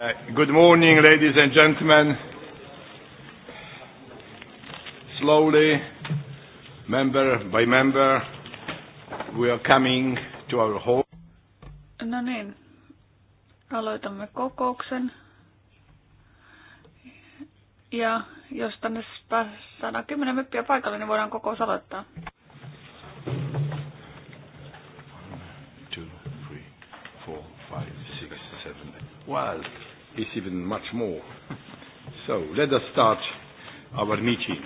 Uh, good morning, ladies and gentlemen. Slowly, member by member, we are coming to our home. No niin, aloitamme kokouksen. Ja jos tänne saadaan kymmenen meppiä paikalle, niin voidaan kokous aloittaa. One, two, three, four, five, six, seven, eight. Well, is even much more. So let us start our meeting.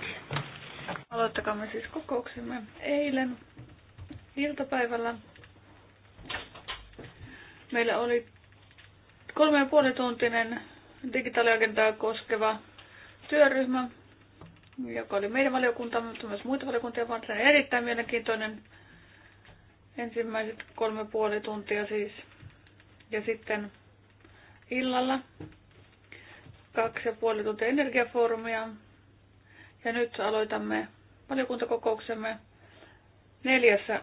Aloittakaamme siis kokouksemme eilen iltapäivällä. Meillä oli kolme ja puoli tuntinen digitaaliagendaa koskeva työryhmä, joka oli meidän valiokunta, mutta myös muita valiokuntia, vaan se oli erittäin mielenkiintoinen ensimmäiset kolme puoli tuntia siis. Ja sitten illalla. Kaksi ja puoli tuntia energiafoorumia. Ja nyt aloitamme valiokuntakokouksemme neljässä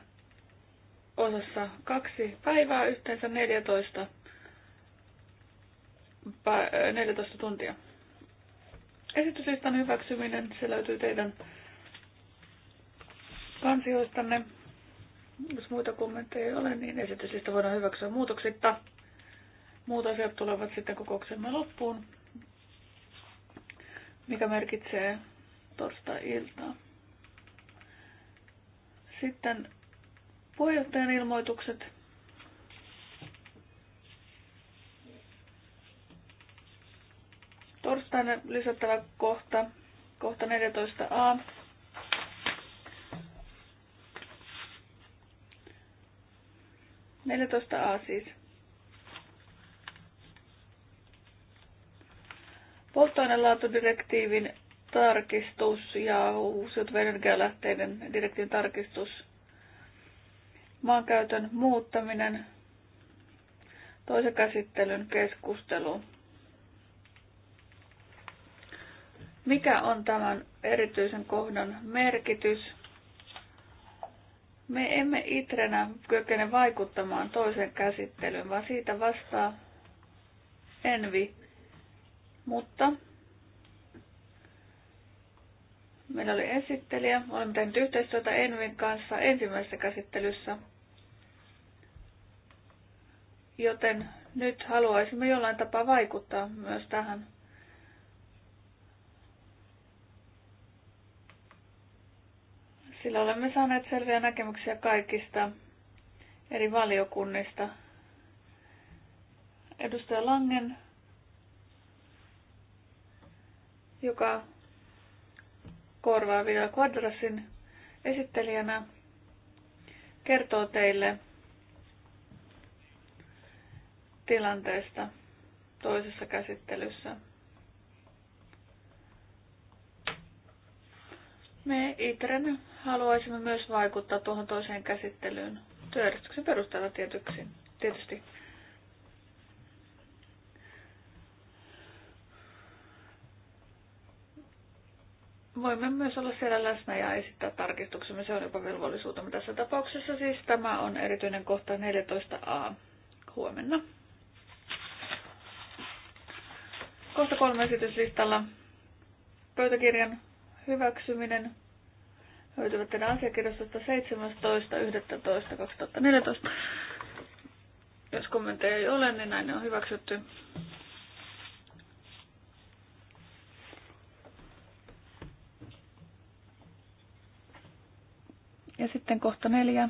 osassa kaksi päivää, yhteensä 14, 14 äh, tuntia. Esityslistan hyväksyminen, se löytyy teidän kansioistanne. Jos muita kommentteja ei ole, niin esityslista voidaan hyväksyä muutoksitta. Muut asiat tulevat sitten kokouksemme loppuun, mikä merkitsee torstai-iltaa. Sitten puheenjohtajan ilmoitukset. Torstaina lisättävä kohta, kohta 14a. Neljätoista A siis. polttoainelaatudirektiivin tarkistus ja uusiutuvien energialähteiden direktiivin tarkistus, maankäytön muuttaminen, toisen käsittelyn keskustelu. Mikä on tämän erityisen kohdan merkitys? Me emme itrenä kykene vaikuttamaan toisen käsittelyyn, vaan siitä vastaa Envi mutta meillä oli esittelijä. Olemme tehneet yhteistyötä Envin kanssa ensimmäisessä käsittelyssä. Joten nyt haluaisimme jollain tapaa vaikuttaa myös tähän sillä olemme saaneet selviä näkemyksiä kaikista eri valiokunnista. Edustaja Langen joka korvaa vielä Quadrasin esittelijänä, kertoo teille tilanteesta toisessa käsittelyssä. Me ITREN haluaisimme myös vaikuttaa tuohon toiseen käsittelyyn työjärjestyksen perusteella tietysti. voimme myös olla siellä läsnä ja esittää tarkistuksemme. Se on jopa velvollisuutemme tässä tapauksessa. Siis tämä on erityinen kohta 14a huomenna. Kohta kolme esityslistalla pöytäkirjan hyväksyminen löytyvät teidän asiakirjastosta 17.11.2014. Jos kommentteja ei ole, niin näin ne on hyväksytty. Ja sitten kohta neljä.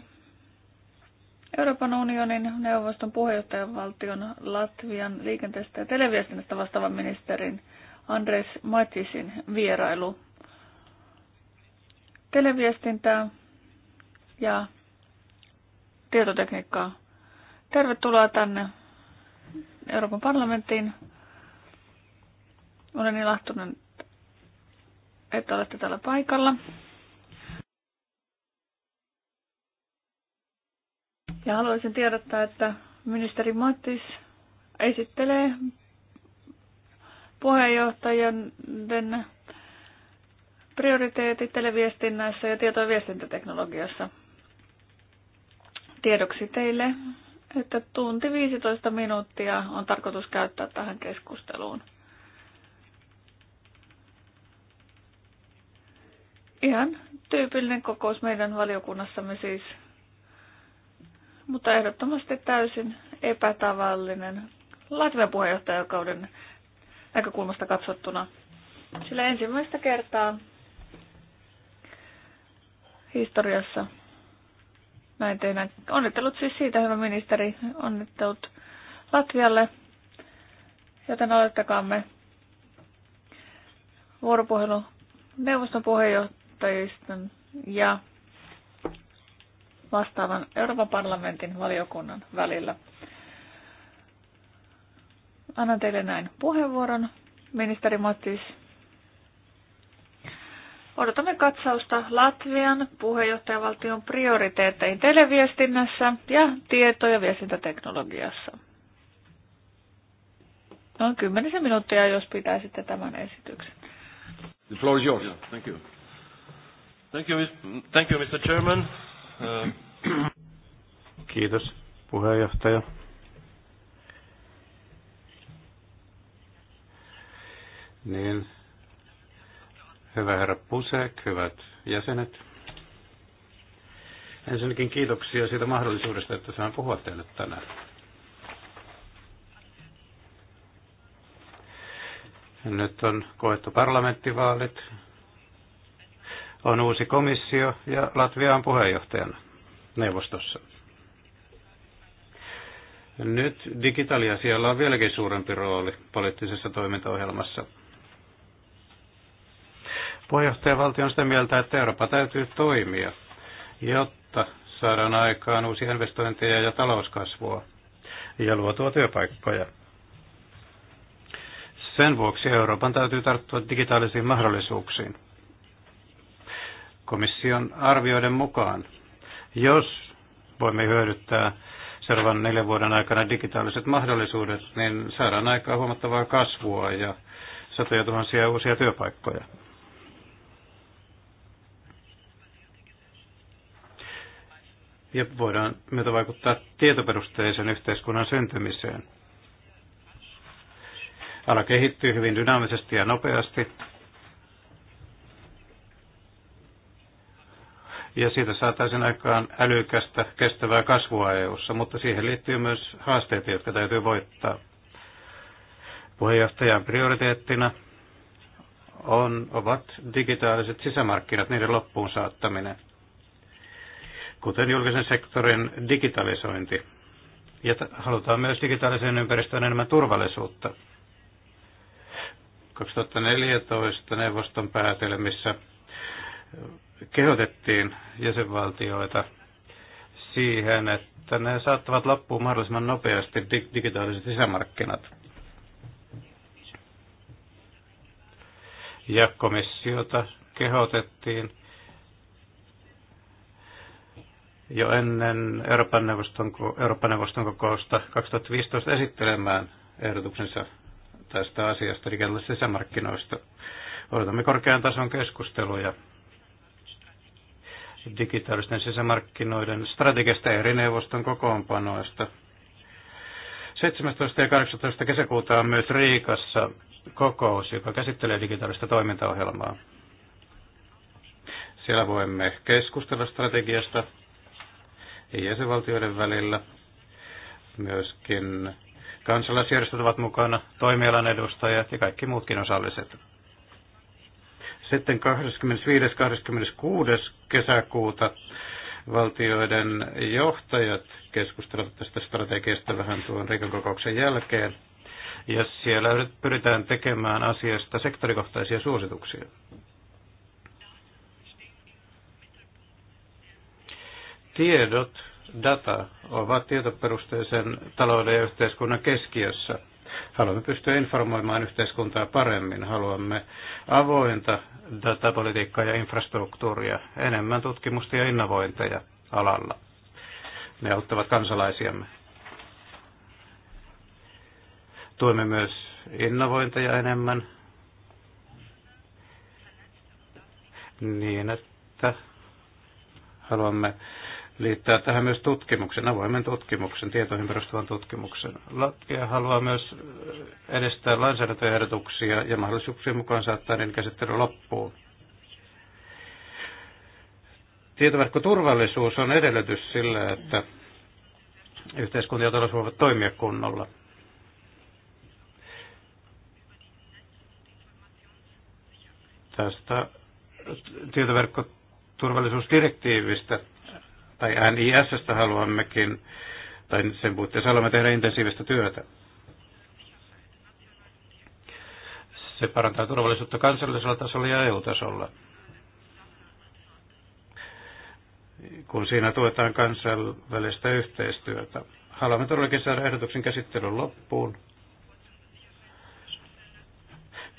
Euroopan unionin neuvoston puheenjohtajavaltion Latvian liikenteestä ja televiestinnästä vastaavan ministerin Andres Matisin vierailu. Televiestintää ja tietotekniikkaa. Tervetuloa tänne Euroopan parlamenttiin. Olen ilahtunut, että olette täällä paikalla. Ja haluaisin tiedottaa, että ministeri Mattis esittelee puheenjohtajan prioriteetit televiestinnässä ja tieto- ja viestintäteknologiassa. Tiedoksi teille, että tunti 15 minuuttia on tarkoitus käyttää tähän keskusteluun. Ihan tyypillinen kokous meidän valiokunnassamme siis – mutta ehdottomasti täysin epätavallinen Latvian puheenjohtajakauden näkökulmasta katsottuna. Sillä ensimmäistä kertaa historiassa näin teidän Onnittelut siis siitä, hyvä ministeri. Onnittelut Latvialle. Joten me vuoropuhelu neuvoston puheenjohtajista ja vastaavan Euroopan parlamentin valiokunnan välillä. Annan teille näin puheenvuoron, ministeri Mattis. Odotamme katsausta Latvian puheenjohtajavaltion prioriteetteihin televiestinnässä ja tieto- ja viestintäteknologiassa. Noin kymmenisen minuuttia, jos pitäisitte tämän esityksen. The floor is yours. Yeah, thank you. Thank you, thank you, Mr. Chairman. Kiitos puheenjohtaja. Niin, hyvä herra Pusek, hyvät jäsenet. Ensinnäkin kiitoksia siitä mahdollisuudesta, että saan puhua teille tänään. Nyt on koettu parlamenttivaalit, on uusi komissio ja Latvia on puheenjohtajana neuvostossa. Nyt digitaaliasialla on vieläkin suurempi rooli poliittisessa toimintaohjelmassa. Puheenjohtajavaltio on sitä mieltä, että Eurooppa täytyy toimia, jotta saadaan aikaan uusia investointeja ja talouskasvua ja luotua työpaikkoja. Sen vuoksi Euroopan täytyy tarttua digitaalisiin mahdollisuuksiin komission arvioiden mukaan, jos voimme hyödyttää seuraavan neljän vuoden aikana digitaaliset mahdollisuudet, niin saadaan aikaa huomattavaa kasvua ja satoja tuhansia uusia työpaikkoja. Ja voidaan myötä vaikuttaa tietoperusteisen yhteiskunnan syntymiseen. Ala kehittyy hyvin dynaamisesti ja nopeasti. ja siitä saataisiin aikaan älykästä, kestävää kasvua EU:ssa, mutta siihen liittyy myös haasteita, jotka täytyy voittaa. Puheenjohtajan prioriteettina on, ovat digitaaliset sisämarkkinat, niiden loppuun saattaminen, kuten julkisen sektorin digitalisointi. Ja halutaan myös digitaaliseen ympäristöön enemmän turvallisuutta. 2014 neuvoston päätelmissä kehotettiin jäsenvaltioita siihen, että ne saattavat loppua mahdollisimman nopeasti digitaaliset sisämarkkinat. Ja komissiota kehotettiin jo ennen Euroopan neuvoston, Euroopan neuvoston kokousta 2015 esittelemään ehdotuksensa tästä asiasta digitaalisista sisämarkkinoista. Odotamme korkean tason keskusteluja digitaalisten sisämarkkinoiden strategista eri neuvoston kokoonpanoista. 17. ja 18. kesäkuuta on myös Riikassa kokous, joka käsittelee digitaalista toimintaohjelmaa. Siellä voimme keskustella strategiasta jäsenvaltioiden välillä. Myöskin kansalaisjärjestöt ovat mukana, toimialan edustajat ja kaikki muutkin osalliset. Sitten 25.–26. kesäkuuta valtioiden johtajat keskustelevat tästä strategiasta vähän tuon Riikan kokouksen jälkeen. Ja siellä pyritään tekemään asiasta sektorikohtaisia suosituksia. Tiedot, data, ovat tietoperusteisen talouden ja yhteiskunnan keskiössä. Haluamme pystyä informoimaan yhteiskuntaa paremmin. Haluamme avointa datapolitiikkaa ja infrastruktuuria, enemmän tutkimusta ja innovointeja alalla. Ne auttavat kansalaisiamme. Tuemme myös innovointeja enemmän niin, että haluamme liittää tähän myös tutkimuksen, avoimen tutkimuksen, tietoihin perustuvan tutkimuksen. Latvia haluaa myös edistää lainsäädäntöehdotuksia ja mahdollisuuksien mukaan saattaa niiden käsittely loppuun. Tietoverkkoturvallisuus on edellytys sille, että yhteiskunta ja talous voivat toimia kunnolla. Tästä tietoverkkoturvallisuusdirektiivistä tai NISstä haluammekin, tai sen puitteissa haluamme tehdä intensiivistä työtä. Se parantaa turvallisuutta kansallisella tasolla ja EU-tasolla. kun siinä tuetaan kansainvälistä yhteistyötä. Haluamme todellakin saada ehdotuksen käsittelyn loppuun,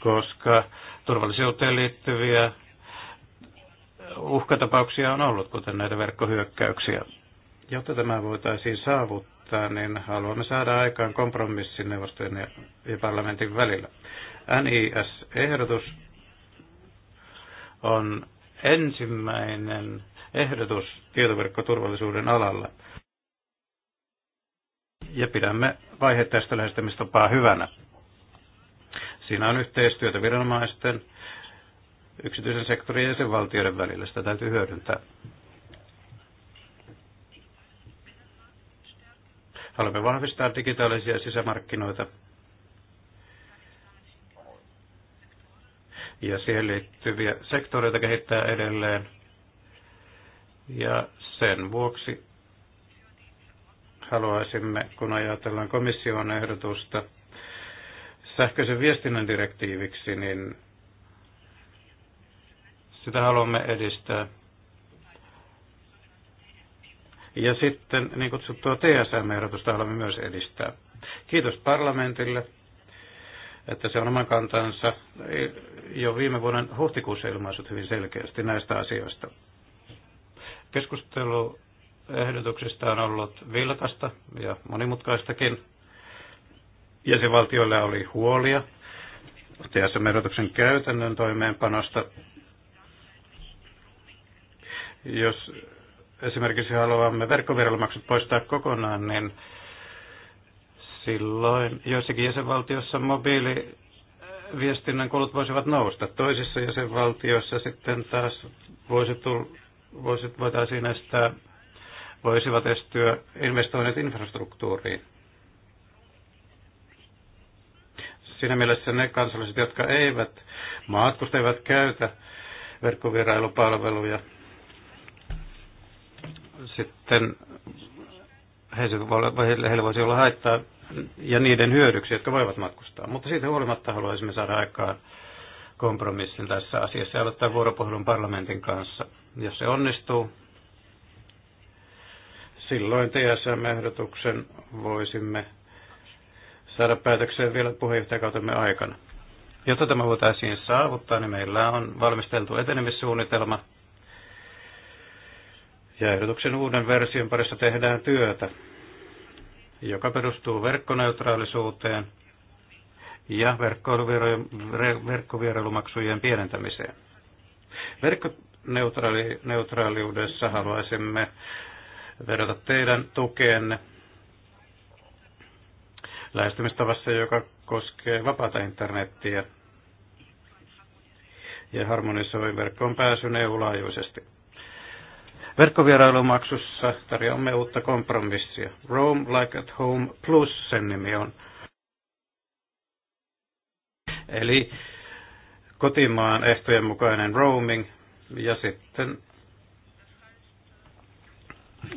koska turvallisuuteen liittyviä uhkatapauksia on ollut, kuten näitä verkkohyökkäyksiä. Jotta tämä voitaisiin saavuttaa, niin haluamme saada aikaan kompromissin neuvostojen ja parlamentin välillä. NIS-ehdotus on ensimmäinen ehdotus tietoverkkoturvallisuuden alalla. Ja pidämme tästä lähestymistapaa hyvänä. Siinä on yhteistyötä viranomaisten, yksityisen sektorin ja jäsenvaltioiden välillä. Sitä täytyy hyödyntää. Haluamme vahvistaa digitaalisia sisämarkkinoita ja siihen liittyviä sektoreita kehittää edelleen. Ja sen vuoksi haluaisimme, kun ajatellaan komission ehdotusta sähköisen viestinnän direktiiviksi, niin sitä haluamme edistää. Ja sitten niin kutsuttua TSM-ehdotusta haluamme myös edistää. Kiitos parlamentille, että se on oman kantansa jo viime vuoden huhtikuussa ilmaisut hyvin selkeästi näistä asioista. Keskustelu ehdotuksista on ollut vilkasta ja monimutkaistakin. Jäsenvaltioilla oli huolia TSM-ehdotuksen käytännön toimeenpanosta jos esimerkiksi haluamme verkkoviranomaksut poistaa kokonaan, niin silloin joissakin jäsenvaltiossa mobiili viestinnän kulut voisivat nousta. Toisissa jäsenvaltioissa sitten taas voisi tull, voisi, voitaisiin estää, voisivat estyä investoinnit infrastruktuuriin. Siinä mielessä ne kansalaiset, jotka eivät matkusta, eivät käytä verkkovierailupalveluja, sitten heille voisi olla haittaa ja niiden hyödyksi, jotka voivat matkustaa. Mutta siitä huolimatta haluaisimme saada aikaan kompromissin tässä asiassa ja aloittaa vuoropuhelun parlamentin kanssa. Jos se onnistuu, silloin TSM-ehdotuksen voisimme saada päätökseen vielä puheenjohtajakautemme aikana. Jotta tämä voitaisiin saavuttaa, niin meillä on valmisteltu etenemissuunnitelma ja ehdotuksen uuden version parissa tehdään työtä, joka perustuu verkkoneutraalisuuteen ja verkkovierailumaksujen pienentämiseen. Verkkoneutraaliudessa haluaisimme vedota teidän tukeenne lähestymistavassa, joka koskee vapaata internettiä ja harmonisoi verkkoon pääsyn EU-laajuisesti. Verkkovierailumaksussa tarjoamme uutta kompromissia. Rome Like at Home Plus sen nimi on. Eli kotimaan ehtojen mukainen roaming ja sitten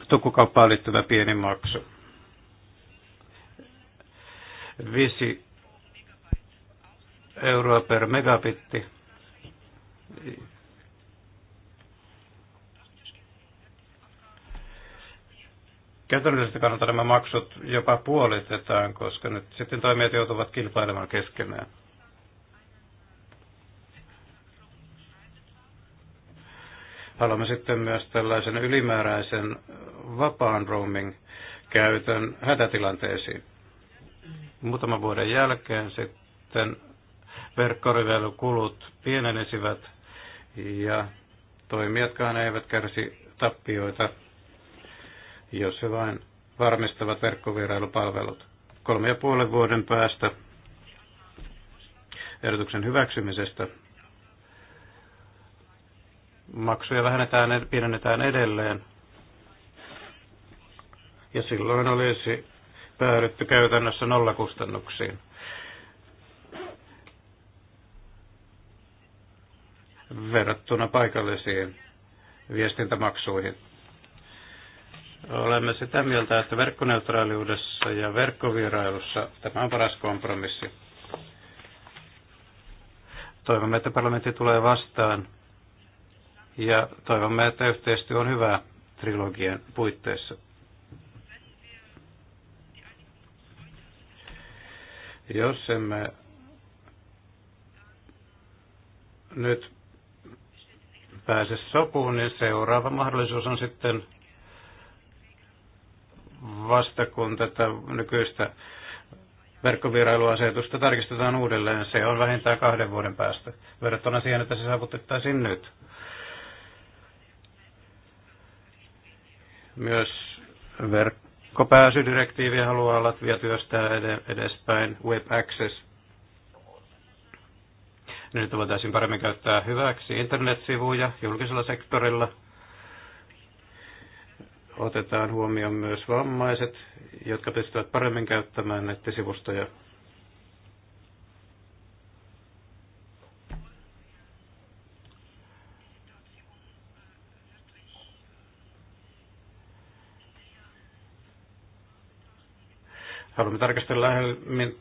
tukukauppaan liittyvä pieni maksu. 5 euroa per megabitti käytännöllisesti kannalta nämä maksut jopa puolitetaan, koska nyt sitten toimijat joutuvat kilpailemaan keskenään. Haluamme sitten myös tällaisen ylimääräisen vapaan roaming-käytön hätätilanteisiin. Muutaman vuoden jälkeen sitten verkkorivelukulut pienenisivät ja toimijatkaan eivät kärsi tappioita jos he vain varmistavat verkkovierailupalvelut. Kolme ja puolen vuoden päästä ehdotuksen hyväksymisestä maksuja vähennetään, pienennetään edelleen. Ja silloin olisi päädytty käytännössä nollakustannuksiin. verrattuna paikallisiin viestintämaksuihin. Olemme sitä mieltä, että verkkoneutraaliudessa ja verkkovierailussa tämä on paras kompromissi. Toivomme, että parlamentti tulee vastaan ja toivomme, että yhteistyö on hyvä trilogian puitteissa. Jos emme nyt pääse sopuun, niin seuraava mahdollisuus on sitten vasta kun tätä nykyistä verkkovierailuasetusta tarkistetaan uudelleen. Se on vähintään kahden vuoden päästä verrattuna siihen, että se saavutettaisiin nyt. Myös verkkopääsydirektiivi haluaa Latvia työstää edespäin, Web Access. Nyt voitaisiin paremmin käyttää hyväksi internetsivuja julkisella sektorilla, otetaan huomioon myös vammaiset, jotka pystyvät paremmin käyttämään nettisivustoja. Haluamme tarkastella lähemmin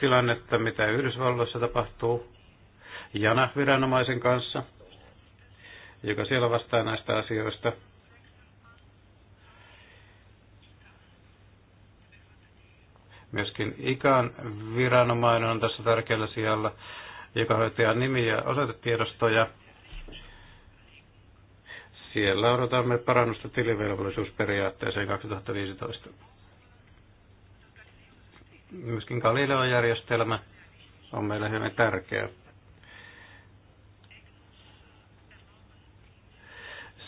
tilannetta, mitä Yhdysvalloissa tapahtuu Jana-viranomaisen kanssa, joka siellä vastaa näistä asioista – Myöskin ikan viranomainen on tässä tärkeällä sijalla, joka hoitaa nimiä ja osoitetiedostoja. Siellä odotamme parannusta tilivelvollisuusperiaatteeseen 2015. Myöskin Galileo-järjestelmä on meille hyvin tärkeä.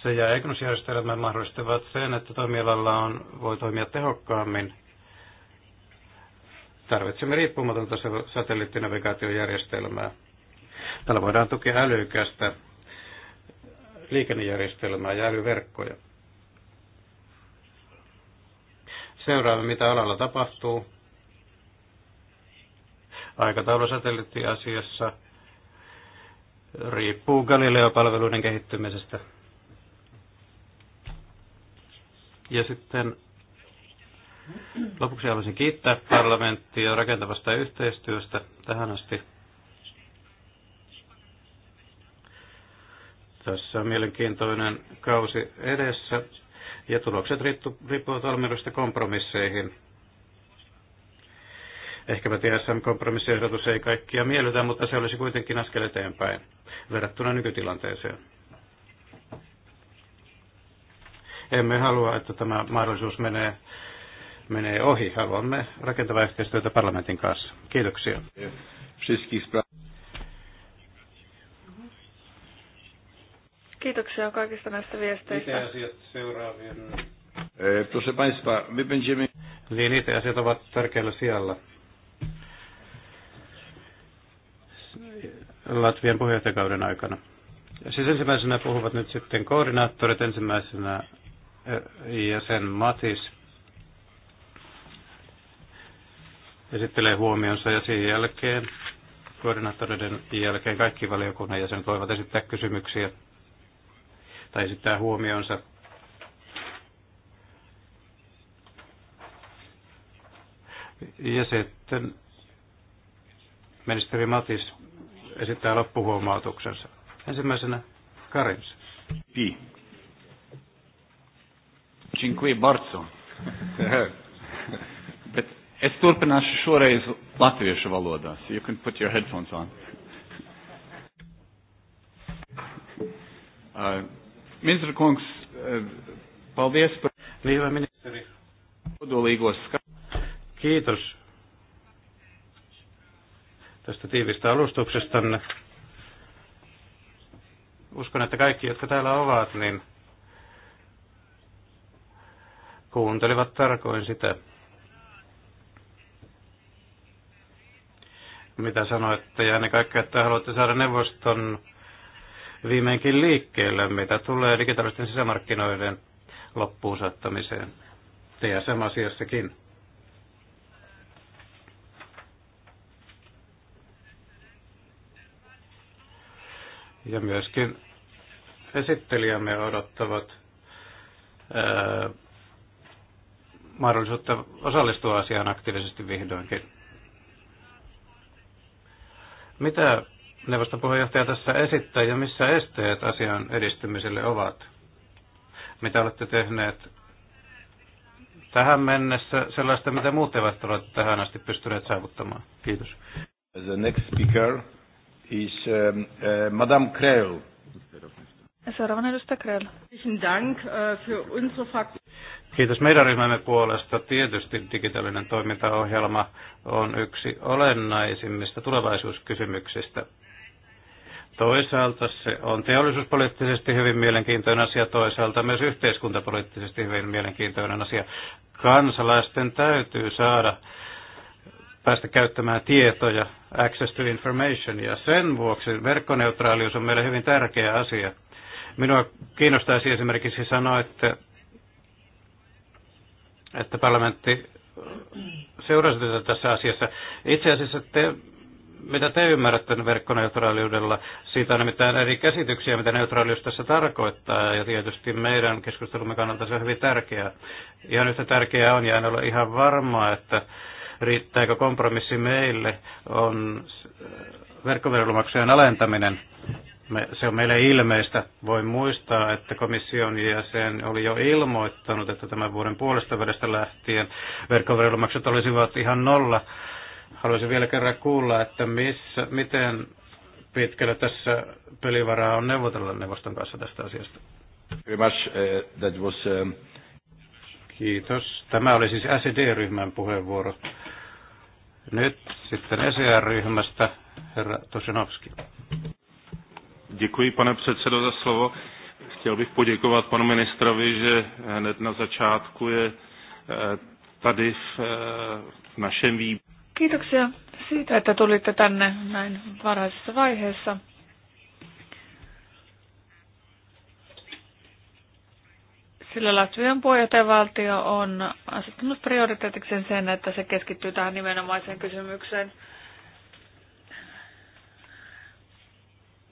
se ja EGNOS-järjestelmä mahdollistavat sen, että toimialalla on, voi toimia tehokkaammin Tarvitsemme riippumatonta satelliittinavigaatiojärjestelmää. Tällä voidaan tukea älykästä liikennejärjestelmää ja älyverkkoja. Seuraamme, mitä alalla tapahtuu. Aikataulu satelliittiasiassa riippuu Galileo-palveluiden kehittymisestä. Ja sitten Lopuksi haluaisin kiittää parlamenttia rakentavasta yhteistyöstä tähän asti. Tässä on mielenkiintoinen kausi edessä ja tulokset riippuvat valmiudesta kompromisseihin. Ehkäpä TSM-kompromissiehdotus ei kaikkia miellytä, mutta se olisi kuitenkin askel eteenpäin verrattuna nykytilanteeseen. Emme halua, että tämä mahdollisuus menee menee ohi. Haluamme rakentavaa yhteistyötä parlamentin kanssa. Kiitoksia. Kiitoksia kaikista näistä viesteistä. Mitä asiat seuraavien? E, proszę Państwa, my będziemy... Niin, itse asiat ovat tärkeällä sijalla. Latvian puheenjohtajakauden aikana. Siis ensimmäisenä puhuvat nyt sitten koordinaattorit, ensimmäisenä e, jäsen Matis. esittelee huomionsa ja sen jälkeen koordinaattoreiden jälkeen kaikki valiokunnan jäsenet voivat esittää kysymyksiä tai esittää huomionsa. Ja sitten ministeri Matis esittää loppuhuomautuksensa. Ensimmäisenä Karins. Pi. Cinque bardzo. Es turpināšu šoreiz latviešu valodā. So you can put your headphones on. Uh, ministra kungs, uh, paldies par Lieva ministri. kodolīgos skatījumus. Kiitos tästä tiivistä alustuksestanne. Uskon, että kaikki, jotka täällä ovat, niin kuuntelivat tarkoin sitä, mitä sanoitte, ja ennen kaikkea, että haluatte saada neuvoston viimeinkin liikkeelle, mitä tulee digitaalisten sisämarkkinoiden loppuun saattamiseen. TSM-asiassakin. Ja myöskin esittelijämme odottavat ää, mahdollisuutta osallistua asiaan aktiivisesti vihdoinkin. Mitä neuvoston puheenjohtaja tässä esittää ja missä esteet asian edistymiselle ovat? Mitä olette tehneet tähän mennessä sellaista, mitä muut eivät ole tähän asti pystyneet saavuttamaan? Kiitos. The next speaker is um, uh, Madame Creel. Seuraavana edustaja Krell. Äh, Kiitos meidän ryhmämme puolesta. Tietysti digitaalinen toimintaohjelma on yksi olennaisimmista tulevaisuuskysymyksistä. Toisaalta se on teollisuuspoliittisesti hyvin mielenkiintoinen asia, toisaalta myös yhteiskuntapoliittisesti hyvin mielenkiintoinen asia. Kansalaisten täytyy saada päästä käyttämään tietoja, access to information, ja sen vuoksi verkkoneutraalius on meille hyvin tärkeä asia Minua kiinnostaisi esimerkiksi sanoa, että, että parlamentti seurasi tätä tässä asiassa. Itse asiassa te, mitä te ymmärrätte verkkoneutraaliudella, siitä on nimittäin eri käsityksiä, mitä neutraalius tässä tarkoittaa, ja tietysti meidän keskustelumme kannalta se on hyvin tärkeää. Ihan yhtä tärkeää on, ja en ole ihan varma, että riittääkö kompromissi meille, on verkkoverkkomaksujen alentaminen me, se on meille ilmeistä. Voin muistaa, että komission jäsen oli jo ilmoittanut, että tämän vuoden puolesta välistä lähtien verkkoverkkomaksut olisivat ihan nolla. Haluaisin vielä kerran kuulla, että missä, miten pitkälle tässä pelivaraa on neuvotella neuvoston kanssa tästä asiasta. Very much, uh, that was, um, Kiitos. Tämä oli siis SED-ryhmän puheenvuoro. Nyt sitten SER-ryhmästä herra Tosinovski. Děkuji, pane předsedo, za slovo. Chtěl bych poděkovat panu ministrovi, že eh, hned na začátku je eh, tady v, eh, v našem výboru. Kiitoksia siitä, että tulitte tänne näin varhaisessa vaiheessa. Sillä Latvian puheenjohtajavaltio on asettanut prioriteetikseen sen, että se keskittyy tähän nimenomaiseen kysymykseen –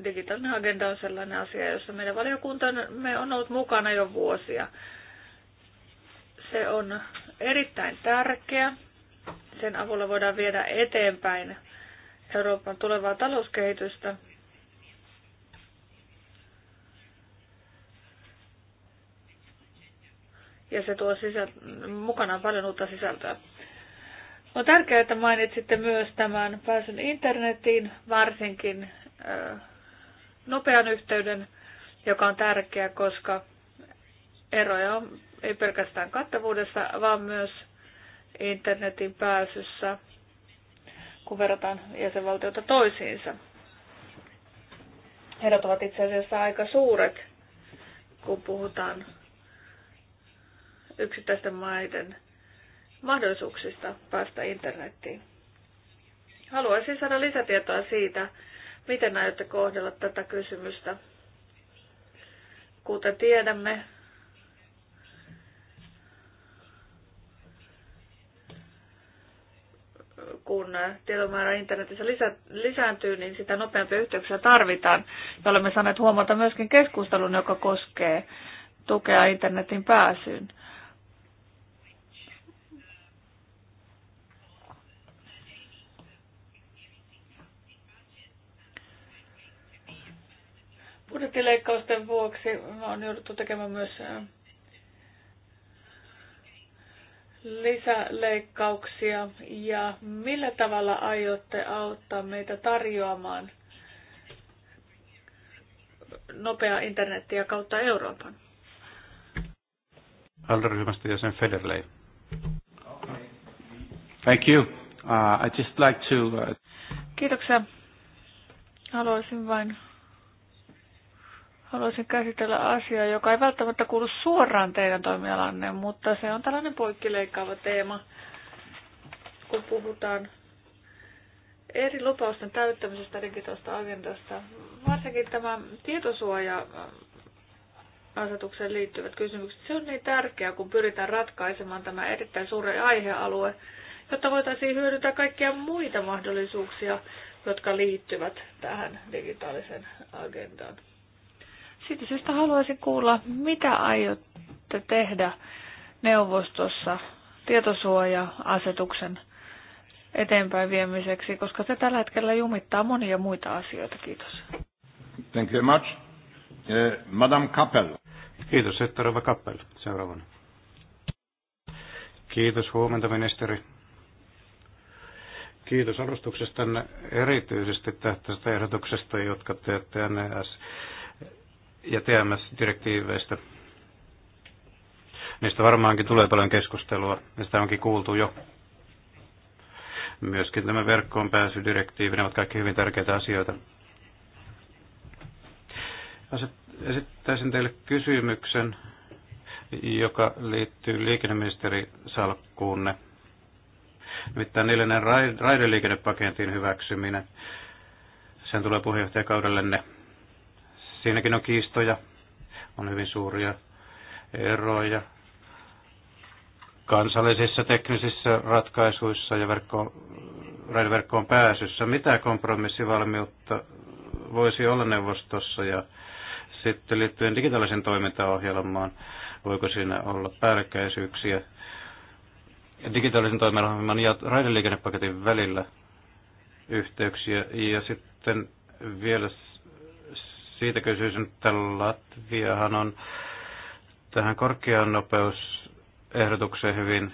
digitaalinen agenda on sellainen asia, jossa meidän valiokuntamme on ollut mukana jo vuosia. Se on erittäin tärkeä. Sen avulla voidaan viedä eteenpäin Euroopan tulevaa talouskehitystä. Ja se tuo sisält- mukanaan paljon uutta sisältöä. On tärkeää, että mainitsitte myös tämän pääsyn internetiin, varsinkin nopean yhteyden, joka on tärkeä, koska eroja on ei pelkästään kattavuudessa, vaan myös internetin pääsyssä, kun verrataan jäsenvaltiota toisiinsa. Erot ovat itse asiassa aika suuret, kun puhutaan yksittäisten maiden mahdollisuuksista päästä internettiin. Haluaisin saada lisätietoa siitä, Miten aiotte kohdella tätä kysymystä? Kuten tiedämme, kun tietomäärä internetissä lisä, lisääntyy, niin sitä nopeampia yhteyksiä tarvitaan. Ja olemme saaneet huomata myöskin keskustelun, joka koskee tukea internetin pääsyyn. budjettileikkausten vuoksi on jouduttu tekemään myös lisäleikkauksia ja millä tavalla aiotte auttaa meitä tarjoamaan nopeaa internettiä kautta Euroopan? Alderyhmästä jäsen Federley. Thank you. Uh, I just like to... Uh... Kiitoksia. Haluaisin vain haluaisin käsitellä asiaa, joka ei välttämättä kuulu suoraan teidän toimialanne, mutta se on tällainen poikkileikkaava teema, kun puhutaan eri lupausten täyttämisestä digitaalista agendasta. Varsinkin tämä tietosuoja asetukseen liittyvät kysymykset. Se on niin tärkeää, kun pyritään ratkaisemaan tämä erittäin suuri aihealue, jotta voitaisiin hyödyntää kaikkia muita mahdollisuuksia, jotka liittyvät tähän digitaalisen agendaan. Siitä syystä haluaisin kuulla, mitä aiotte tehdä neuvostossa tietosuoja-asetuksen eteenpäin viemiseksi, koska se tällä hetkellä jumittaa monia muita asioita. Kiitos. Thank you very much. Uh, Madame Kappel. Kiitos, että Rova Kappel. Seuraavana. Kiitos, huomenta ministeri. Kiitos arvostuksestanne erityisesti tästä ehdotuksesta, jotka teette NS e ja TMS-direktiiveistä. Niistä varmaankin tulee paljon keskustelua, ja sitä onkin kuultu jo. Myöskin tämä verkkoon pääsydirektiivi, ne ovat kaikki hyvin tärkeitä asioita. Esittäisin teille kysymyksen, joka liittyy liikenneministerisalkkuunne. Nimittäin neljännen raideliikennepaketin hyväksyminen. Sen tulee puheenjohtajakaudellenne Siinäkin on kiistoja, on hyvin suuria eroja kansallisissa teknisissä ratkaisuissa ja verkkoon, raideverkkoon pääsyssä. Mitä kompromissivalmiutta voisi olla neuvostossa ja sitten liittyen digitaalisen toimintaohjelmaan, voiko siinä olla päällekkäisyyksiä digitaalisen toimintaohjelman ja raideliikennepaketin välillä yhteyksiä ja sitten vielä siitä kysyisin, että Latviahan on tähän korkean nopeusehdotukseen hyvin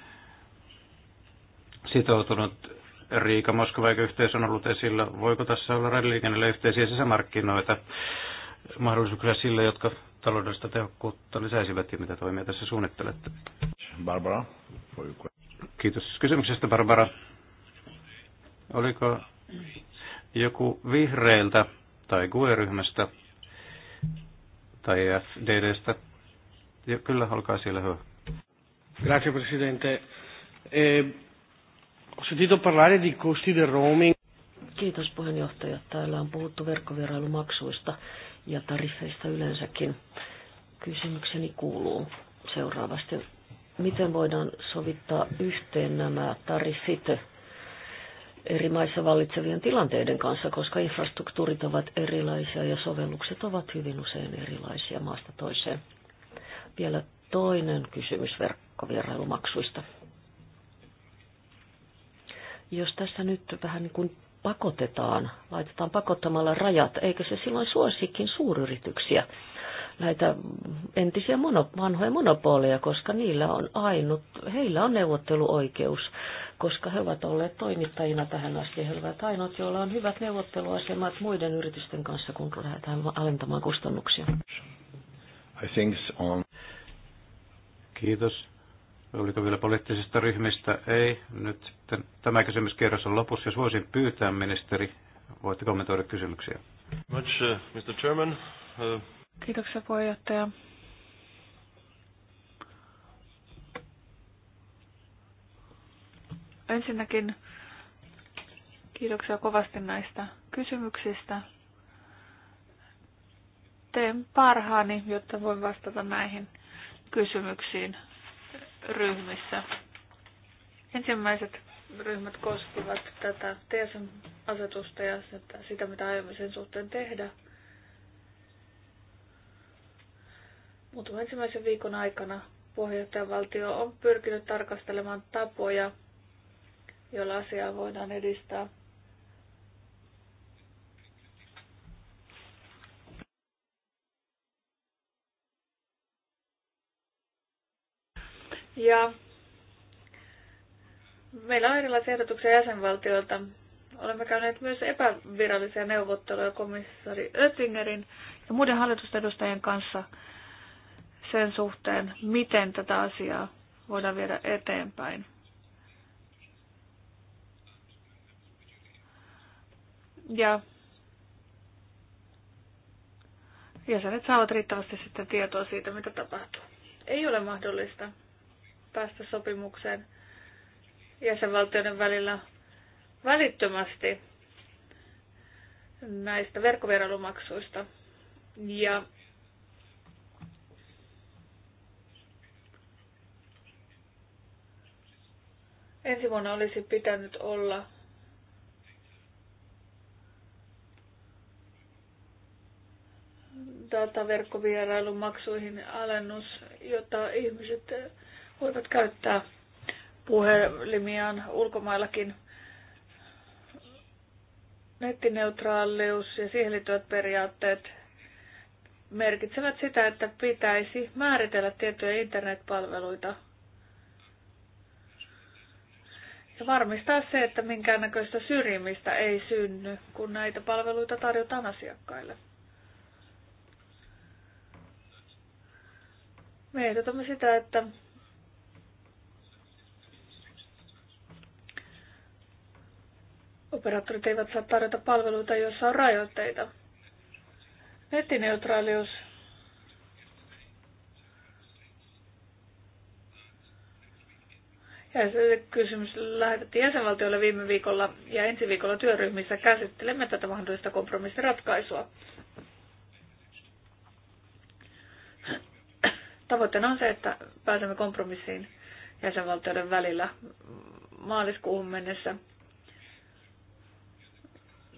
sitoutunut. Riika Moskova yhteys on ollut esillä. Voiko tässä olla ralliliikennelle yhteisiä sisämarkkinoita mahdollisuuksia sille, jotka taloudellista tehokkuutta lisäisivät ja mitä toimia tässä suunnittelette? Barbara, voiko? Kiitos kysymyksestä, Barbara. Oliko joku vihreiltä tai GUE-ryhmästä tai EFDDstä. Ja kyllä, olkaa siellä hyvä. Grazie Presidente. Eh, ho sentito parlare di costi del roaming. Kiitos puheenjohtaja. Täällä on puhuttu verkkovierailumaksuista ja tariffeista yleensäkin. Kysymykseni kuuluu seuraavasti. Miten voidaan sovittaa yhteen nämä tariffit eri maissa vallitsevien tilanteiden kanssa, koska infrastruktuurit ovat erilaisia ja sovellukset ovat hyvin usein erilaisia maasta toiseen. Vielä toinen kysymys verkkovierailumaksuista. Jos tässä nyt vähän niin kuin pakotetaan, laitetaan pakottamalla rajat, eikö se silloin suosikin suuryrityksiä, näitä entisiä mono, vanhoja monopoleja, koska niillä on ainut, heillä on neuvotteluoikeus koska he ovat olleet toimittajina tähän asti. He ovat ainoat, joilla on hyvät neuvotteluasemat muiden yritysten kanssa, kun lähdetään alentamaan kustannuksia. I think so. Kiitos. Oliko vielä poliittisista ryhmistä? Ei. Nyt sitten tämä kysymyskierros on lopussa. Jos voisin pyytää, ministeri, voitte kommentoida kysymyksiä. Much, uh, Mr. Chairman. Uh... Kiitoksia puheenjohtaja. Ensinnäkin kiitoksia kovasti näistä kysymyksistä. Teen parhaani, jotta voin vastata näihin kysymyksiin ryhmissä. Ensimmäiset ryhmät koskivat tätä TSM-asetusta ja sitä, mitä aiomme sen suhteen tehdä. mutta ensimmäisen viikon aikana puheenjohtajavaltio on pyrkinyt tarkastelemaan tapoja jolla asiaa voidaan edistää. Ja meillä on erilaisia ehdotuksia jäsenvaltioilta. Olemme käyneet myös epävirallisia neuvotteluja komissari Oettingerin ja muiden hallitusedustajien kanssa sen suhteen, miten tätä asiaa voidaan viedä eteenpäin. Ja nyt saavat riittävästi sitten tietoa siitä, mitä tapahtuu. Ei ole mahdollista päästä sopimukseen jäsenvaltioiden välillä välittömästi näistä verkkovierailumaksuista. Ja ensi vuonna olisi pitänyt olla tuota verkkovierailun maksuihin alennus, jota ihmiset voivat käyttää puhelimiaan ulkomaillakin. Nettineutraalius ja siihen liittyvät periaatteet merkitsevät sitä, että pitäisi määritellä tiettyjä internetpalveluita ja varmistaa se, että minkäännäköistä syrjimistä ei synny, kun näitä palveluita tarjotaan asiakkaille. Me ehdotamme sitä, että operaattorit eivät saa tarjota palveluita, joissa on rajoitteita. Nettineutraalius Ja se kysymys lähetettiin jäsenvaltiolle viime viikolla ja ensi viikolla työryhmissä käsittelemme tätä mahdollista kompromissiratkaisua. Tavoitteena on se, että pääsemme kompromissiin jäsenvaltioiden välillä maaliskuuhun mennessä.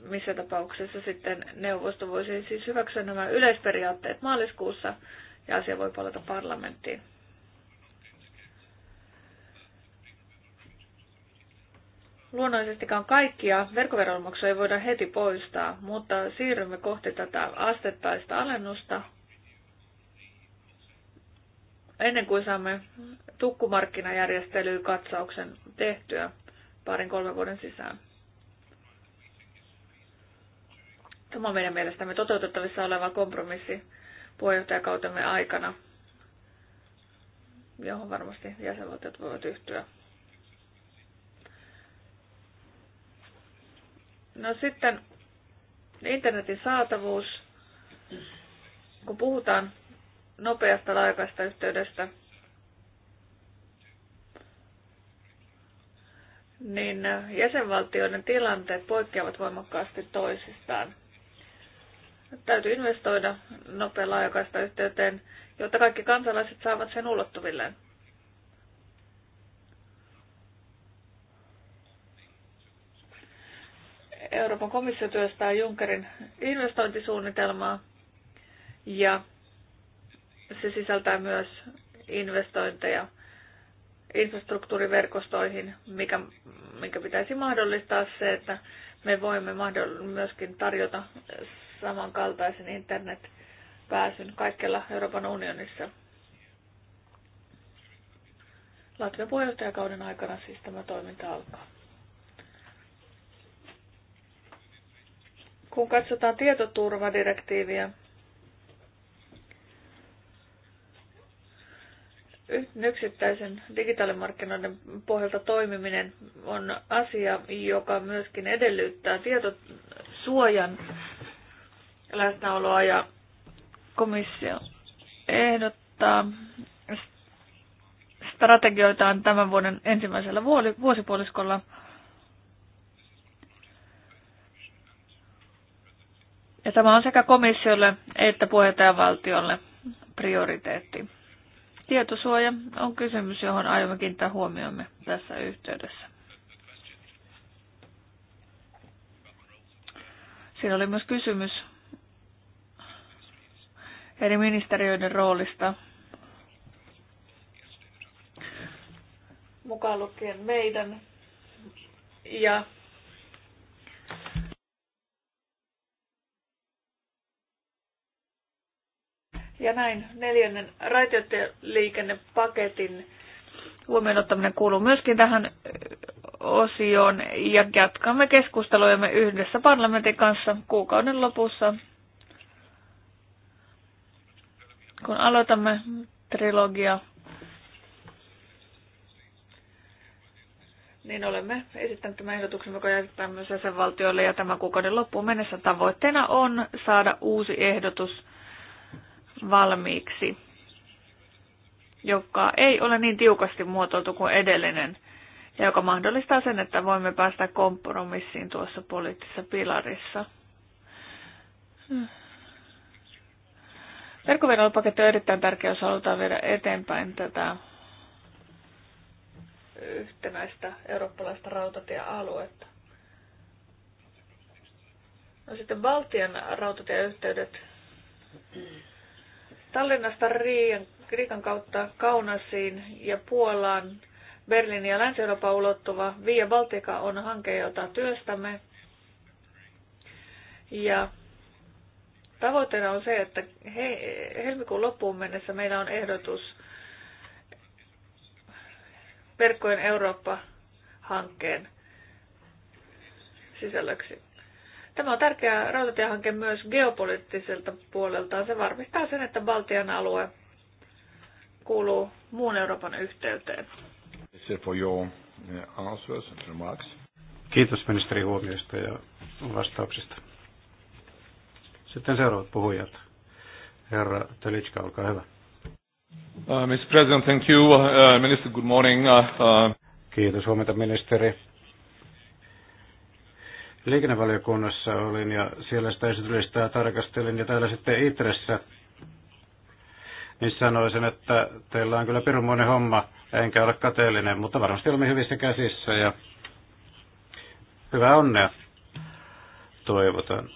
Missä tapauksessa sitten neuvosto voisi siis hyväksyä nämä yleisperiaatteet maaliskuussa ja asia voi palata parlamenttiin. Luonnollisestikaan kaikkia verkkoveronmaksuja ei voida heti poistaa, mutta siirrymme kohti tätä astettaista alennusta ennen kuin saamme tukkumarkkinajärjestelyyn katsauksen tehtyä parin kolmen vuoden sisään. Tämä on meidän mielestämme toteutettavissa oleva kompromissi puheenjohtajakautemme aikana, johon varmasti jäsenvaltiot voivat yhtyä. No sitten internetin saatavuus. Kun puhutaan nopeasta laajakaista yhteydestä, niin jäsenvaltioiden tilanteet poikkeavat voimakkaasti toisistaan. Täytyy investoida nopean laajakaista yhteyteen, jotta kaikki kansalaiset saavat sen ulottuvilleen. Euroopan komissio työstää Junckerin investointisuunnitelmaa ja se sisältää myös investointeja infrastruktuuriverkostoihin, mikä, mikä pitäisi mahdollistaa se, että me voimme myöskin tarjota samankaltaisen internetpääsyn kaikkella Euroopan unionissa. Latvian puheenjohtajakauden aikana siis tämä toiminta alkaa. Kun katsotaan tietoturvadirektiiviä, yksittäisen digitaalimarkkinoiden pohjalta toimiminen on asia, joka myöskin edellyttää tietosuojan läsnäoloa ja komissio ehdottaa strategioitaan tämän vuoden ensimmäisellä vuosipuoliskolla. Ja tämä on sekä komissiolle että puheenjohtajavaltiolle prioriteetti. Tietosuoja on kysymys, johon aiomme kiinnittää huomiomme tässä yhteydessä. Siinä oli myös kysymys eri ministeriöiden roolista mukaan lukien meidän ja Ja näin neljännen raitioteliikennepaketin huomioon ottaminen kuuluu myöskin tähän osioon ja jatkamme keskustelujamme yhdessä parlamentin kanssa kuukauden lopussa, kun aloitamme trilogia. Niin olemme esittäneet tämän ehdotuksen, joka jätetään myös jäsenvaltioille ja tämän kuukauden loppuun mennessä tavoitteena on saada uusi ehdotus valmiiksi, joka ei ole niin tiukasti muotoiltu kuin edellinen, ja joka mahdollistaa sen, että voimme päästä kompromissiin tuossa poliittisessa pilarissa. Verkkoverolpaketti on erittäin tärkeä, jos halutaan viedä eteenpäin tätä yhtenäistä eurooppalaista rautatiealuetta. No sitten Baltian rautatieyhteydet. Tallinnasta Riian, Riikan kautta Kaunasiin ja Puolaan Berliin ja Länsi-Euroopan ulottuva Via Baltica on hanke, jota työstämme. Ja tavoitteena on se, että he, helmikuun loppuun mennessä meillä on ehdotus verkkojen Eurooppa-hankkeen sisällöksi. Tämä on tärkeä rautatiehanke myös geopoliittiselta puolelta. Se varmistaa sen, että Baltian alue kuuluu muun Euroopan yhteyteen. Eh, Kiitos ministeri huomioista ja vastauksista. Sitten seuraavat puhujat. Herra Tölitska, olkaa hyvä. Uh, Mr. President, thank you. Uh, minister, good morning. Uh, uh... Kiitos huomenta ministeri liikennevaliokunnassa olin ja siellä sitä esitystä tarkastelin ja täällä sitten Itressä, niin sanoisin, että teillä on kyllä pirunmoinen homma, enkä ole kateellinen, mutta varmasti olemme hyvissä käsissä ja hyvää onnea toivotan.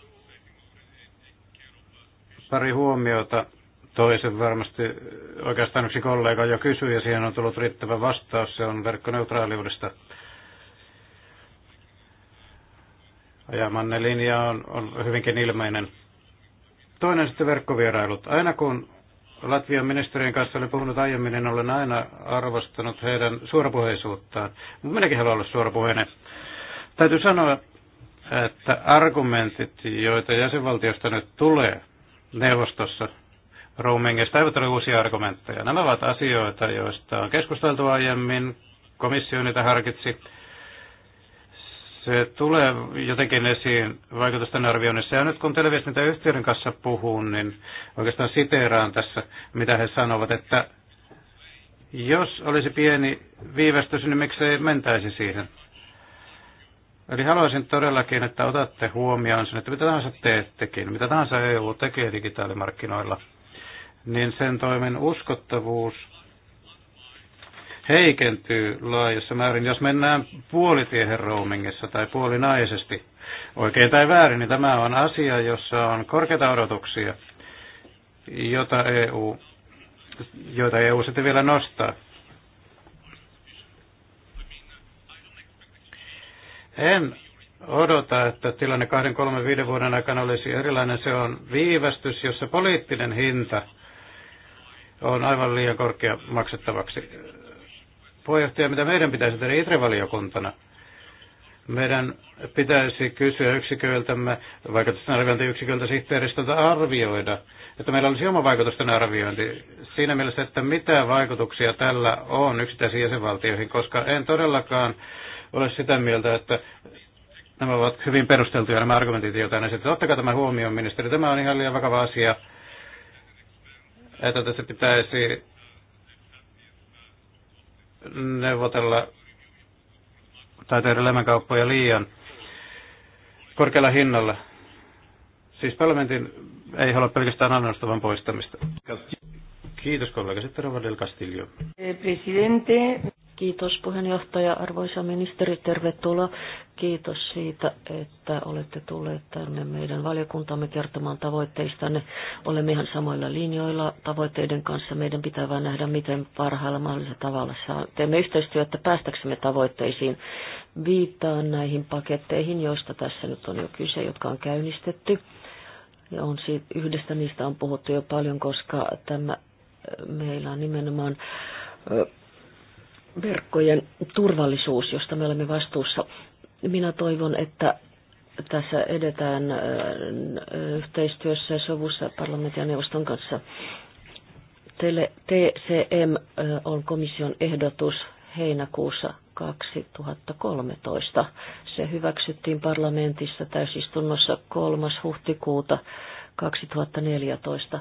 Pari huomiota. Toisen varmasti oikeastaan yksi kollega jo kysyi ja siihen on tullut riittävä vastaus. Se on verkkoneutraaliudesta. ajamanne linja on, on hyvinkin ilmeinen. Toinen sitten verkkovierailut. Aina kun Latvian ministerien kanssa olen puhunut aiemmin, niin olen aina arvostanut heidän suorapuheisuuttaan. Mutta minäkin haluan olla suorapuheinen. Täytyy sanoa, että argumentit, joita jäsenvaltiosta nyt tulee neuvostossa roamingista, eivät ole uusia argumentteja. Nämä ovat asioita, joista on keskusteltu aiemmin, komissio niitä harkitsi se tulee jotenkin esiin vaikutusten arvioinnissa. Ja nyt kun televisiointiyhtiöiden kanssa puhun, niin oikeastaan siteeraan tässä, mitä he sanovat, että jos olisi pieni viivästys, niin miksei mentäisi siihen. Eli haluaisin todellakin, että otatte huomioon sen, että mitä tahansa teettekin, mitä tahansa EU tekee digitaalimarkkinoilla, niin sen toimen uskottavuus heikentyy laajassa määrin, jos mennään puolitiehen roamingissa tai puolinaisesti. Oikein tai väärin, niin tämä on asia, jossa on korkeita odotuksia, jota EU, joita EU sitten vielä nostaa. En odota, että tilanne kahden, kolmen, viiden vuoden aikana olisi erilainen. Se on viivästys, jossa poliittinen hinta on aivan liian korkea maksettavaksi puheenjohtaja, mitä meidän pitäisi tehdä ITRE-valiokuntana? Meidän pitäisi kysyä yksiköiltämme, vaikutusten arviointiyksiköiltä sihteeristöltä arvioida, että meillä olisi oma vaikutusten arviointi siinä mielessä, että mitä vaikutuksia tällä on yksittäisiin jäsenvaltioihin, koska en todellakaan ole sitä mieltä, että nämä ovat hyvin perusteltuja nämä argumentit, joita on esitetty. Ottakaa tämä huomioon, ministeri. Tämä on ihan liian vakava asia, että tässä pitäisi neuvotella tai tehdä lemmenkauppoja liian korkealla hinnalla. Siis parlamentin ei halua pelkästään annostavan poistamista. Kiitos kollega. Sitten Rovadel Castillo. Eh, presidente. Kiitos puheenjohtaja, arvoisa ministeri, tervetuloa. Kiitos siitä, että olette tulleet tänne meidän valiokuntamme kertomaan tavoitteistanne. Olemme ihan samoilla linjoilla tavoitteiden kanssa. Meidän pitää vain nähdä, miten parhaalla mahdollisella tavalla saa. teemme yhteistyötä päästäksemme tavoitteisiin. Viittaan näihin paketteihin, joista tässä nyt on jo kyse, jotka on käynnistetty. Ja on siitä, yhdestä niistä on puhuttu jo paljon, koska tämä, meillä on nimenomaan verkkojen turvallisuus, josta me olemme vastuussa. Minä toivon, että tässä edetään yhteistyössä ja sovussa parlamentin ja neuvoston kanssa. TCM on komission ehdotus heinäkuussa 2013. Se hyväksyttiin parlamentissa täysistunnossa 3. huhtikuuta 2014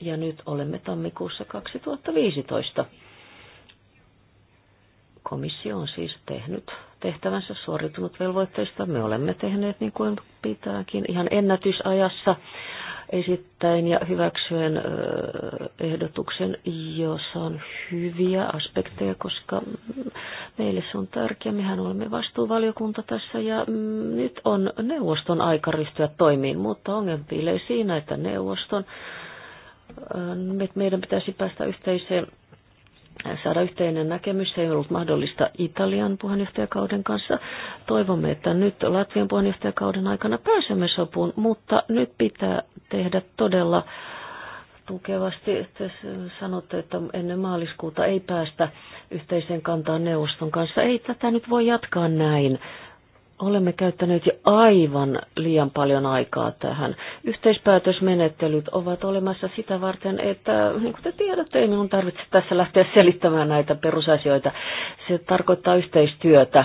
ja nyt olemme tammikuussa 2015 Komissio on siis tehnyt tehtävänsä suoritunut velvoitteista. Me olemme tehneet niin kuin pitääkin ihan ennätysajassa esittäen ja hyväksyen ehdotuksen, jossa on hyviä aspekteja, koska meille se on tärkeä. Mehän olemme vastuuvaliokunta tässä ja mm, nyt on neuvoston aika ryhtyä toimiin, mutta ongelma piilee siinä, että neuvoston meidän pitäisi päästä yhteiseen saada yhteinen näkemys. Se ei ollut mahdollista Italian puheenjohtajakauden kanssa. Toivomme, että nyt Latvian puheenjohtajakauden aikana pääsemme sopuun, mutta nyt pitää tehdä todella tukevasti. Te sanotte, että ennen maaliskuuta ei päästä yhteiseen kantaan neuvoston kanssa. Ei tätä nyt voi jatkaa näin olemme käyttäneet jo aivan liian paljon aikaa tähän. Yhteispäätösmenettelyt ovat olemassa sitä varten, että niin kuin te tiedätte, ei minun tarvitse tässä lähteä selittämään näitä perusasioita. Se tarkoittaa yhteistyötä.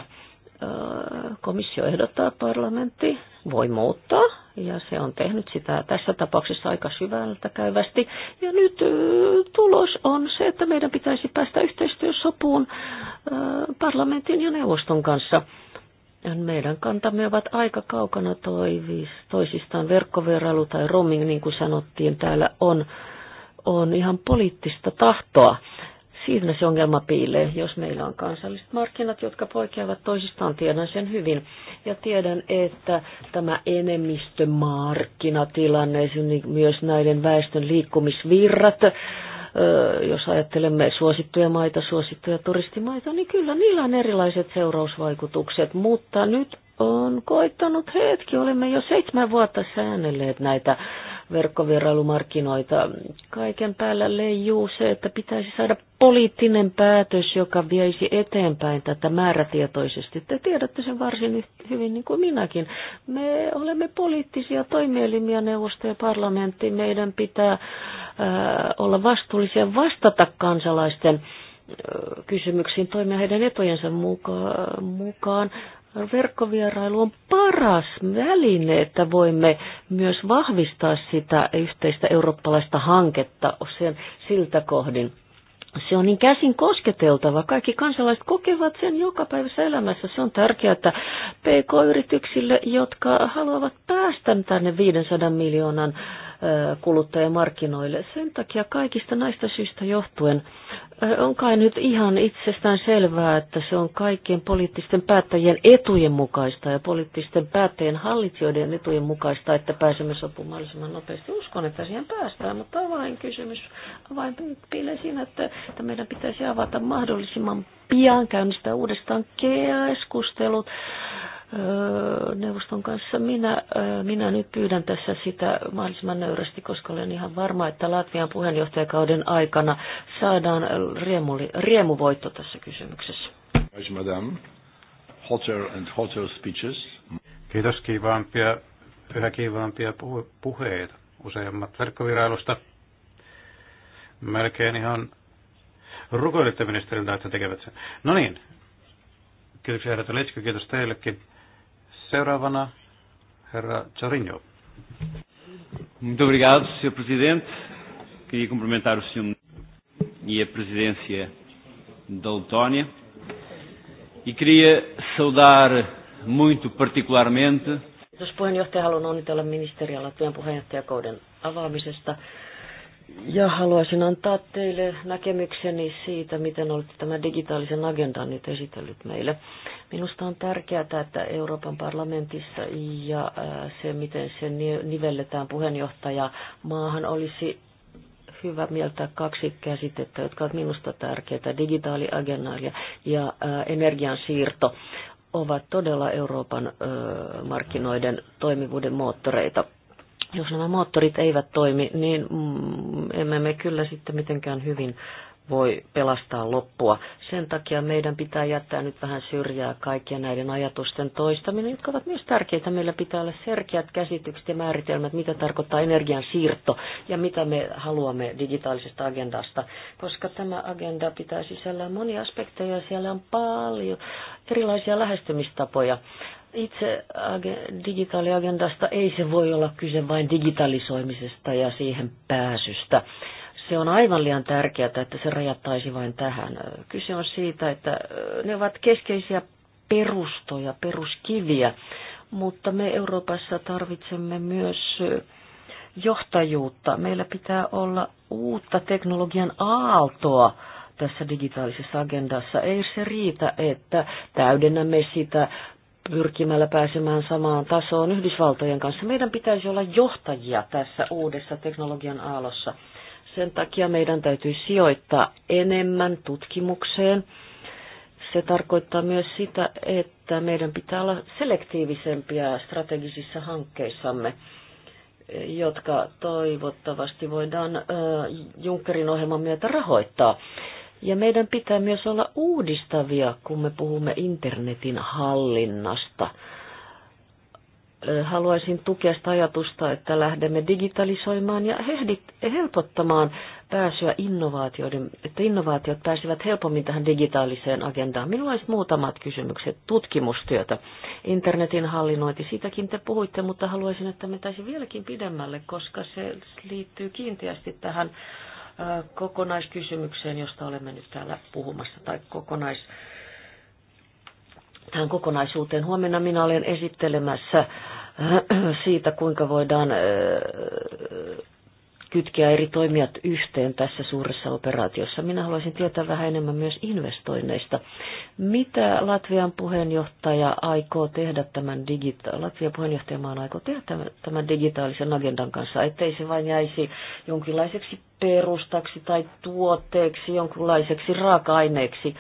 Öö, komissio ehdottaa, parlamentti voi muuttaa, ja se on tehnyt sitä tässä tapauksessa aika syvältä käyvästi. Ja nyt öö, tulos on se, että meidän pitäisi päästä yhteistyösopuun öö, parlamentin ja neuvoston kanssa meidän kantamme ovat aika kaukana toivis toisistaan. Verkkovierailu tai roaming, niin kuin sanottiin, täällä on, on ihan poliittista tahtoa. Siinä se ongelma piilee, jos meillä on kansalliset markkinat, jotka poikkeavat toisistaan, tiedän sen hyvin. Ja tiedän, että tämä enemmistömarkkinatilanne, myös näiden väestön liikkumisvirrat, jos ajattelemme suosittuja maita, suosittuja turistimaita, niin kyllä niillä on erilaiset seurausvaikutukset, mutta nyt on koittanut hetki, olemme jo seitsemän vuotta säännelleet näitä verkkovirailumarkkinoita. Kaiken päällä leijuu se, että pitäisi saada poliittinen päätös, joka viesi eteenpäin tätä määrätietoisesti. Te tiedätte sen varsin hyvin niin kuin minäkin. Me olemme poliittisia toimielimiä, neuvosto ja parlamentti. Meidän pitää ää, äh, olla vastuullisia vastata kansalaisten äh, kysymyksiin, toimia heidän etojensa mukaan. Verkkovierailu on paras väline, että voimme myös vahvistaa sitä yhteistä eurooppalaista hanketta sen, siltä kohdin. Se on niin käsin kosketeltava. Kaikki kansalaiset kokevat sen joka päivässä elämässä. Se on tärkeää, että PK-yrityksille, jotka haluavat päästä tänne 500 miljoonan äh, kuluttajamarkkinoille. Sen takia kaikista näistä syistä johtuen on kai nyt ihan itsestään selvää, että se on kaikkien poliittisten päättäjien etujen mukaista ja poliittisten päättäjien hallitsijoiden etujen mukaista, että pääsemme sopumaan mahdollisimman nopeasti. Uskon, että siihen päästään, mutta kysymys, vain piilee siinä, että, että meidän pitäisi avata mahdollisimman pian käynnistää uudestaan keskustelut neuvoston kanssa. Minä, minä nyt pyydän tässä sitä mahdollisimman nöyrästi, koska olen ihan varma, että Latvian puheenjohtajakauden aikana saadaan riemu, riemuvoitto tässä kysymyksessä. Hotter and hotter speeches. Kiitos kiivaampia, yhä kiivaampia puheita. Useimmat verkkovirailusta melkein ihan Rukoilitte ministeriltä, että tekevät sen. No niin. Kiitoksia herra Toletsko, kiitos teillekin. Seuraavana herra Charinho. Muito obrigado, senhor presidente. Queria cumprimentar o senhor e a presidência da Letónia. E queria saudar muito particularmente. Kiitos puheenjohtaja, haluan onnitella ministeriä Latvian puheenjohtajakouden avaamisesta. Ja haluaisin antaa teille näkemykseni siitä, miten olette tämän digitaalisen agendan nyt esitellyt meille. Minusta on tärkeää, että Euroopan parlamentissa ja äh, se, miten se nivelletään puheenjohtaja maahan, olisi hyvä mieltää kaksi käsitettä, jotka ovat minusta tärkeitä. Digitaaliagenda ja äh, energiansiirto ovat todella Euroopan äh, markkinoiden toimivuuden moottoreita jos nämä moottorit eivät toimi, niin mm, emme me kyllä sitten mitenkään hyvin voi pelastaa loppua. Sen takia meidän pitää jättää nyt vähän syrjää kaikkia näiden ajatusten toistaminen, jotka ovat myös tärkeitä. Meillä pitää olla selkeät käsitykset ja määritelmät, mitä tarkoittaa energian siirto ja mitä me haluamme digitaalisesta agendasta, koska tämä agenda pitää sisällään monia aspekteja ja siellä on paljon erilaisia lähestymistapoja itse digitaaliagendasta ei se voi olla kyse vain digitalisoimisesta ja siihen pääsystä. Se on aivan liian tärkeää, että se rajattaisi vain tähän. Kyse on siitä, että ne ovat keskeisiä perustoja, peruskiviä, mutta me Euroopassa tarvitsemme myös johtajuutta. Meillä pitää olla uutta teknologian aaltoa tässä digitaalisessa agendassa. Ei se riitä, että täydennämme sitä pyrkimällä pääsemään samaan tasoon Yhdysvaltojen kanssa. Meidän pitäisi olla johtajia tässä uudessa teknologian aallossa. Sen takia meidän täytyy sijoittaa enemmän tutkimukseen. Se tarkoittaa myös sitä, että meidän pitää olla selektiivisempiä strategisissa hankkeissamme, jotka toivottavasti voidaan Junckerin ohjelman myötä rahoittaa. Ja meidän pitää myös olla uudistavia, kun me puhumme internetin hallinnasta. Haluaisin tukea sitä ajatusta, että lähdemme digitalisoimaan ja helpottamaan pääsyä innovaatioiden, että innovaatiot pääsevät helpommin tähän digitaaliseen agendaan. Minulla olisi muutamat kysymykset tutkimustyötä. Internetin hallinnointi, siitäkin te puhuitte, mutta haluaisin, että mentäisiin vieläkin pidemmälle, koska se liittyy kiinteästi tähän kokonaiskysymykseen, josta olemme nyt täällä puhumassa, tai kokonais, tähän kokonaisuuteen. Huomenna minä olen esittelemässä siitä, kuinka voidaan kytkeä eri toimijat yhteen tässä suuressa operaatiossa. Minä haluaisin tietää vähän enemmän myös investoinneista. Mitä Latvian puheenjohtaja aikoo tehdä tämän digita- Latvian puheenjohtajamaan aikoo tehdä tämän digitaalisen agendan kanssa, ettei se vain jäisi jonkinlaiseksi perustaksi tai tuotteeksi, jonkinlaiseksi raaka-aineeksi,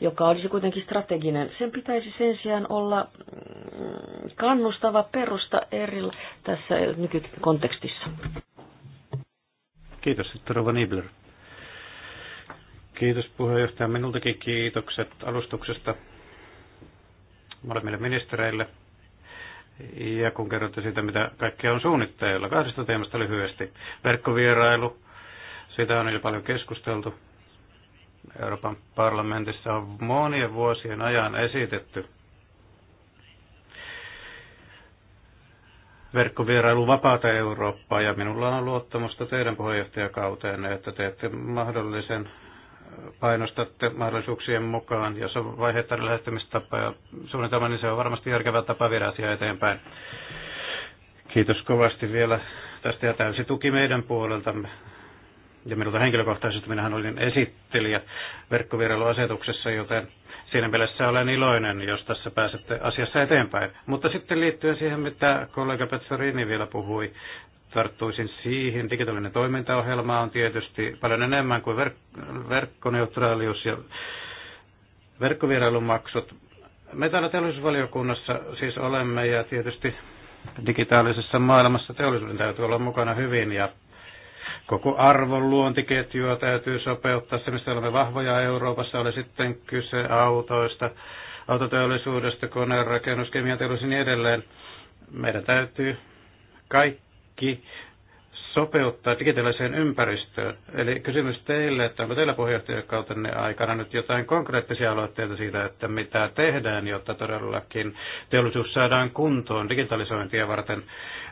joka olisi kuitenkin strateginen. Sen pitäisi sen sijaan olla mm, kannustava perusta eri tässä nykykontekstissa. Kiitos, sitten Rova Nibler. Kiitos puheenjohtaja. Minultakin kiitokset alustuksesta molemmille ministereille. Ja kun kerrotte siitä, mitä kaikkea on suunnitteilla, kahdesta teemasta lyhyesti. Verkkovierailu, sitä on jo paljon keskusteltu. Euroopan parlamentissa on monien vuosien ajan esitetty verkkovierailu vapaata Eurooppaa ja minulla on luottamusta teidän puheenjohtajakauteenne, että teette mahdollisen äh, painostatte mahdollisuuksien mukaan. Jos on vaiheittainen lähestymistapa ja suunnitelma, niin se on varmasti järkevä tapa viedä asiaa eteenpäin. Kiitos kovasti vielä tästä ja täysi tuki meidän puoleltamme. Ja minulta henkilökohtaisesti minähän olin esittelijä verkkovierailuasetuksessa, joten Siinä mielessä olen iloinen, jos tässä pääsette asiassa eteenpäin. Mutta sitten liittyen siihen, mitä kollega Petsarini vielä puhui, tarttuisin siihen. Digitaalinen toimintaohjelma on tietysti paljon enemmän kuin verk- verkkoneutraalius ja verkkovierailumaksut. Me täällä teollisuusvaliokunnassa siis olemme ja tietysti digitaalisessa maailmassa teollisuuden täytyy olla mukana hyvin ja Koko arvon luontiketjua täytyy sopeuttaa se, missä olemme vahvoja Euroopassa, oli sitten kyse autoista, autoteollisuudesta, koneen rakennus, kemianteollisuus ja niin edelleen. Meidän täytyy kaikki sopeuttaa digitaaliseen ympäristöön. Eli kysymys teille, että onko teillä puheenjohtajakautenne aikana nyt jotain konkreettisia aloitteita siitä, että mitä tehdään, jotta todellakin teollisuus saadaan kuntoon digitalisointia varten,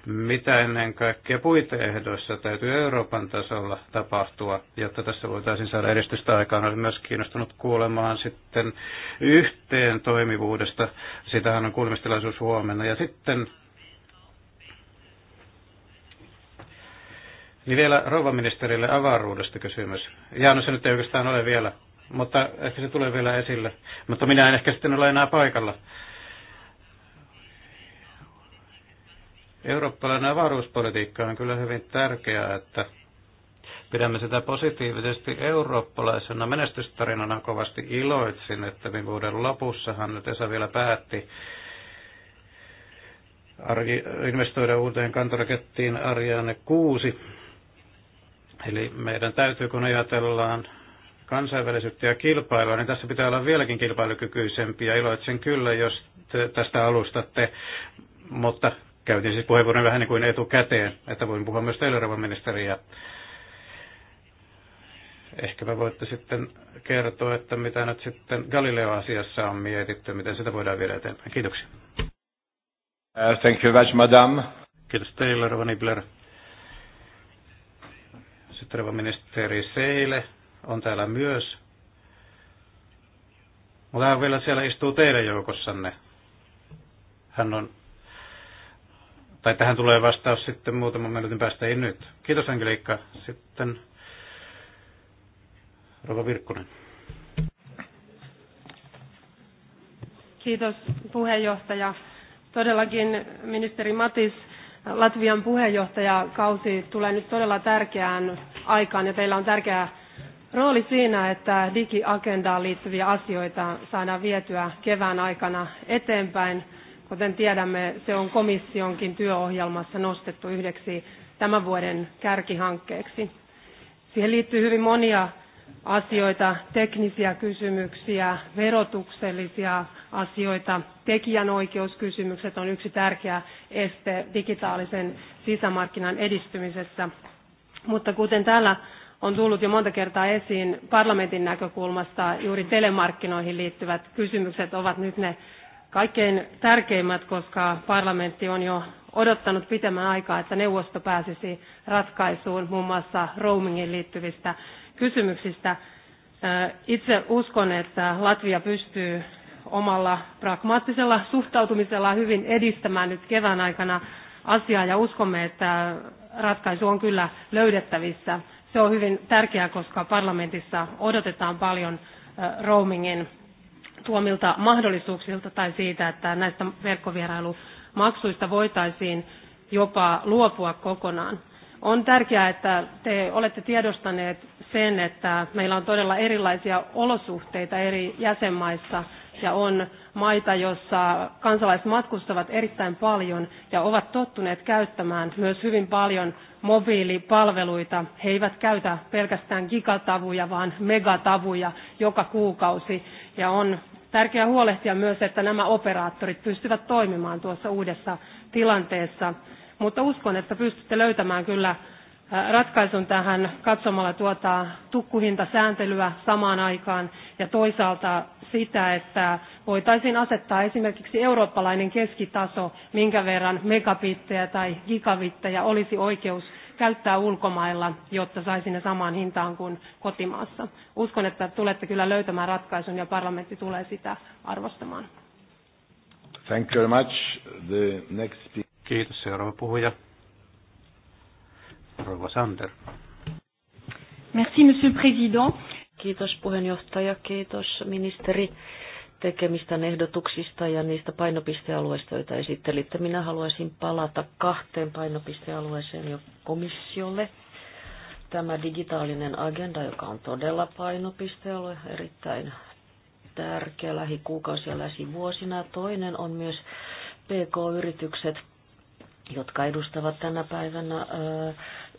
mitä ennen kaikkea puiteehdoissa täytyy Euroopan tasolla tapahtua, jotta tässä voitaisiin saada edistystä aikaan. Olen myös kiinnostunut kuulemaan sitten yhteen toimivuudesta. Sitähän on kuulemistilaisuus huomenna. Ja sitten Niin vielä rouvaministerille avaruudesta kysymys. Ja no se nyt ei oikeastaan ole vielä, mutta ehkä se tulee vielä esille. Mutta minä en ehkä sitten ole enää paikalla. Eurooppalainen avaruuspolitiikka on kyllä hyvin tärkeää, että pidämme sitä positiivisesti eurooppalaisena menestystarinana. Kovasti iloitsin, että viime vuoden lopussahan nyt Esa vielä päätti investoida uuteen kantorakettiin Ariane 6 Eli meidän täytyy, kun ajatellaan kansainvälisyyttä ja kilpailua, niin tässä pitää olla vieläkin kilpailukykyisempi ja iloitsen kyllä, jos te tästä alustatte, mutta käytin siis puheenvuoron vähän niin kuin etukäteen, että voin puhua myös teille, rouva Ehkä ja voitte sitten kertoa, että mitä nyt sitten Galileo-asiassa on mietitty, miten sitä voidaan viedä eteenpäin. Kiitoksia. Uh, thank you very much, madam. Kiitos teille, rouva Nibler. Sitten ministeri Seile on täällä myös. Mutta hän vielä siellä istuu teidän joukossanne. Hän on, tai tähän tulee vastaus sitten muutaman minuutin päästä, ei nyt. Kiitos Angeliikka. Sitten Rova Virkkunen. Kiitos puheenjohtaja. Todellakin ministeri Matis Latvian puheenjohtajakausi tulee nyt todella tärkeään aikaan ja teillä on tärkeä rooli siinä, että digiagendaan liittyviä asioita saadaan vietyä kevään aikana eteenpäin. Kuten tiedämme, se on komissionkin työohjelmassa nostettu yhdeksi tämän vuoden kärkihankkeeksi. Siihen liittyy hyvin monia asioita, teknisiä kysymyksiä, verotuksellisia asioita. Tekijänoikeuskysymykset on yksi tärkeä este digitaalisen sisämarkkinan edistymisessä. Mutta kuten täällä on tullut jo monta kertaa esiin parlamentin näkökulmasta, juuri telemarkkinoihin liittyvät kysymykset ovat nyt ne kaikkein tärkeimmät, koska parlamentti on jo odottanut pitemmän aikaa, että neuvosto pääsisi ratkaisuun muun muassa roamingin liittyvistä kysymyksistä. Itse uskon, että Latvia pystyy omalla pragmaattisella suhtautumisella hyvin edistämään nyt kevään aikana asiaa ja uskomme, että ratkaisu on kyllä löydettävissä. Se on hyvin tärkeää, koska parlamentissa odotetaan paljon roamingin tuomilta mahdollisuuksilta tai siitä, että näistä verkkovierailumaksuista voitaisiin jopa luopua kokonaan. On tärkeää, että te olette tiedostaneet sen, että meillä on todella erilaisia olosuhteita eri jäsenmaissa – ja on maita, joissa kansalaiset matkustavat erittäin paljon ja ovat tottuneet käyttämään myös hyvin paljon mobiilipalveluita. He eivät käytä pelkästään gigatavuja, vaan megatavuja joka kuukausi. Ja on tärkeää huolehtia myös, että nämä operaattorit pystyvät toimimaan tuossa uudessa tilanteessa. Mutta uskon, että pystytte löytämään kyllä ratkaisun tähän katsomalla tuota tukkuhintasääntelyä samaan aikaan ja toisaalta sitä, että voitaisiin asettaa esimerkiksi eurooppalainen keskitaso, minkä verran megabittejä tai gigabittejä olisi oikeus käyttää ulkomailla, jotta saisi ne samaan hintaan kuin kotimaassa. Uskon, että tulette kyllä löytämään ratkaisun ja parlamentti tulee sitä arvostamaan. Thank you very much. The next... Kiitos seuraava puhuja. Rouva Sander. Merci, monsieur président. Kiitos puheenjohtaja, kiitos ministeri tekemistä ehdotuksista ja niistä painopistealueista, joita esittelitte. Minä haluaisin palata kahteen painopistealueeseen jo komissiolle. Tämä digitaalinen agenda, joka on todella painopistealue, erittäin tärkeä lähikuukausia lähivuosina. Toinen on myös PK-yritykset, jotka edustavat tänä päivänä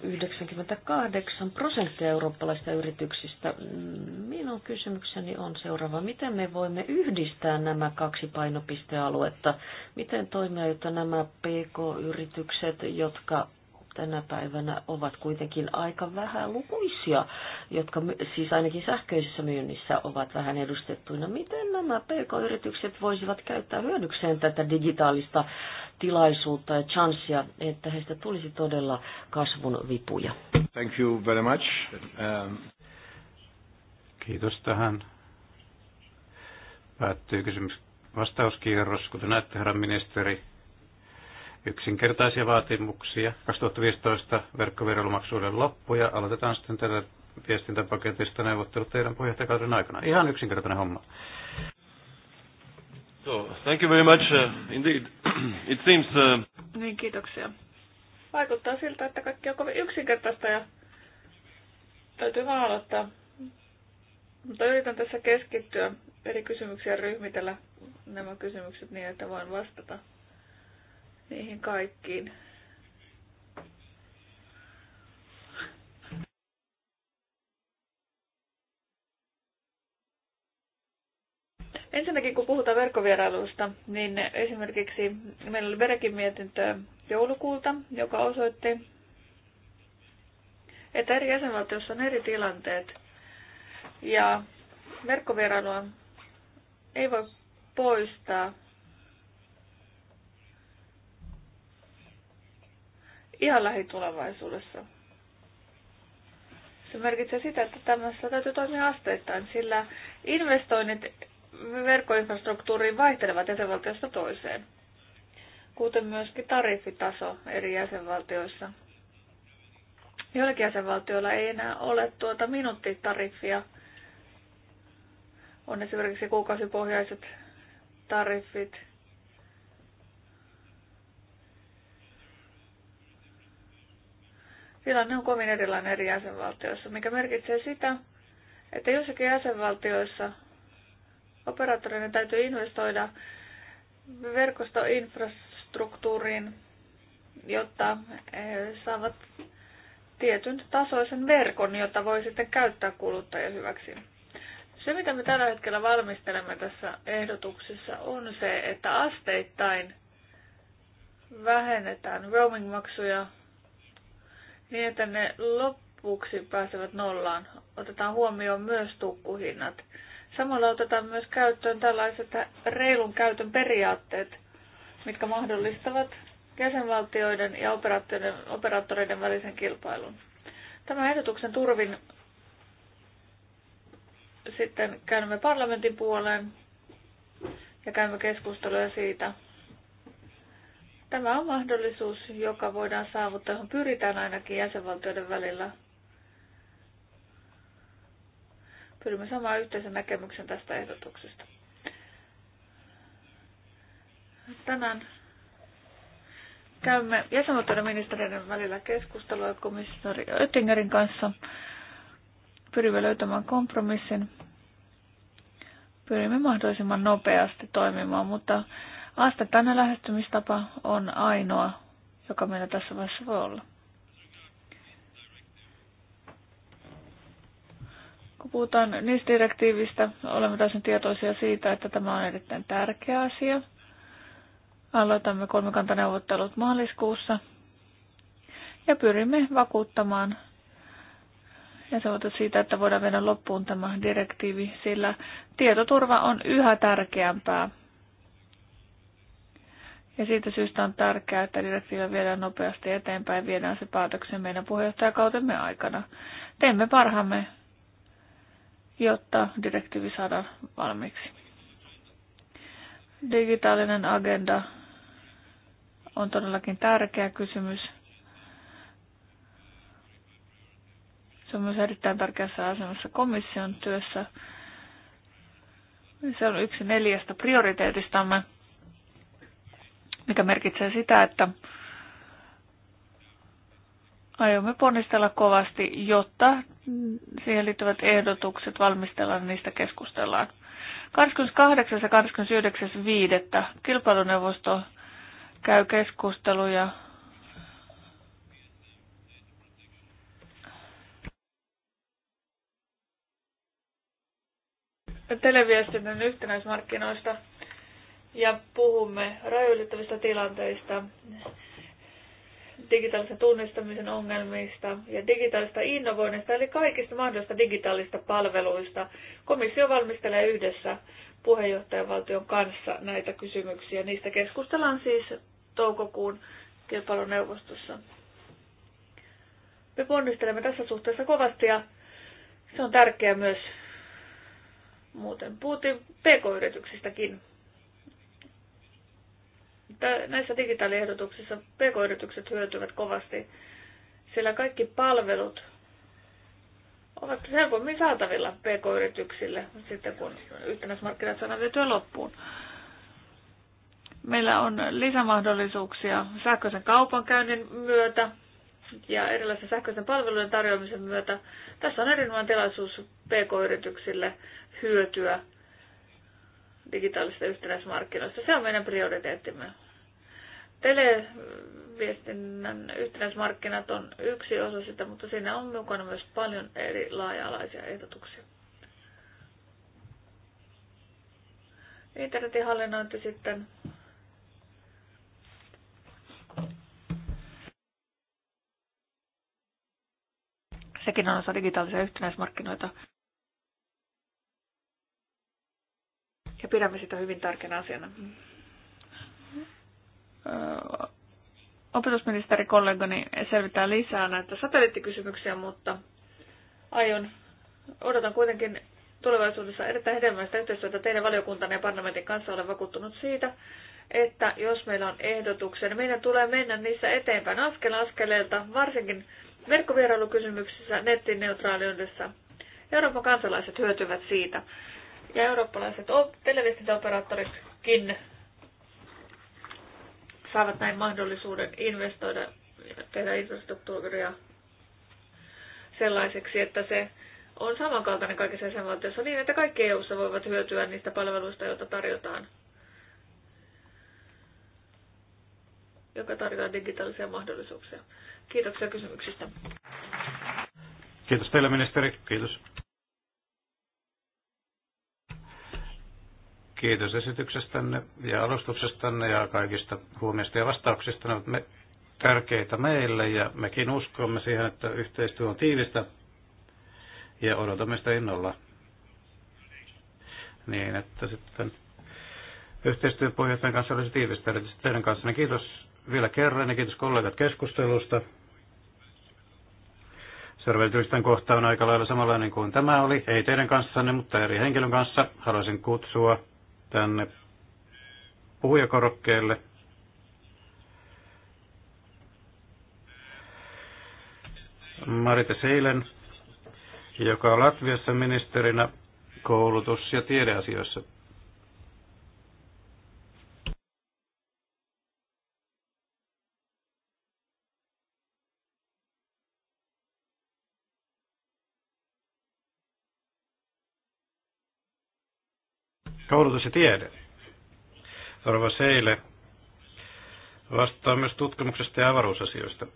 98 prosenttia eurooppalaisista yrityksistä. Mm, minun kysymykseni on seuraava. Miten me voimme yhdistää nämä kaksi painopistealuetta? Miten toimia, jotta nämä PK-yritykset, jotka tänä päivänä ovat kuitenkin aika vähän lukuisia, jotka siis ainakin sähköisessä myynnissä ovat vähän edustettuina. Miten nämä PK-yritykset voisivat käyttää hyödykseen tätä digitaalista tilaisuutta ja chanssia, että heistä tulisi todella kasvun vipuja. Thank you very much. Um... Kiitos tähän. Päättyy kysymys vastauskierros. Kuten näette, herra ministeri, yksinkertaisia vaatimuksia. 2015 verkkoviralmaksuuden loppu ja aloitetaan sitten tätä viestintäpaketista neuvottelut teidän puheenjohtajakauden aikana. Ihan yksinkertainen homma. So, thank you very much uh, indeed. It seems... Uh... Niin, kiitoksia. Vaikuttaa siltä, että kaikki on kovin yksinkertaista ja täytyy vaan aloittaa. Mutta yritän tässä keskittyä eri kysymyksiä ryhmitellä nämä kysymykset niin, että voin vastata niihin kaikkiin. Ensinnäkin kun puhutaan verkkovierailusta, niin esimerkiksi meillä oli Berekin mietintö joulukuulta, joka osoitti, että eri jäsenvaltioissa on eri tilanteet ja verkkovierailua ei voi poistaa ihan lähitulevaisuudessa. Se merkitsee sitä, että tämmöistä täytyy toimia asteittain, sillä investoinnit verkkoinfrastruktuuriin vaihtelevat jäsenvaltiosta toiseen, kuten myöskin tariffitaso eri jäsenvaltioissa. Joillakin jäsenvaltioilla ei enää ole tuota minuuttitariffia. On esimerkiksi kuukausipohjaiset tariffit. Tilanne on kovin erilainen eri jäsenvaltioissa, mikä merkitsee sitä, että jossakin jäsenvaltioissa Operaattoreiden täytyy investoida verkostoinfrastruktuuriin, jotta saavat tietyn tasoisen verkon, jota voi sitten käyttää kuluttajan hyväksi. Se, mitä me tällä hetkellä valmistelemme tässä ehdotuksessa, on se, että asteittain vähennetään roaming-maksuja niin, että ne loppuksi pääsevät nollaan. Otetaan huomioon myös tukkuhinnat. Samalla otetaan myös käyttöön tällaiset reilun käytön periaatteet, mitkä mahdollistavat jäsenvaltioiden ja operaattoreiden, välisen kilpailun. Tämän ehdotuksen turvin sitten käymme parlamentin puoleen ja käymme keskusteluja siitä. Tämä on mahdollisuus, joka voidaan saavuttaa, johon pyritään ainakin jäsenvaltioiden välillä – pyrimme saamaan yhteisen näkemyksen tästä ehdotuksesta. Tänään käymme jäsenvaltioiden ministeriöiden välillä keskustelua komissaari Oettingerin kanssa. Pyrimme löytämään kompromissin. Pyrimme mahdollisimman nopeasti toimimaan, mutta astetainen lähestymistapa on ainoa, joka meillä tässä vaiheessa voi olla. puhutaan NIS-direktiivistä, olemme täysin tietoisia siitä, että tämä on erittäin tärkeä asia. Aloitamme kolmikantaneuvottelut maaliskuussa ja pyrimme vakuuttamaan ja se siitä, että voidaan viedä loppuun tämä direktiivi, sillä tietoturva on yhä tärkeämpää. Ja siitä syystä on tärkeää, että direktiivi viedään nopeasti eteenpäin ja viedään se päätöksen meidän puheenjohtajakautemme aikana. Teemme parhaamme, jotta direktiivi saadaan valmiiksi. Digitaalinen agenda on todellakin tärkeä kysymys. Se on myös erittäin tärkeässä asemassa komission työssä. Se on yksi neljästä prioriteetistamme, mikä merkitsee sitä, että Aiomme ponnistella kovasti, jotta siihen liittyvät ehdotukset valmistellaan niistä keskustellaan. 28. ja 29.5. kilpailuneuvosto käy keskusteluja televiestinnän yhtenäismarkkinoista ja puhumme rajoittavista tilanteista digitaalisen tunnistamisen ongelmista ja digitaalista innovoinnista, eli kaikista mahdollisista digitaalista palveluista. Komissio valmistelee yhdessä puheenjohtajavaltion kanssa näitä kysymyksiä. Niistä keskustellaan siis toukokuun kilpailuneuvostossa. Me ponnistelemme tässä suhteessa kovasti ja se on tärkeää myös muuten. Puhuttiin pk-yrityksistäkin näissä digitaaliehdotuksissa pk-yritykset hyötyvät kovasti, sillä kaikki palvelut ovat helpommin saatavilla pk-yrityksille sitten, kun yhtenäismarkkinat saadaan vietyä loppuun. Meillä on lisämahdollisuuksia sähköisen kaupankäynnin myötä ja erilaisen sähköisen palvelujen tarjoamisen myötä. Tässä on erinomainen tilaisuus pk-yrityksille hyötyä digitaalisista yhtenäismarkkinoista. Se on meidän prioriteettimme televiestinnän yhtenäismarkkinat on yksi osa sitä, mutta siinä on mukana myös paljon eri laaja-alaisia ehdotuksia. Internetin hallinnointi sitten sekin on osa digitaalisia yhtenäismarkkinoita. Ja pidämme sitä hyvin tärkeänä asiana kollegani selvittää lisää näitä satelliittikysymyksiä, mutta aion, odotan kuitenkin tulevaisuudessa erittäin hedelmällistä yhteistyötä teidän valiokuntaan ja parlamentin kanssa. Olen vakuuttunut siitä, että jos meillä on ehdotuksia, niin meidän tulee mennä niissä eteenpäin askel askeleelta, varsinkin verkkovierailukysymyksissä, nettineutraaliudessa. Euroopan kansalaiset hyötyvät siitä ja eurooppalaiset televisiointioperaattoritkin saavat näin mahdollisuuden investoida ja tehdä infrastruktuuria sellaiseksi, että se on samankaltainen kaikissa jäsenvaltioissa niin, että kaikki eu voivat hyötyä niistä palveluista, joita tarjotaan, joka tarjoaa digitaalisia mahdollisuuksia. Kiitoksia kysymyksistä. Kiitos teille ministeri. Kiitos. Kiitos esityksestänne ja alustuksestanne ja kaikista huomioista ja vastauksista. Ne ovat me tärkeitä meille ja mekin uskomme siihen, että yhteistyö on tiivistä ja odotamme sitä innolla. Niin, että sitten yhteistyö pohjoisten kanssa olisi tiivistä, erityisesti teidän kanssa. Niin kiitos vielä kerran ja kiitos kollegat keskustelusta. Sörveltyysten kohta on aika lailla samanlainen kuin tämä oli, ei teidän kanssanne, mutta eri henkilön kanssa. Haluaisin kutsua tänne puhujakorokkeelle. Marita Seilen, joka on Latviassa ministerinä koulutus- ja tiedeasioissa. koulutus ja tiede. Orva Seile vastaa myös tutkimuksesta ja avaruusasioista.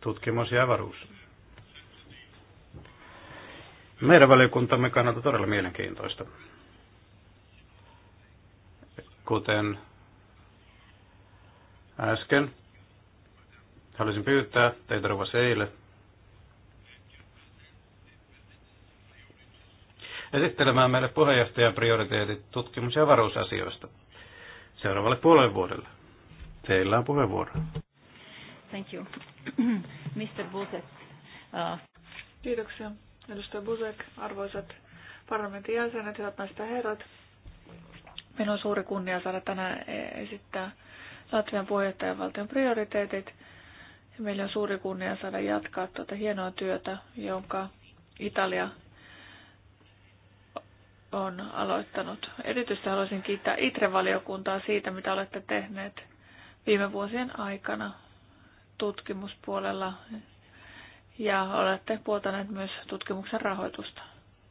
Tutkimus ja avaruus. Meidän valiokuntamme kannalta todella mielenkiintoista. Kuten äsken, haluaisin pyytää teitä Rova Seile esittelemään meille puheenjohtajan prioriteetit tutkimus- ja varuusasioista seuraavalle puolen vuodelle. Teillä on puheenvuoro. Thank you. Mr. Buzek. Uh... Kiitoksia. Edustaja Buzek, arvoisat parlamentin jäsenet, hyvät naiset ja herrat. Minun on suuri kunnia saada tänään e- esittää Latvian valtion prioriteetit. Meillä on suuri kunnia saada jatkaa tuota hienoa työtä, jonka Italia on aloittanut. Erityisesti haluaisin kiittää ITRE-valiokuntaa siitä, mitä olette tehneet viime vuosien aikana tutkimuspuolella ja olette puoltaneet myös tutkimuksen rahoitusta.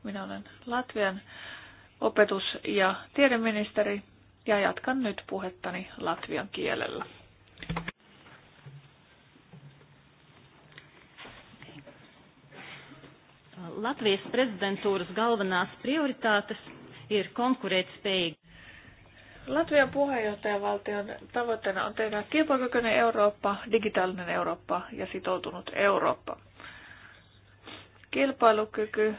Minä olen Latvian opetus- ja tiedeministeri ja jatkan nyt puhettani latvian kielellä. Latvijas prezidentūras galvenās prioritātes ir konkurētspējīga. Latvian puheenjohtajavaltion tavoitteena on tehdä kilpailukykyinen Eurooppa, digitaalinen Eurooppa ja sitoutunut Eurooppa. Kilpailukyky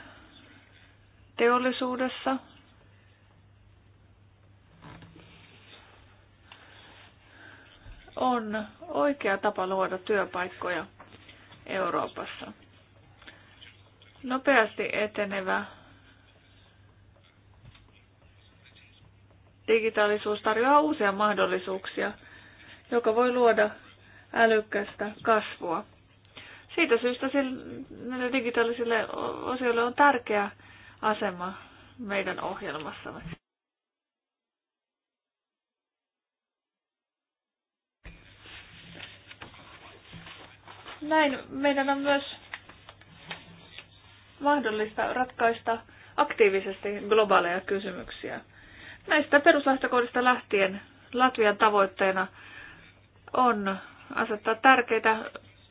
teollisuudessa, on oikea tapa luoda työpaikkoja Euroopassa nopeasti etenevä digitaalisuus tarjoaa uusia mahdollisuuksia, joka voi luoda älykkästä kasvua. Siitä syystä näille digitaalisille osioille on tärkeä asema meidän ohjelmassamme. Näin meidän on myös mahdollista ratkaista aktiivisesti globaaleja kysymyksiä. Näistä peruslähtökohdista lähtien Latvian tavoitteena on asettaa tärkeitä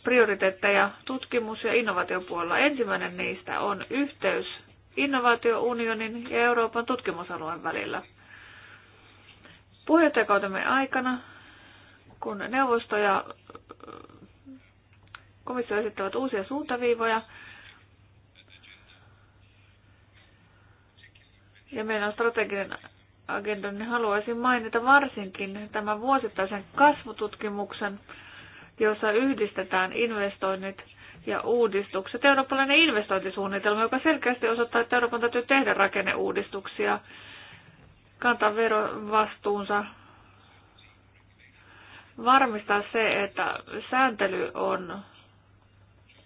prioriteetteja tutkimus- ja innovaatiopuolella. Ensimmäinen niistä on yhteys innovaatiounionin ja Euroopan tutkimusalueen välillä. Puheenjohtajakautemme aikana, kun neuvosto ja komissio esittävät uusia suuntaviivoja, ja meidän on strateginen agenda, niin haluaisin mainita varsinkin tämän vuosittaisen kasvututkimuksen, jossa yhdistetään investoinnit ja uudistukset. Eurooppalainen investointisuunnitelma, joka selkeästi osoittaa, että Euroopan täytyy tehdä rakenneuudistuksia, kantaa verovastuunsa, varmistaa se, että sääntely on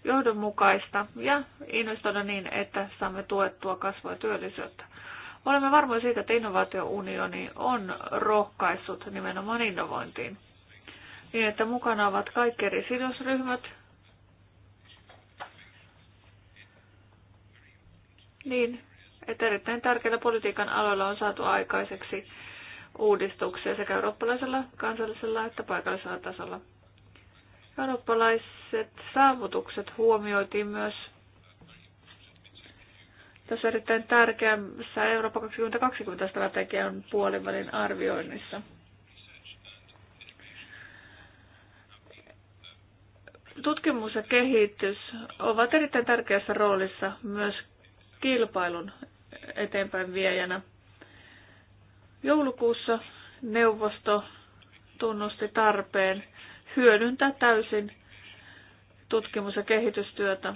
johdonmukaista ja investoida niin, että saamme tuettua kasvua ja työllisyyttä. Olemme varmoja siitä, että innovaatiounioni on rohkaissut nimenomaan innovointiin, niin että mukana ovat kaikki eri sidosryhmät, niin että erittäin tärkeillä politiikan aloilla on saatu aikaiseksi uudistuksia sekä eurooppalaisella, kansallisella että paikallisella tasolla. Eurooppalaiset saavutukset huomioitiin myös tässä erittäin tärkeässä Eurooppa 2020 strategian puolivälin arvioinnissa. Tutkimus ja kehitys ovat erittäin tärkeässä roolissa myös kilpailun eteenpäin viejänä. Joulukuussa neuvosto tunnusti tarpeen hyödyntää täysin tutkimus- ja kehitystyötä,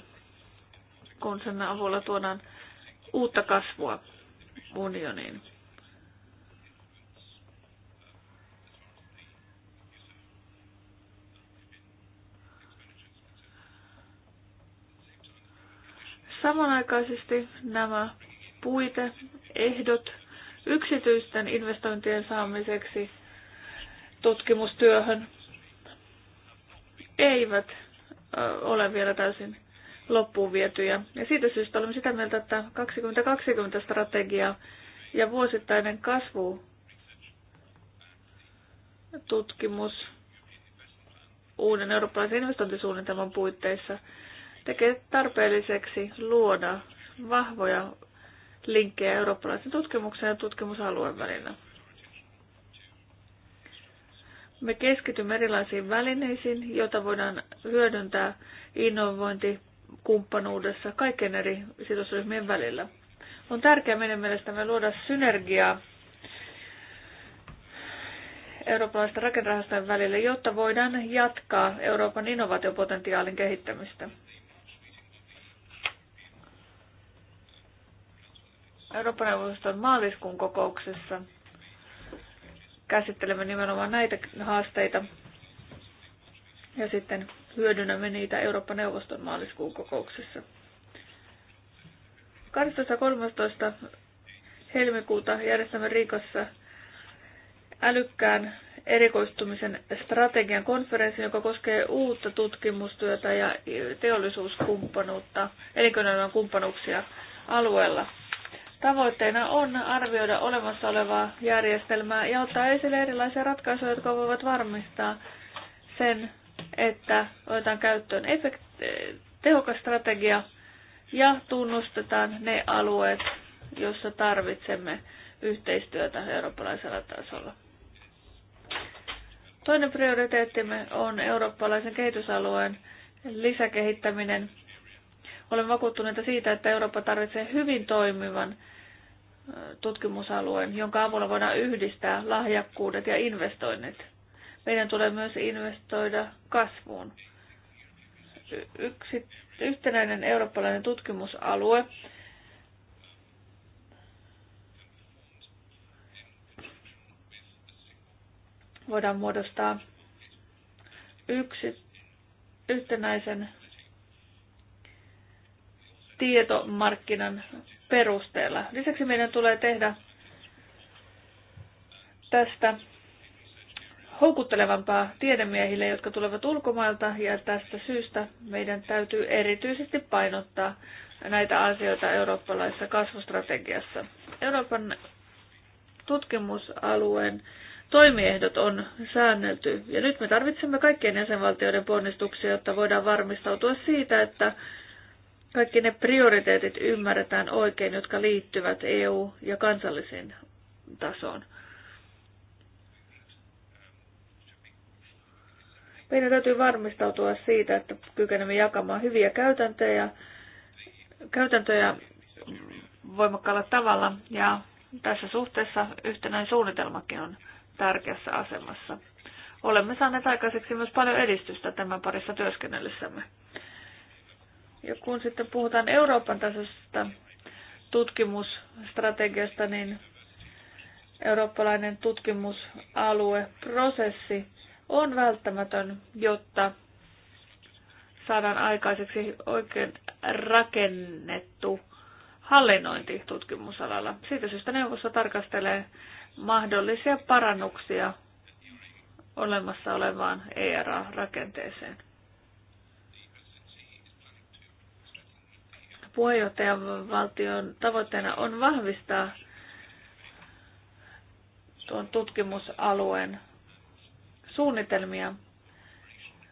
kun sen avulla tuodaan uutta kasvua unioniin. Samanaikaisesti nämä ehdot, yksityisten investointien saamiseksi tutkimustyöhön eivät ole vielä täysin loppuun vietyjä. Ja siitä syystä olemme sitä mieltä, että 2020-strategia ja vuosittainen kasvu tutkimus uuden eurooppalaisen investointisuunnitelman puitteissa tekee tarpeelliseksi luoda vahvoja linkkejä eurooppalaisen tutkimuksen ja tutkimusalueen välillä. Me keskitymme erilaisiin välineisiin, joita voidaan hyödyntää innovointi, kumppanuudessa kaiken eri sidosryhmien välillä. On tärkeää meidän mielestämme luoda synergiaa eurooppalaisten rakennerahastojen välille, jotta voidaan jatkaa Euroopan innovaatiopotentiaalin kehittämistä. Euroopan neuvoston maaliskuun kokouksessa käsittelemme nimenomaan näitä haasteita. Ja sitten hyödynnämme niitä Eurooppa-neuvoston maaliskuun kokouksessa. 12.13. helmikuuta järjestämme Riikossa älykkään erikoistumisen strategian konferenssi, joka koskee uutta tutkimustyötä ja teollisuuskumppanuutta, elinkeinoelämän kumppanuuksia alueella. Tavoitteena on arvioida olemassa olevaa järjestelmää ja ottaa esille erilaisia ratkaisuja, jotka voivat varmistaa sen, että otetaan käyttöön efekt- tehokas strategia ja tunnustetaan ne alueet, joissa tarvitsemme yhteistyötä eurooppalaisella tasolla. Toinen prioriteettimme on eurooppalaisen kehitysalueen lisäkehittäminen. Olen vakuuttuneita siitä, että Eurooppa tarvitsee hyvin toimivan tutkimusalueen, jonka avulla voidaan yhdistää lahjakkuudet ja investoinnit meidän tulee myös investoida kasvuun. Yksi, yhtenäinen eurooppalainen tutkimusalue voidaan muodostaa yksi, yhtenäisen tietomarkkinan perusteella. Lisäksi meidän tulee tehdä tästä houkuttelevampaa tiedemiehille, jotka tulevat ulkomailta, ja tästä syystä meidän täytyy erityisesti painottaa näitä asioita eurooppalaisessa kasvustrategiassa. Euroopan tutkimusalueen toimiehdot on säännelty, ja nyt me tarvitsemme kaikkien jäsenvaltioiden ponnistuksia, jotta voidaan varmistautua siitä, että kaikki ne prioriteetit ymmärretään oikein, jotka liittyvät EU- ja kansallisiin tasoon. Meidän täytyy varmistautua siitä, että kykenemme jakamaan hyviä käytäntöjä, käytäntöjä voimakkaalla tavalla ja tässä suhteessa yhtenäinen suunnitelmakin on tärkeässä asemassa. Olemme saaneet aikaiseksi myös paljon edistystä tämän parissa työskennellessämme. Ja kun sitten puhutaan Euroopan tasoisesta tutkimusstrategiasta, niin eurooppalainen tutkimusalueprosessi on välttämätön, jotta saadaan aikaiseksi oikein rakennettu hallinnointi tutkimusalalla. Siitä syystä neuvosto tarkastelee mahdollisia parannuksia olemassa olevaan ERA-rakenteeseen. Puheenjohtajan valtion tavoitteena on vahvistaa tuon tutkimusalueen suunnitelmia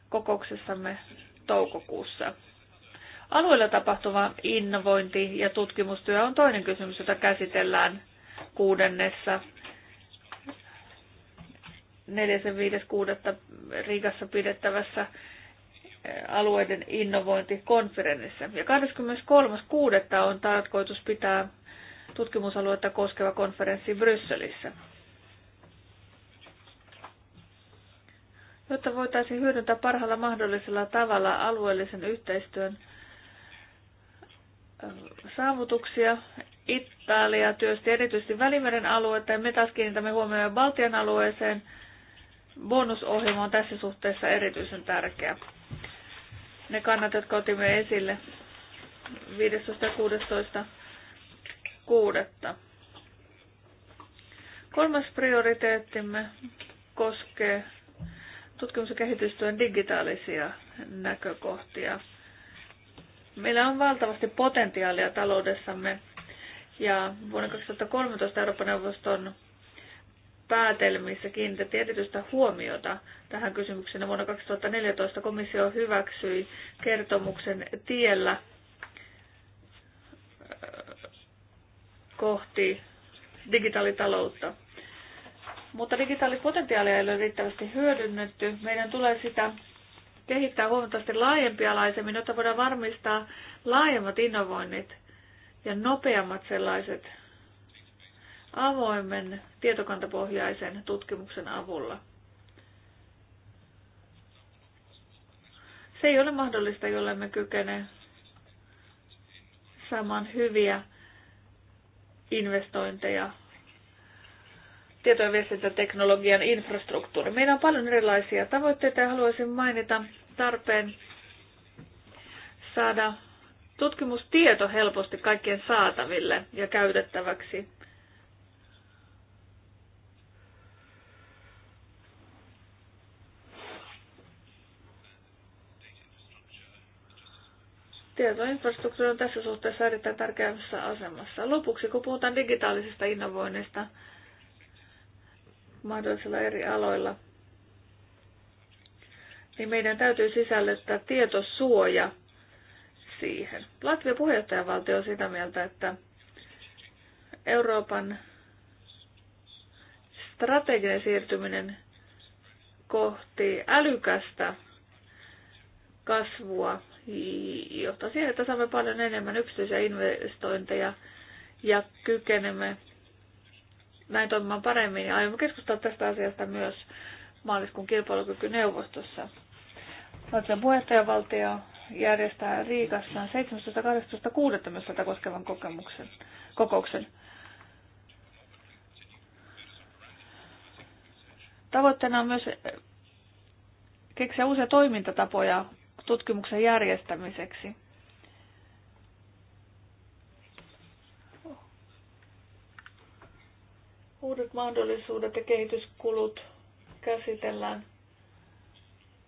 kokouksessamme toukokuussa. Alueella tapahtuva innovointi ja tutkimustyö on toinen kysymys, jota käsitellään kuudennessa 4.5.6. Riikassa pidettävässä eh, alueiden innovointikonferenssissa. Ja 23.6. on tarkoitus pitää tutkimusaluetta koskeva konferenssi Brysselissä. jotta voitaisiin hyödyntää parhaalla mahdollisella tavalla alueellisen yhteistyön saavutuksia. Italia työsti erityisesti Välimeren aluetta ja me taas kiinnitämme huomioon Baltian alueeseen. Bonusohjelma on tässä suhteessa erityisen tärkeä. Ne kannat, jotka otimme esille 15. ja 16. 6. Kolmas prioriteettimme koskee tutkimus- ja kehitystyön digitaalisia näkökohtia. Meillä on valtavasti potentiaalia taloudessamme ja vuonna 2013 Euroopan neuvoston päätelmissä kiinnitettiin erityistä huomiota tähän kysymykseen. Vuonna 2014 komissio hyväksyi kertomuksen tiellä äh, kohti digitaalitaloutta mutta digitaalipotentiaalia ei ole riittävästi hyödynnetty. Meidän tulee sitä kehittää huomattavasti laajempialaisemmin, jotta voidaan varmistaa laajemmat innovoinnit ja nopeammat sellaiset avoimen tietokantapohjaisen tutkimuksen avulla. Se ei ole mahdollista, jolle me kykene saamaan hyviä investointeja tieto- ja viestintäteknologian infrastruktuuri. Meillä on paljon erilaisia tavoitteita ja haluaisin mainita tarpeen saada tutkimustieto helposti kaikkien saataville ja käytettäväksi. Tietoinfrastruktuuri on tässä suhteessa erittäin tärkeässä asemassa. Lopuksi, kun puhutaan digitaalisesta innovoinnista, mahdollisilla eri aloilla, niin meidän täytyy sisällyttää tietosuoja siihen. Latvia puheenjohtajavaltio on sitä mieltä, että Euroopan strateginen siirtyminen kohti älykästä kasvua johtaa siihen, että saamme paljon enemmän yksityisiä investointeja ja kykenemme näin toimimaan paremmin ja aiomme keskustella tästä asiasta myös maaliskuun kilpailukykyneuvostossa. Latvian puheenjohtajavaltio järjestää Riikassa 17.18.6. myös tätä koskevan kokemuksen, kokouksen. Tavoitteena on myös keksiä uusia toimintatapoja tutkimuksen järjestämiseksi. uudet mahdollisuudet ja kehityskulut käsitellään.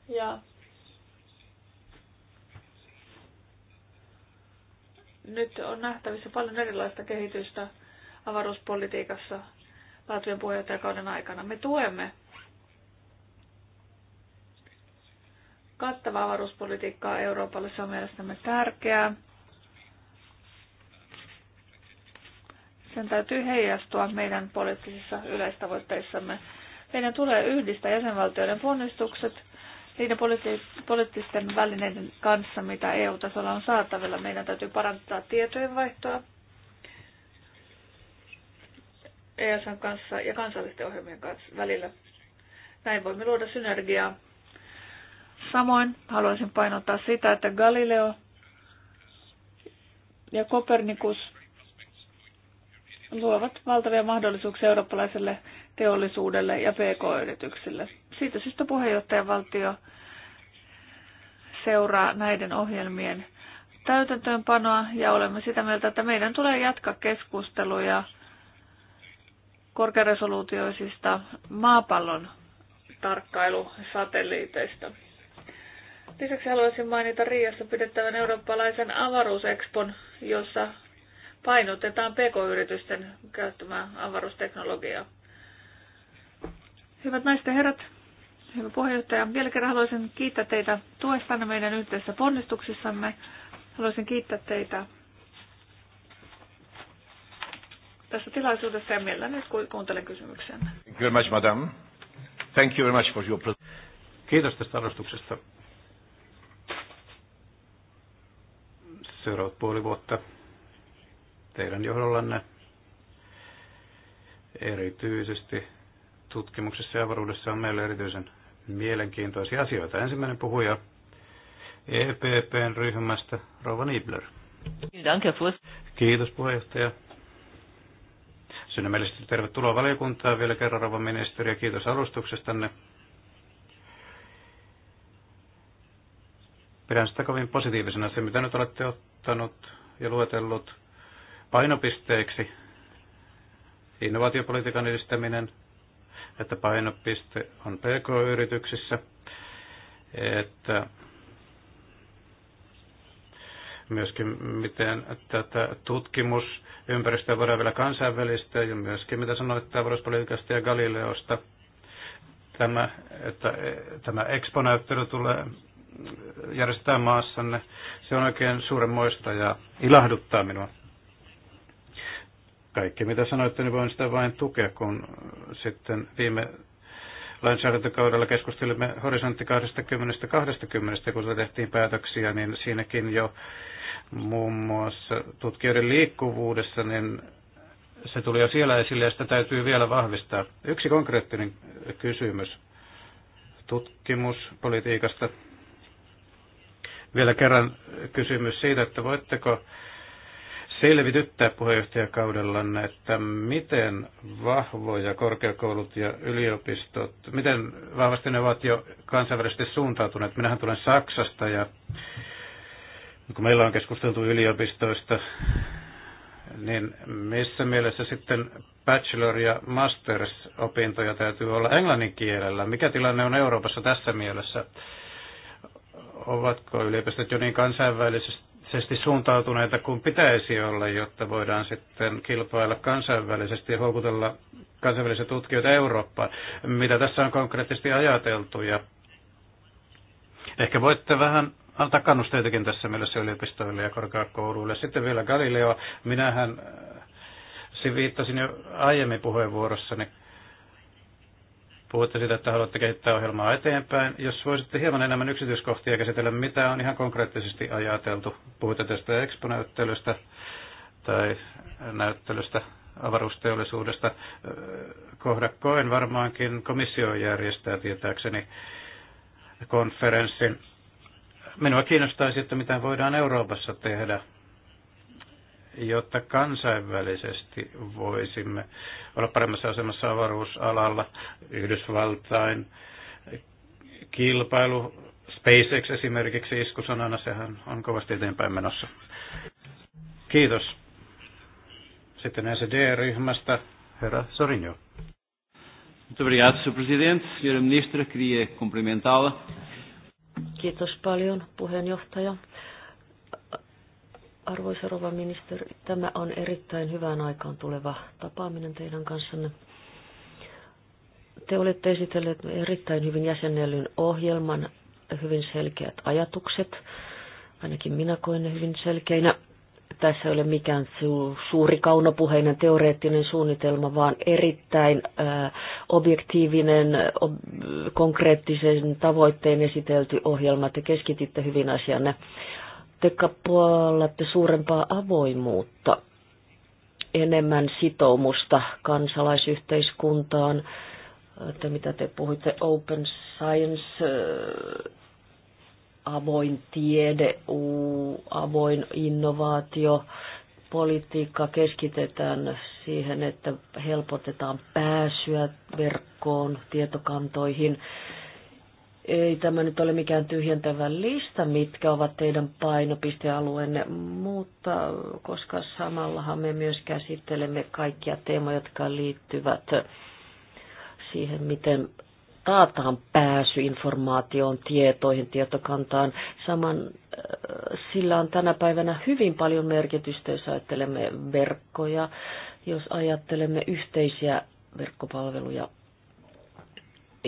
Ja nyt on nähtävissä paljon erilaista kehitystä avaruuspolitiikassa Latvian puheenjohtajakauden aikana. Me tuemme kattavaa avaruuspolitiikkaa Euroopalle, se on mielestämme tärkeää. Sen täytyy heijastua meidän poliittisissa yleistavoitteissamme. Meidän tulee yhdistää jäsenvaltioiden ponnistukset niiden politi- poliittisten välineiden kanssa, mitä EU-tasolla on saatavilla. Meidän täytyy parantaa tietojenvaihtoa ESN kanssa ja kansallisten ohjelmien kanssa välillä. Näin voimme luoda synergiaa. Samoin haluaisin painottaa sitä, että Galileo ja Kopernikus luovat valtavia mahdollisuuksia eurooppalaiselle teollisuudelle ja pk-yrityksille. Siitä syystä puheenjohtajavaltio seuraa näiden ohjelmien täytäntöönpanoa ja olemme sitä mieltä, että meidän tulee jatkaa keskusteluja korkearesoluutioisista maapallon tarkkailusatelliiteista. Lisäksi haluaisin mainita Riassa pidettävän eurooppalaisen avaruusekspon, jossa painotetaan pk-yritysten käyttämää avaruusteknologiaa. Hyvät naiset ja herrat, hyvä puheenjohtaja, vielä kerran haluaisin kiittää teitä tuesta meidän yhteisessä ponnistuksissamme. Haluaisin kiittää teitä tässä tilaisuudessa ja mielelläni nyt kuuntelen kysymyksen. Thank you very much, madam. Thank you very much for your Kiitos tästä arvostuksesta. Seuraavat puoli vuotta teidän johdollanne erityisesti tutkimuksessa ja avaruudessa on meille erityisen mielenkiintoisia asioita. Ensimmäinen puhuja EPPn ryhmästä, Rova Niebler. Kiitos puheenjohtaja. Sydämellisesti tervetuloa valiokuntaan vielä kerran, Rova ministeri, ja kiitos alustuksestanne. Pidän sitä kovin positiivisena, se mitä nyt olette ottanut ja luetellut Painopisteeksi innovaatiopolitiikan edistäminen, että painopiste on PK-yrityksissä, että myöskin miten tätä tutkimusympäristöä voidaan vielä kansainvälistä ja myöskin mitä sanoit tavaruuspolitiikasta ja Galileosta. Tämä, että e, tämä eksponäyttely tulee järjestetään maassanne, se on oikein suuren moista ja ilahduttaa minua. Kaikki mitä sanoitte, niin voin sitä vain tukea, kun sitten viime lainsäädäntökaudella keskustelimme horisontti 20-20, kun tehtiin päätöksiä, niin siinäkin jo muun muassa tutkijoiden liikkuvuudessa, niin se tuli jo siellä esille ja sitä täytyy vielä vahvistaa. Yksi konkreettinen kysymys tutkimuspolitiikasta. Vielä kerran kysymys siitä, että voitteko selvityttää puheenjohtajakaudellanne, että miten vahvoja korkeakoulut ja yliopistot, miten vahvasti ne ovat jo kansainvälisesti suuntautuneet. Minähän tulen Saksasta ja kun meillä on keskusteltu yliopistoista, niin missä mielessä sitten bachelor- ja masters-opintoja täytyy olla englannin kielellä? Mikä tilanne on Euroopassa tässä mielessä? Ovatko yliopistot jo niin kansainvälisesti poliittisesti suuntautuneita kuin pitäisi olla, jotta voidaan sitten kilpailla kansainvälisesti ja houkutella kansainvälisiä tutkijoita Eurooppaan. Mitä tässä on konkreettisesti ajateltu ja ehkä voitte vähän antaa kannusteitakin tässä mielessä yliopistoille ja korkeakouluille. Sitten vielä Galileo. Minähän äh, viittasin jo aiemmin puheenvuorossani. Puhutte siitä, että haluatte kehittää ohjelmaa eteenpäin. Jos voisitte hieman enemmän yksityiskohtia käsitellä, mitä on ihan konkreettisesti ajateltu. Puhutte tästä eksponäyttelystä tai näyttelystä avaruusteollisuudesta. Kohdakkoin varmaankin komissio järjestää tietääkseni konferenssin. Minua kiinnostaisi, että mitä voidaan Euroopassa tehdä jotta kansainvälisesti voisimme olla paremmassa asemassa avaruusalalla Yhdysvaltain kilpailu. SpaceX esimerkiksi iskusanana, sehän on kovasti eteenpäin menossa. Kiitos. Sitten SD-ryhmästä herra Sorinjo. Kiitos paljon, puheenjohtaja. Arvoisa rouva ministeri, tämä on erittäin hyvään aikaan tuleva tapaaminen teidän kanssanne. Te olette esitelleet erittäin hyvin jäsennellyn ohjelman, hyvin selkeät ajatukset. Ainakin minä koen ne hyvin selkeinä. Tässä ei ole mikään suuri kaunopuheinen teoreettinen suunnitelma, vaan erittäin objektiivinen, konkreettisen tavoitteen esitelty ohjelma. Te keskititte hyvin asianne te kappalatte suurempaa avoimuutta, enemmän sitoumusta kansalaisyhteiskuntaan, että mitä te puhuitte, open science, äh, avoin tiede, avoin innovaatio, politiikka keskitetään siihen, että helpotetaan pääsyä verkkoon, tietokantoihin, ei tämä nyt ole mikään tyhjentävä lista, mitkä ovat teidän painopistealueenne, mutta koska samallahan me myös käsittelemme kaikkia teemoja, jotka liittyvät siihen, miten taataan pääsy informaatioon, tietoihin, tietokantaan. Saman, äh, sillä on tänä päivänä hyvin paljon merkitystä, jos ajattelemme verkkoja, jos ajattelemme yhteisiä verkkopalveluja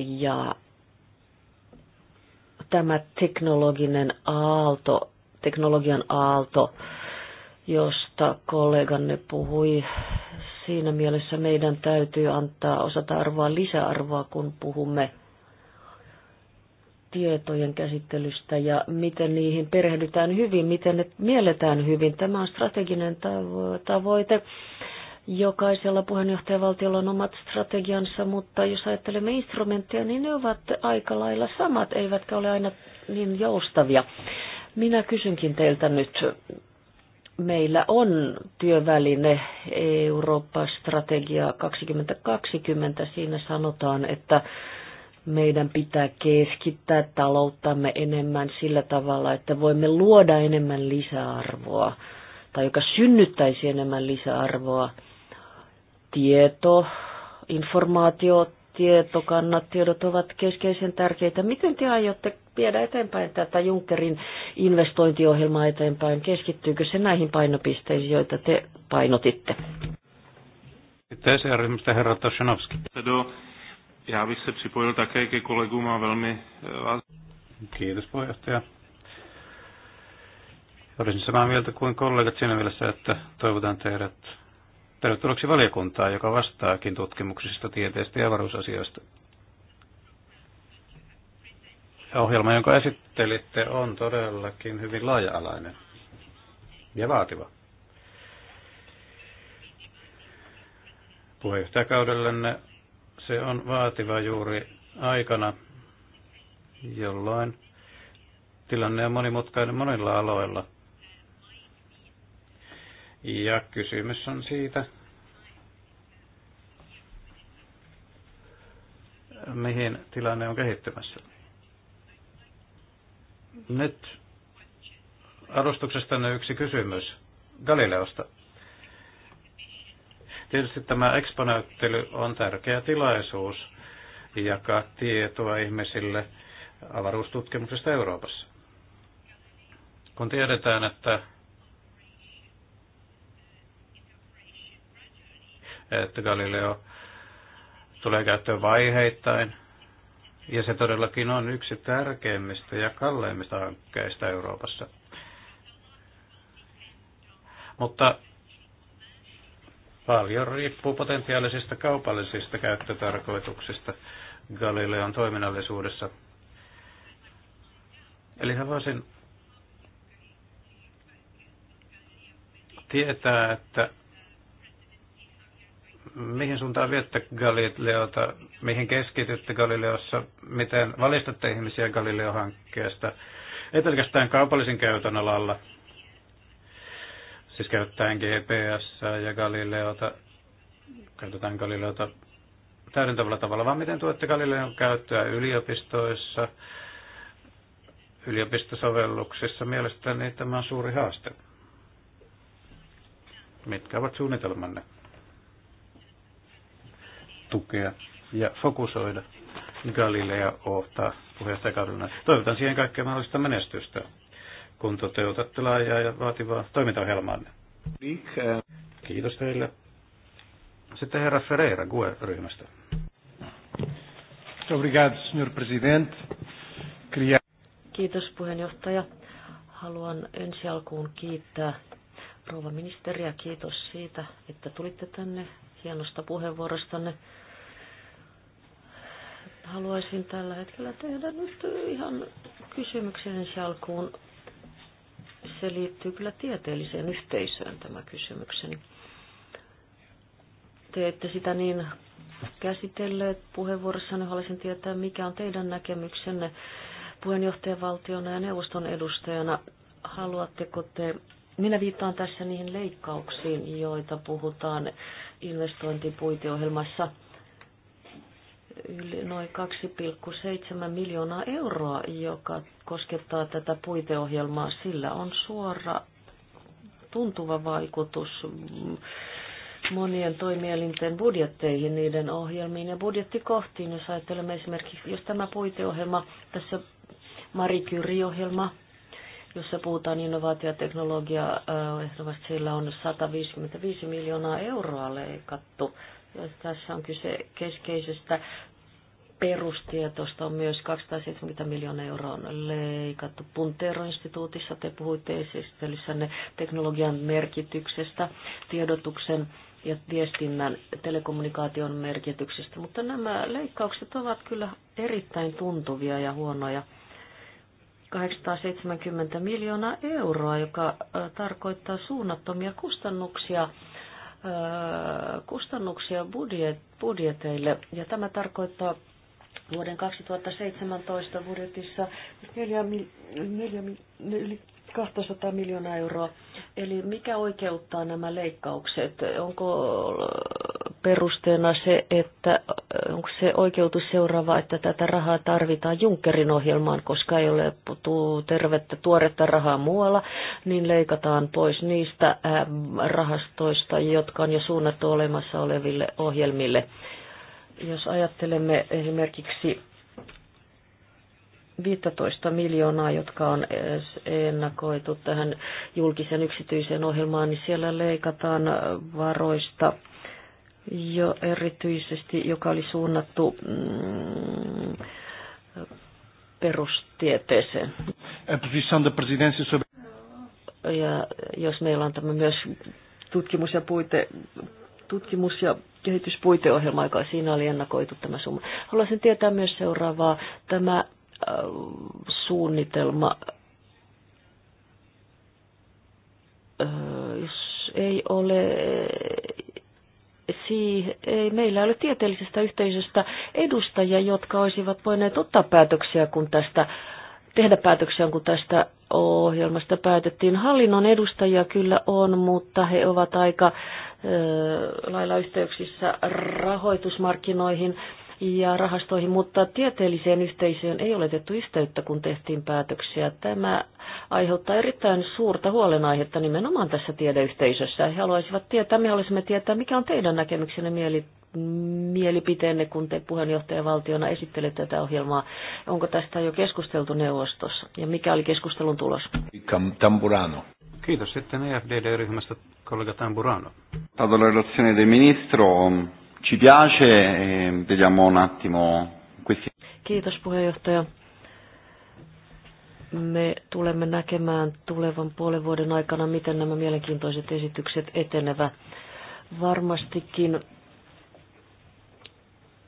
ja tämä teknologinen aalto, teknologian aalto, josta kolleganne puhui. Siinä mielessä meidän täytyy antaa osata arvoa lisäarvoa, kun puhumme tietojen käsittelystä ja miten niihin perehdytään hyvin, miten ne mielletään hyvin. Tämä on strateginen tavoite Jokaisella puheenjohtajavaltiolla on omat strategiansa, mutta jos ajattelemme instrumentteja, niin ne ovat aika lailla samat, eivätkä ole aina niin joustavia. Minä kysynkin teiltä nyt, meillä on työväline Eurooppa-strategia 2020. Siinä sanotaan, että meidän pitää keskittää talouttamme enemmän sillä tavalla, että voimme luoda enemmän lisäarvoa tai joka synnyttäisi enemmän lisäarvoa tieto, informaatio, tietokannat, tiedot ovat keskeisen tärkeitä. Miten te aiotte viedä eteenpäin tätä Junckerin investointiohjelmaa eteenpäin? Keskittyykö se näihin painopisteisiin, joita te painotitte? Sitten ryhmästä herra Toshanovski. Já se připojil také ke kolegům a velmi eh, vás... Kiitos puheenjohtaja. Olisin samaa mieltä kuin kollegat siinä mielessä, että toivotan teidät Tervetuloksi valiokuntaa, joka vastaakin tutkimuksista, tieteestä ja avaruusasioista. Ohjelma, jonka esittelitte, on todellakin hyvin laaja-alainen ja vaativa. Puheenjohtajakaudellenne se on vaativa juuri aikana, jolloin tilanne on monimutkainen monilla aloilla – ja kysymys on siitä, mihin tilanne on kehittymässä. Nyt arvostuksesta yksi kysymys Galileosta. Tietysti tämä eksponäyttely on tärkeä tilaisuus jakaa tietoa ihmisille avaruustutkimuksesta Euroopassa. Kun tiedetään, että että Galileo tulee käyttöön vaiheittain. Ja se todellakin on yksi tärkeimmistä ja kalleimmista hankkeista Euroopassa. Mutta paljon riippuu potentiaalisista kaupallisista käyttötarkoituksista Galileon toiminnallisuudessa. Eli haluaisin tietää, että mihin suuntaan viette Galileota, mihin keskitytte Galileossa, miten valistatte ihmisiä Galileo-hankkeesta, ei pelkästään kaupallisen käytön alalla, siis käyttäen GPS ja Galileota, käytetään Galileota täydentävällä tavalla, vaan miten tuette Galileon käyttöä yliopistoissa, yliopistosovelluksissa. Mielestäni tämä on suuri haaste. Mitkä ovat suunnitelmanne? tukea ja fokusoida Galilea puheenjohtaja puheenjohtajakaudella. Toivotan siihen kaikkea mahdollista menestystä, kun toteutatte laajaa ja vaativaa toimintaohjelmaanne. Kiitos teille. Sitten herra Ferreira GUE-ryhmästä. Kiitos puheenjohtaja. Haluan ensi alkuun kiittää rouva ministeriä. Kiitos siitä, että tulitte tänne hienosta puheenvuorostanne. Haluaisin tällä hetkellä tehdä nyt ihan kysymyksen ensi alkuun. Se liittyy kyllä tieteelliseen yhteisöön tämä kysymykseni. Te ette sitä niin käsitelleet puheenvuorossanne. Haluaisin tietää, mikä on teidän näkemyksenne puheenjohtajavaltiona ja neuvoston edustajana. Haluatteko te minä viittaan tässä niihin leikkauksiin, joita puhutaan investointipuiteohjelmassa yli noin 2,7 miljoonaa euroa, joka koskettaa tätä puiteohjelmaa. Sillä on suora tuntuva vaikutus monien toimielinten budjetteihin, niiden ohjelmiin ja budjettikohtiin. Jos ajattelemme esimerkiksi, jos tämä puiteohjelma, tässä Marie Curie-ohjelma, jossa puhutaan innovaatioteknologiaa, eh, ehdottomasti sillä on 155 miljoonaa euroa leikattu. Ja tässä on kyse keskeisestä perustietosta on myös 270 miljoonaa euroa on leikattu. Puntero-instituutissa te puhuitte esittelysänne teknologian merkityksestä, tiedotuksen ja viestinnän telekommunikaation merkityksestä, mutta nämä leikkaukset ovat kyllä erittäin tuntuvia ja huonoja 870 miljoonaa euroa, joka tarkoittaa suunnattomia kustannuksia kustannuksia budjet, budjeteille. Ja tämä tarkoittaa vuoden 2017 budjetissa 4, 4, yli 200 miljoonaa euroa. Eli mikä oikeuttaa nämä leikkaukset? Onko perusteena se, että äh, onko se oikeutus seuraava, että tätä rahaa tarvitaan Junckerin ohjelmaan, koska ei ole tervettä tuoretta rahaa muualla, niin leikataan pois niistä äh, rahastoista, jotka on jo suunnattu olemassa oleville ohjelmille. Jos ajattelemme esimerkiksi 15 miljoonaa, jotka on ennakoitu tähän julkisen yksityiseen ohjelmaan, niin siellä leikataan varoista jo erityisesti, joka oli suunnattu mm, perustieteeseen. Ja jos meillä on tämä myös tutkimus ja puite, tutkimus ja kehityspuiteohjelma, joka siinä oli ennakoitu tämä summa. Haluaisin tietää myös seuraavaa. Tämä suunnitelma jos ei ole siihen, ei, meillä ole tieteellisestä yhteisöstä edustajia, jotka olisivat voineet ottaa päätöksiä, kun tästä tehdä päätöksiä, kun tästä ohjelmasta päätettiin. Hallinnon edustajia kyllä on, mutta he ovat aika ö, lailla yhteyksissä rahoitusmarkkinoihin ja rahastoihin, mutta tieteelliseen yhteisöön ei ole otettu yhteyttä, kun tehtiin päätöksiä. Tämä aiheuttaa erittäin suurta huolenaihetta nimenomaan tässä tiedeyhteisössä. He haluaisivat tietää, me haluaisimme tietää, mikä on teidän näkemyksenne mieli, mielipiteenne, kun te puheenjohtajavaltiona esittelet tätä ohjelmaa. Onko tästä jo keskusteltu neuvostossa ja mikä oli keskustelun tulos? Tamburano. Kiitos. Sitten EFDD-ryhmästä kollega Tamburano. Tato la relazione del ministro Ci piace, e vediamo un attimo questi... Kiitos puheenjohtaja. Me tulemme näkemään tulevan puolen vuoden aikana, miten nämä mielenkiintoiset esitykset etenevät. Varmastikin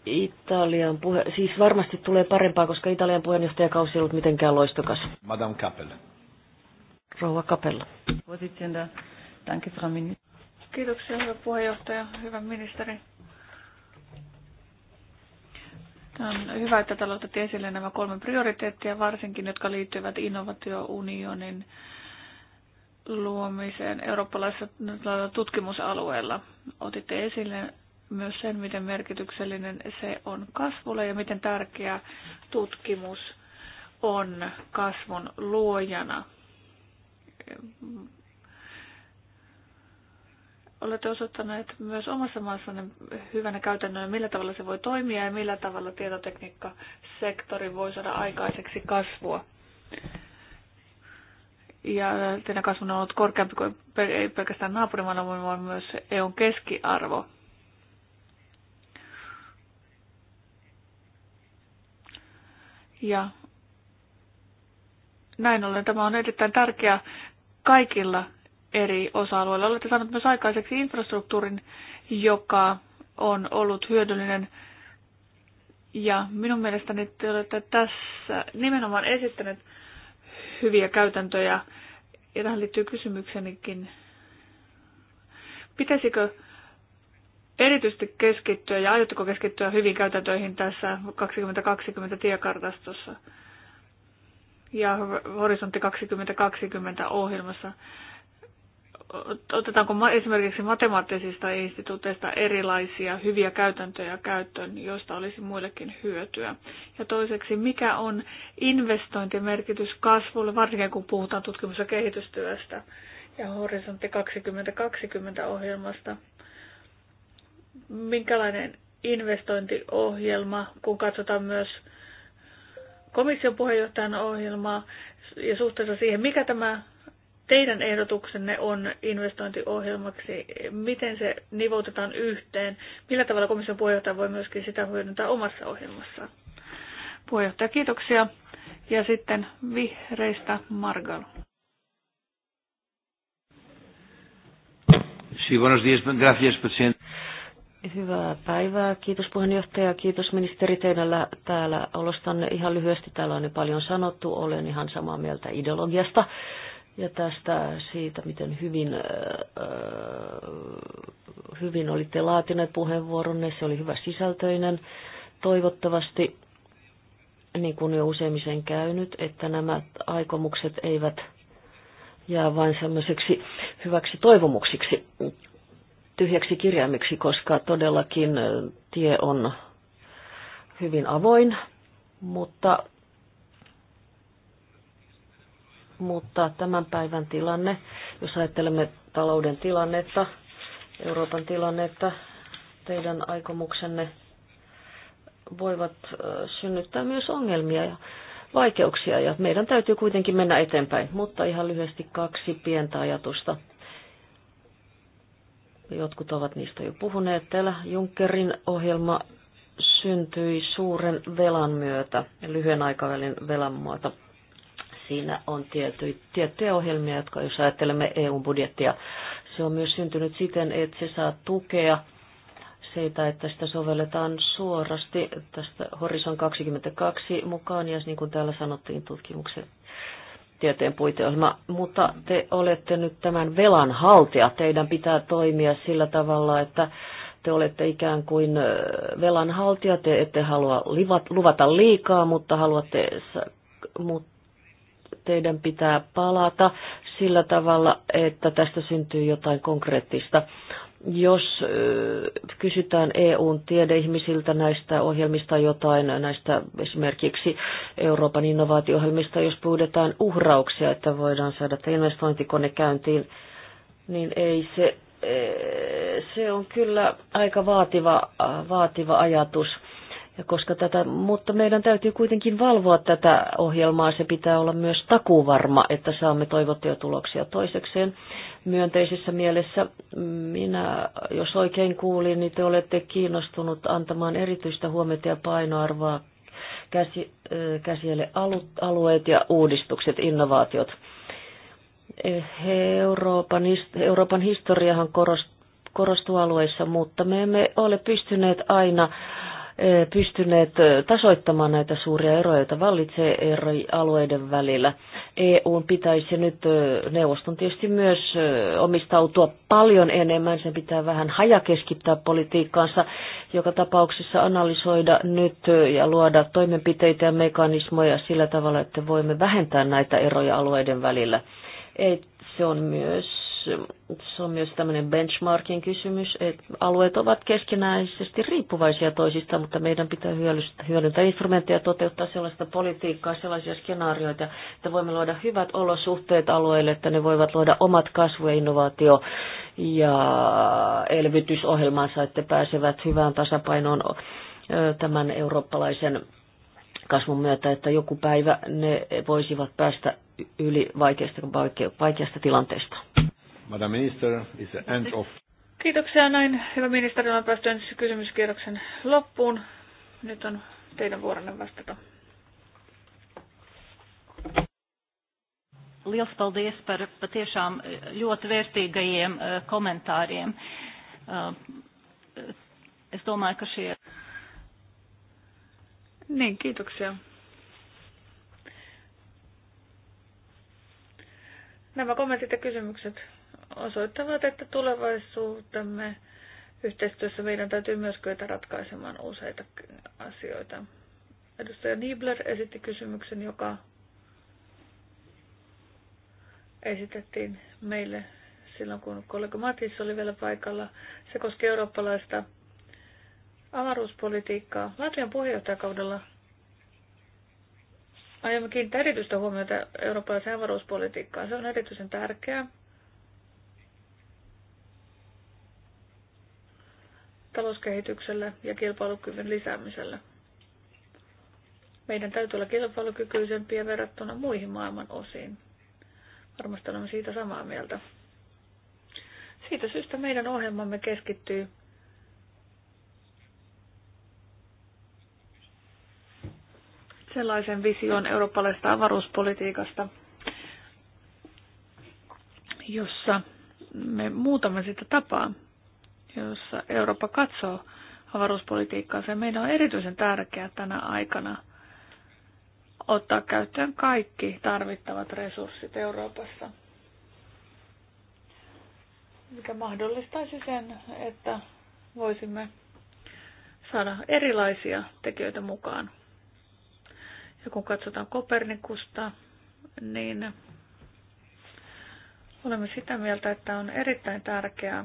Italian puhe, siis varmasti tulee parempaa, koska Italian puheenjohtajakausi ei ollut mitenkään loistokas. Madame Capella. Rouva Capella. Kiitoksia, hyvä puheenjohtaja, hyvä ministeri. On hyvä, että täällä otettiin esille nämä kolme prioriteettia, varsinkin jotka liittyvät innovaatiounionin luomiseen eurooppalaisella tutkimusalueella. Otitte esille myös sen, miten merkityksellinen se on kasvulle ja miten tärkeä tutkimus on kasvun luojana olette osoittaneet myös omassa maassanne hyvänä käytännön, millä tavalla se voi toimia ja millä tavalla tietotekniikkasektori voi saada aikaiseksi kasvua. Ja teidän kasvun on ollut korkeampi kuin ei pelkästään naapurimaana, vaan myös EUn keskiarvo. Ja näin ollen tämä on erittäin tärkeä kaikilla eri osa-alueilla. Olette saaneet myös aikaiseksi infrastruktuurin, joka on ollut hyödyllinen. Ja minun mielestäni te olette tässä nimenomaan esittäneet hyviä käytäntöjä. Ja tähän liittyy kysymyksenikin. Pitäisikö erityisesti keskittyä ja aiotteko keskittyä hyviin käytäntöihin tässä 2020 tiekartastossa ja Horisontti 2020 ohjelmassa? otetaanko esimerkiksi matemaattisista instituuteista erilaisia hyviä käytäntöjä käyttöön, joista olisi muillekin hyötyä? Ja toiseksi, mikä on investointimerkitys kasvulle, varsinkin kun puhutaan tutkimus- ja kehitystyöstä ja Horisontti 2020-ohjelmasta? Minkälainen investointiohjelma, kun katsotaan myös komission puheenjohtajan ohjelmaa ja suhteessa siihen, mikä tämä teidän ehdotuksenne on investointiohjelmaksi, miten se nivoutetaan yhteen, millä tavalla komission puheenjohtaja voi myöskin sitä hyödyntää omassa ohjelmassaan. Puheenjohtaja, kiitoksia. Ja sitten vihreistä Margal. Sí, buenos días. Gracias, presidente. Hyvää päivää. Kiitos puheenjohtaja. Kiitos ministeri teidän täällä olostanne. Ihan lyhyesti täällä on jo paljon sanottu. Olen ihan samaa mieltä ideologiasta ja tästä siitä, miten hyvin, hyvin olitte laatineet puheenvuoronne. Se oli hyvä sisältöinen. Toivottavasti, niin kuin jo useimmisen käynyt, että nämä aikomukset eivät jää vain semmoiseksi hyväksi toivomuksiksi, tyhjäksi kirjaimiksi, koska todellakin tie on hyvin avoin, mutta Muuttaa tämän päivän tilanne, jos ajattelemme talouden tilannetta, Euroopan tilannetta, teidän aikomuksenne voivat synnyttää myös ongelmia ja vaikeuksia ja meidän täytyy kuitenkin mennä eteenpäin. Mutta ihan lyhyesti kaksi pientä ajatusta. Jotkut ovat niistä jo puhuneet täällä. Junckerin ohjelma syntyi suuren velan myötä, lyhyen aikavälin velan myötä. Siinä on tiety, tiettyjä ohjelmia, jotka jos ajattelemme EU-budjettia, se on myös syntynyt siten, että se saa tukea siitä, että sitä sovelletaan suorasti tästä Horizon 22 mukaan, ja niin kuin täällä sanottiin tutkimuksen tieteen puiteohjelma, mutta te olette nyt tämän velan haltija. Teidän pitää toimia sillä tavalla, että te olette ikään kuin velan haltija, te ette halua luvata liikaa, mutta haluatte, mutta teidän pitää palata sillä tavalla, että tästä syntyy jotain konkreettista. Jos kysytään EUn tiedeihmisiltä näistä ohjelmista jotain, näistä esimerkiksi Euroopan innovaatiohjelmista, ohjelmista jos pyydetään uhrauksia, että voidaan saada investointikone käyntiin, niin ei se, se on kyllä aika vaativa, vaativa ajatus ja koska tätä, mutta meidän täytyy kuitenkin valvoa tätä ohjelmaa, se pitää olla myös takuvarma, että saamme toivottuja tuloksia toisekseen. Myönteisessä mielessä minä, jos oikein kuulin, niin te olette kiinnostunut antamaan erityistä huomiota ja painoarvoa käsi, käsielle alueet ja uudistukset, innovaatiot. Eh, Euroopan, Euroopan historiahan korostuu alueissa, mutta me emme ole pystyneet aina pystyneet tasoittamaan näitä suuria eroja, joita vallitsee eri alueiden välillä. EUn pitäisi nyt, neuvoston tietysti myös omistautua paljon enemmän, sen pitää vähän hajakeskittää politiikkaansa, joka tapauksessa analysoida nyt ja luoda toimenpiteitä ja mekanismoja sillä tavalla, että voimme vähentää näitä eroja alueiden välillä. Ei, se on myös se on myös tämmöinen benchmarkin kysymys, että alueet ovat keskinäisesti riippuvaisia toisista, mutta meidän pitää hyödyntää instrumentteja toteuttaa sellaista politiikkaa, sellaisia skenaarioita, että voimme luoda hyvät olosuhteet alueille, että ne voivat luoda omat kasvu- ja innovaatio- ja elvytysohjelmansa, että pääsevät hyvään tasapainoon tämän eurooppalaisen kasvun myötä, että joku päivä ne voisivat päästä yli vaikeasta, vaikeasta tilanteesta. Madam Minister, is the end of... Kiitoksia näin. Hyvä ministeri, olen päästy ensin kysymyskierroksen loppuun. Nyt on teidän vuoronne vastata. Liels paldies par patiešām eh, ļoti vērtīgajiem eh, komentāriem. Eh, es domāju, ka šie... Niin, kiitoksia. Nämä kommentit ja kysymykset osoittavat, että tulevaisuutemme yhteistyössä meidän täytyy myös kyetä ratkaisemaan useita asioita. Edustaja Niebler esitti kysymyksen, joka esitettiin meille silloin, kun kollega Matis oli vielä paikalla. Se koski eurooppalaista avaruuspolitiikkaa. Latvian puheenjohtajakaudella aiemmekin kiinnittää erityistä huomiota eurooppalaiseen avaruuspolitiikkaan. Se on erityisen tärkeää talouskehitykselle ja kilpailukyvyn lisäämiselle. Meidän täytyy olla kilpailukykyisempiä verrattuna muihin maailman osiin. Varmasti olemme siitä samaa mieltä. Siitä syystä meidän ohjelmamme keskittyy sellaisen vision eurooppalaisesta avaruuspolitiikasta, jossa me muutamme sitä tapaa, jossa Eurooppa katsoo se Meidän on erityisen tärkeää tänä aikana ottaa käyttöön kaikki tarvittavat resurssit Euroopassa, mikä mahdollistaisi sen, että voisimme saada erilaisia tekijöitä mukaan. Ja kun katsotaan Kopernikusta, niin olemme sitä mieltä, että on erittäin tärkeää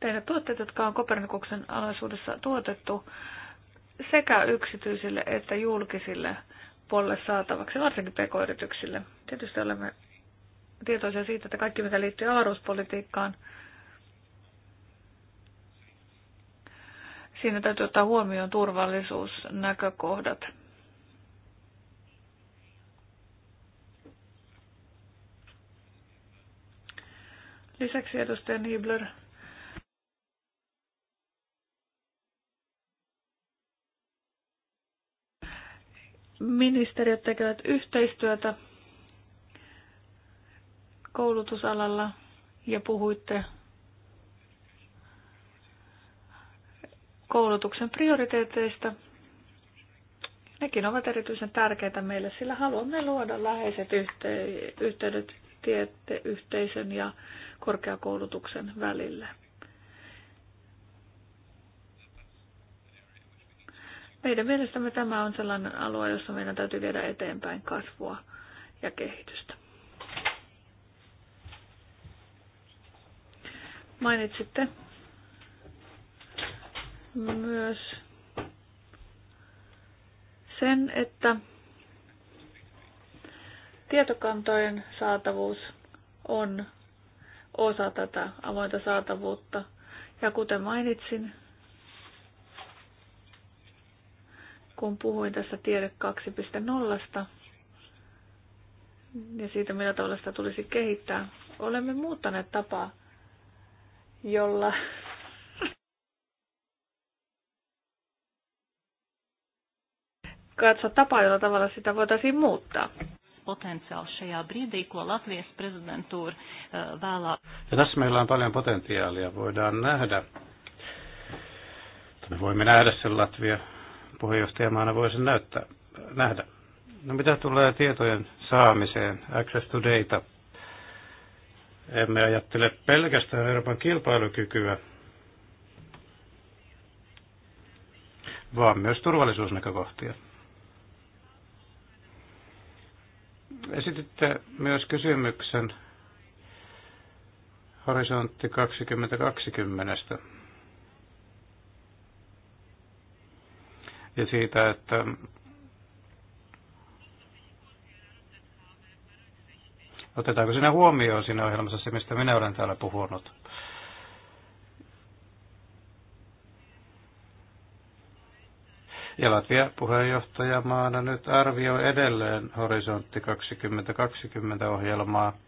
tehdä tuotteita, jotka on Kopernikuksen alaisuudessa tuotettu sekä yksityisille että julkisille puolelle saatavaksi, varsinkin pk-yrityksille. Tietysti olemme tietoisia siitä, että kaikki mitä liittyy avaruuspolitiikkaan, siinä täytyy ottaa huomioon turvallisuusnäkökohdat. Lisäksi edustaja Niebler ministeriöt tekevät yhteistyötä koulutusalalla ja puhuitte koulutuksen prioriteeteista. Nekin ovat erityisen tärkeitä meille, sillä haluamme luoda läheiset yhteydet tiete, yhteisön ja korkeakoulutuksen välille. Meidän mielestämme tämä on sellainen alue, jossa meidän täytyy viedä eteenpäin kasvua ja kehitystä. Mainitsitte myös sen, että tietokantojen saatavuus on osa tätä avointa saatavuutta. Ja kuten mainitsin, kun puhuin tässä Tiede 2.0 ja siitä, millä tavalla sitä tulisi kehittää, olemme muuttaneet tapaa, jolla katso tapaa, jolla tavalla sitä voitaisiin muuttaa. Eh, ja tässä meillä on paljon potentiaalia. Voidaan nähdä, me voimme nähdä sen Latvia puheenjohtajamaana voisin näyttää, nähdä. No mitä tulee tietojen saamiseen, access to data, emme ajattele pelkästään Euroopan kilpailukykyä, vaan myös turvallisuusnäkökohtia. Esititte myös kysymyksen horisontti 2020. ja siitä, että otetaanko sinä huomioon siinä ohjelmassa se, mistä minä olen täällä puhunut. Ja Latvia puheenjohtajamaana nyt arvioi edelleen Horisontti 2020 ohjelmaa –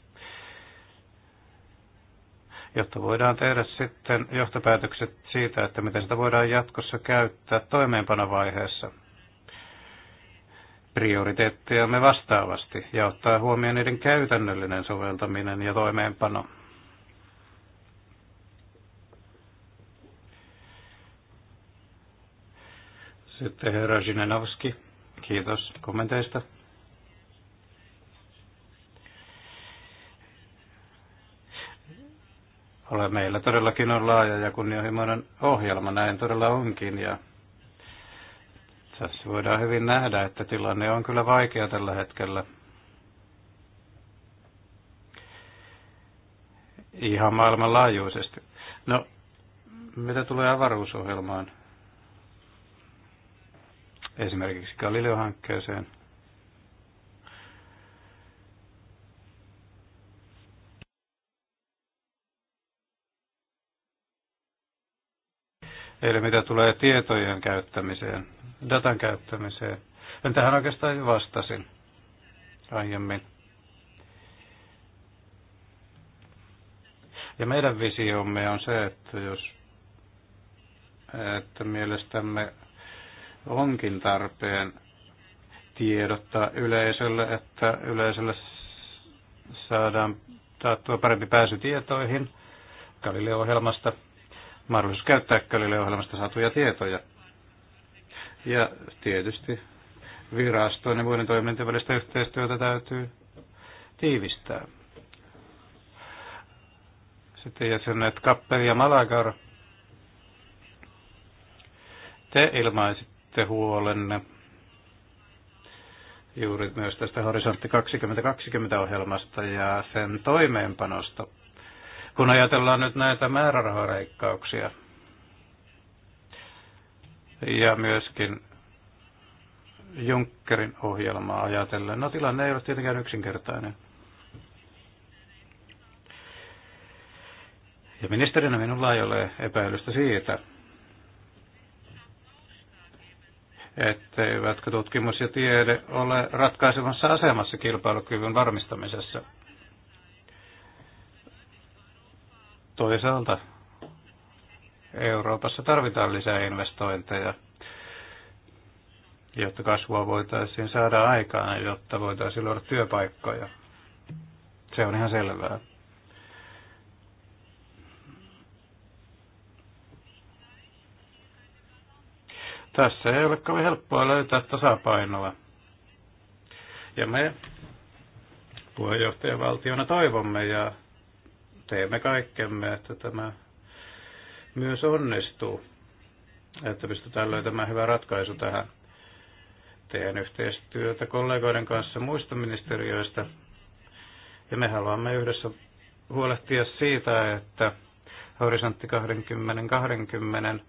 jotta voidaan tehdä sitten johtopäätökset siitä, että miten sitä voidaan jatkossa käyttää toimeenpanovaiheessa me vastaavasti ja ottaa huomioon niiden käytännöllinen soveltaminen ja toimeenpano. Sitten herra Zinenovski, kiitos kommenteista. ole. Meillä todellakin on laaja ja kunnianhimoinen ohjelma, näin todella onkin. Ja tässä voidaan hyvin nähdä, että tilanne on kyllä vaikea tällä hetkellä. Ihan maailmanlaajuisesti. No, mitä tulee avaruusohjelmaan? Esimerkiksi Galileo-hankkeeseen – Eli mitä tulee tietojen käyttämiseen, datan käyttämiseen. En tähän oikeastaan vastasin aiemmin. Ja meidän visiomme on se, että jos että mielestämme onkin tarpeen tiedottaa yleisölle, että yleisölle saadaan taattua parempi pääsy tietoihin Galileo-ohjelmasta – mahdollisuus käyttää Galileo-ohjelmasta saatuja tietoja. Ja tietysti virastojen ja muiden toimintojen välistä yhteistyötä täytyy tiivistää. Sitten jäsenet Kappeli ja Malagar. Te ilmaisitte huolenne juuri myös tästä Horisontti 2020-ohjelmasta ja sen toimeenpanosta – kun ajatellaan nyt näitä määrärahareikkauksia ja myöskin Junckerin ohjelmaa ajatellen. No tilanne ei ole tietenkään yksinkertainen. Ja ministerinä minulla ei ole epäilystä siitä, etteivätkö tutkimus ja tiede ole ratkaisemassa asemassa kilpailukyvyn varmistamisessa. Toisaalta Euroopassa tarvitaan lisää investointeja, jotta kasvua voitaisiin saada aikaan, jotta voitaisiin luoda työpaikkoja. Se on ihan selvää. Tässä ei ole kovin helppoa löytää tasapainoa. Ja me puheenjohtajavaltiona toivomme ja teemme kaikkemme, että tämä myös onnistuu, että pystytään löytämään hyvä ratkaisu tähän. Teen yhteistyötä kollegoiden kanssa muista ministeriöistä ja me haluamme yhdessä huolehtia siitä, että horisontti 2020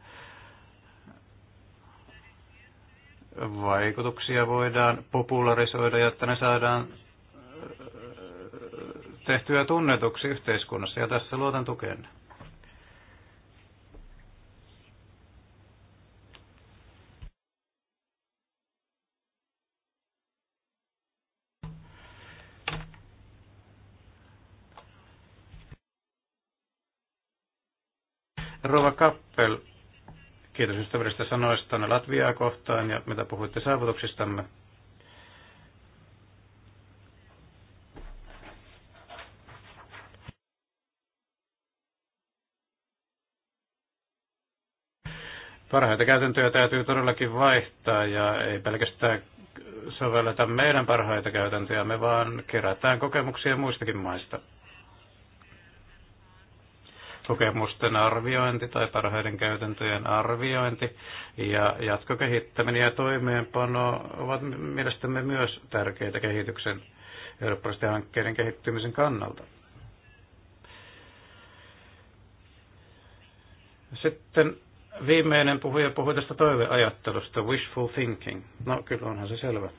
vaikutuksia voidaan popularisoida, jotta ne saadaan tehtyä tunnetuksi yhteiskunnassa ja tässä luotan tukeen. Rova Kappel, kiitos ystävällisistä sanoistanne Latviaa kohtaan ja mitä puhuitte saavutuksistamme. Parhaita käytäntöjä täytyy todellakin vaihtaa ja ei pelkästään sovelleta meidän parhaita käytäntöjä. Me vaan kerätään kokemuksia muistakin maista. Kokemusten arviointi tai parhaiden käytäntöjen arviointi ja jatkokehittäminen ja toimeenpano ovat mielestämme myös tärkeitä kehityksen eurooppalaisten hankkeiden kehittymisen kannalta. Sitten Viimeinen puhuja puhui tästä toiveajattelusta, wishful thinking. No kyllä onhan se selvä.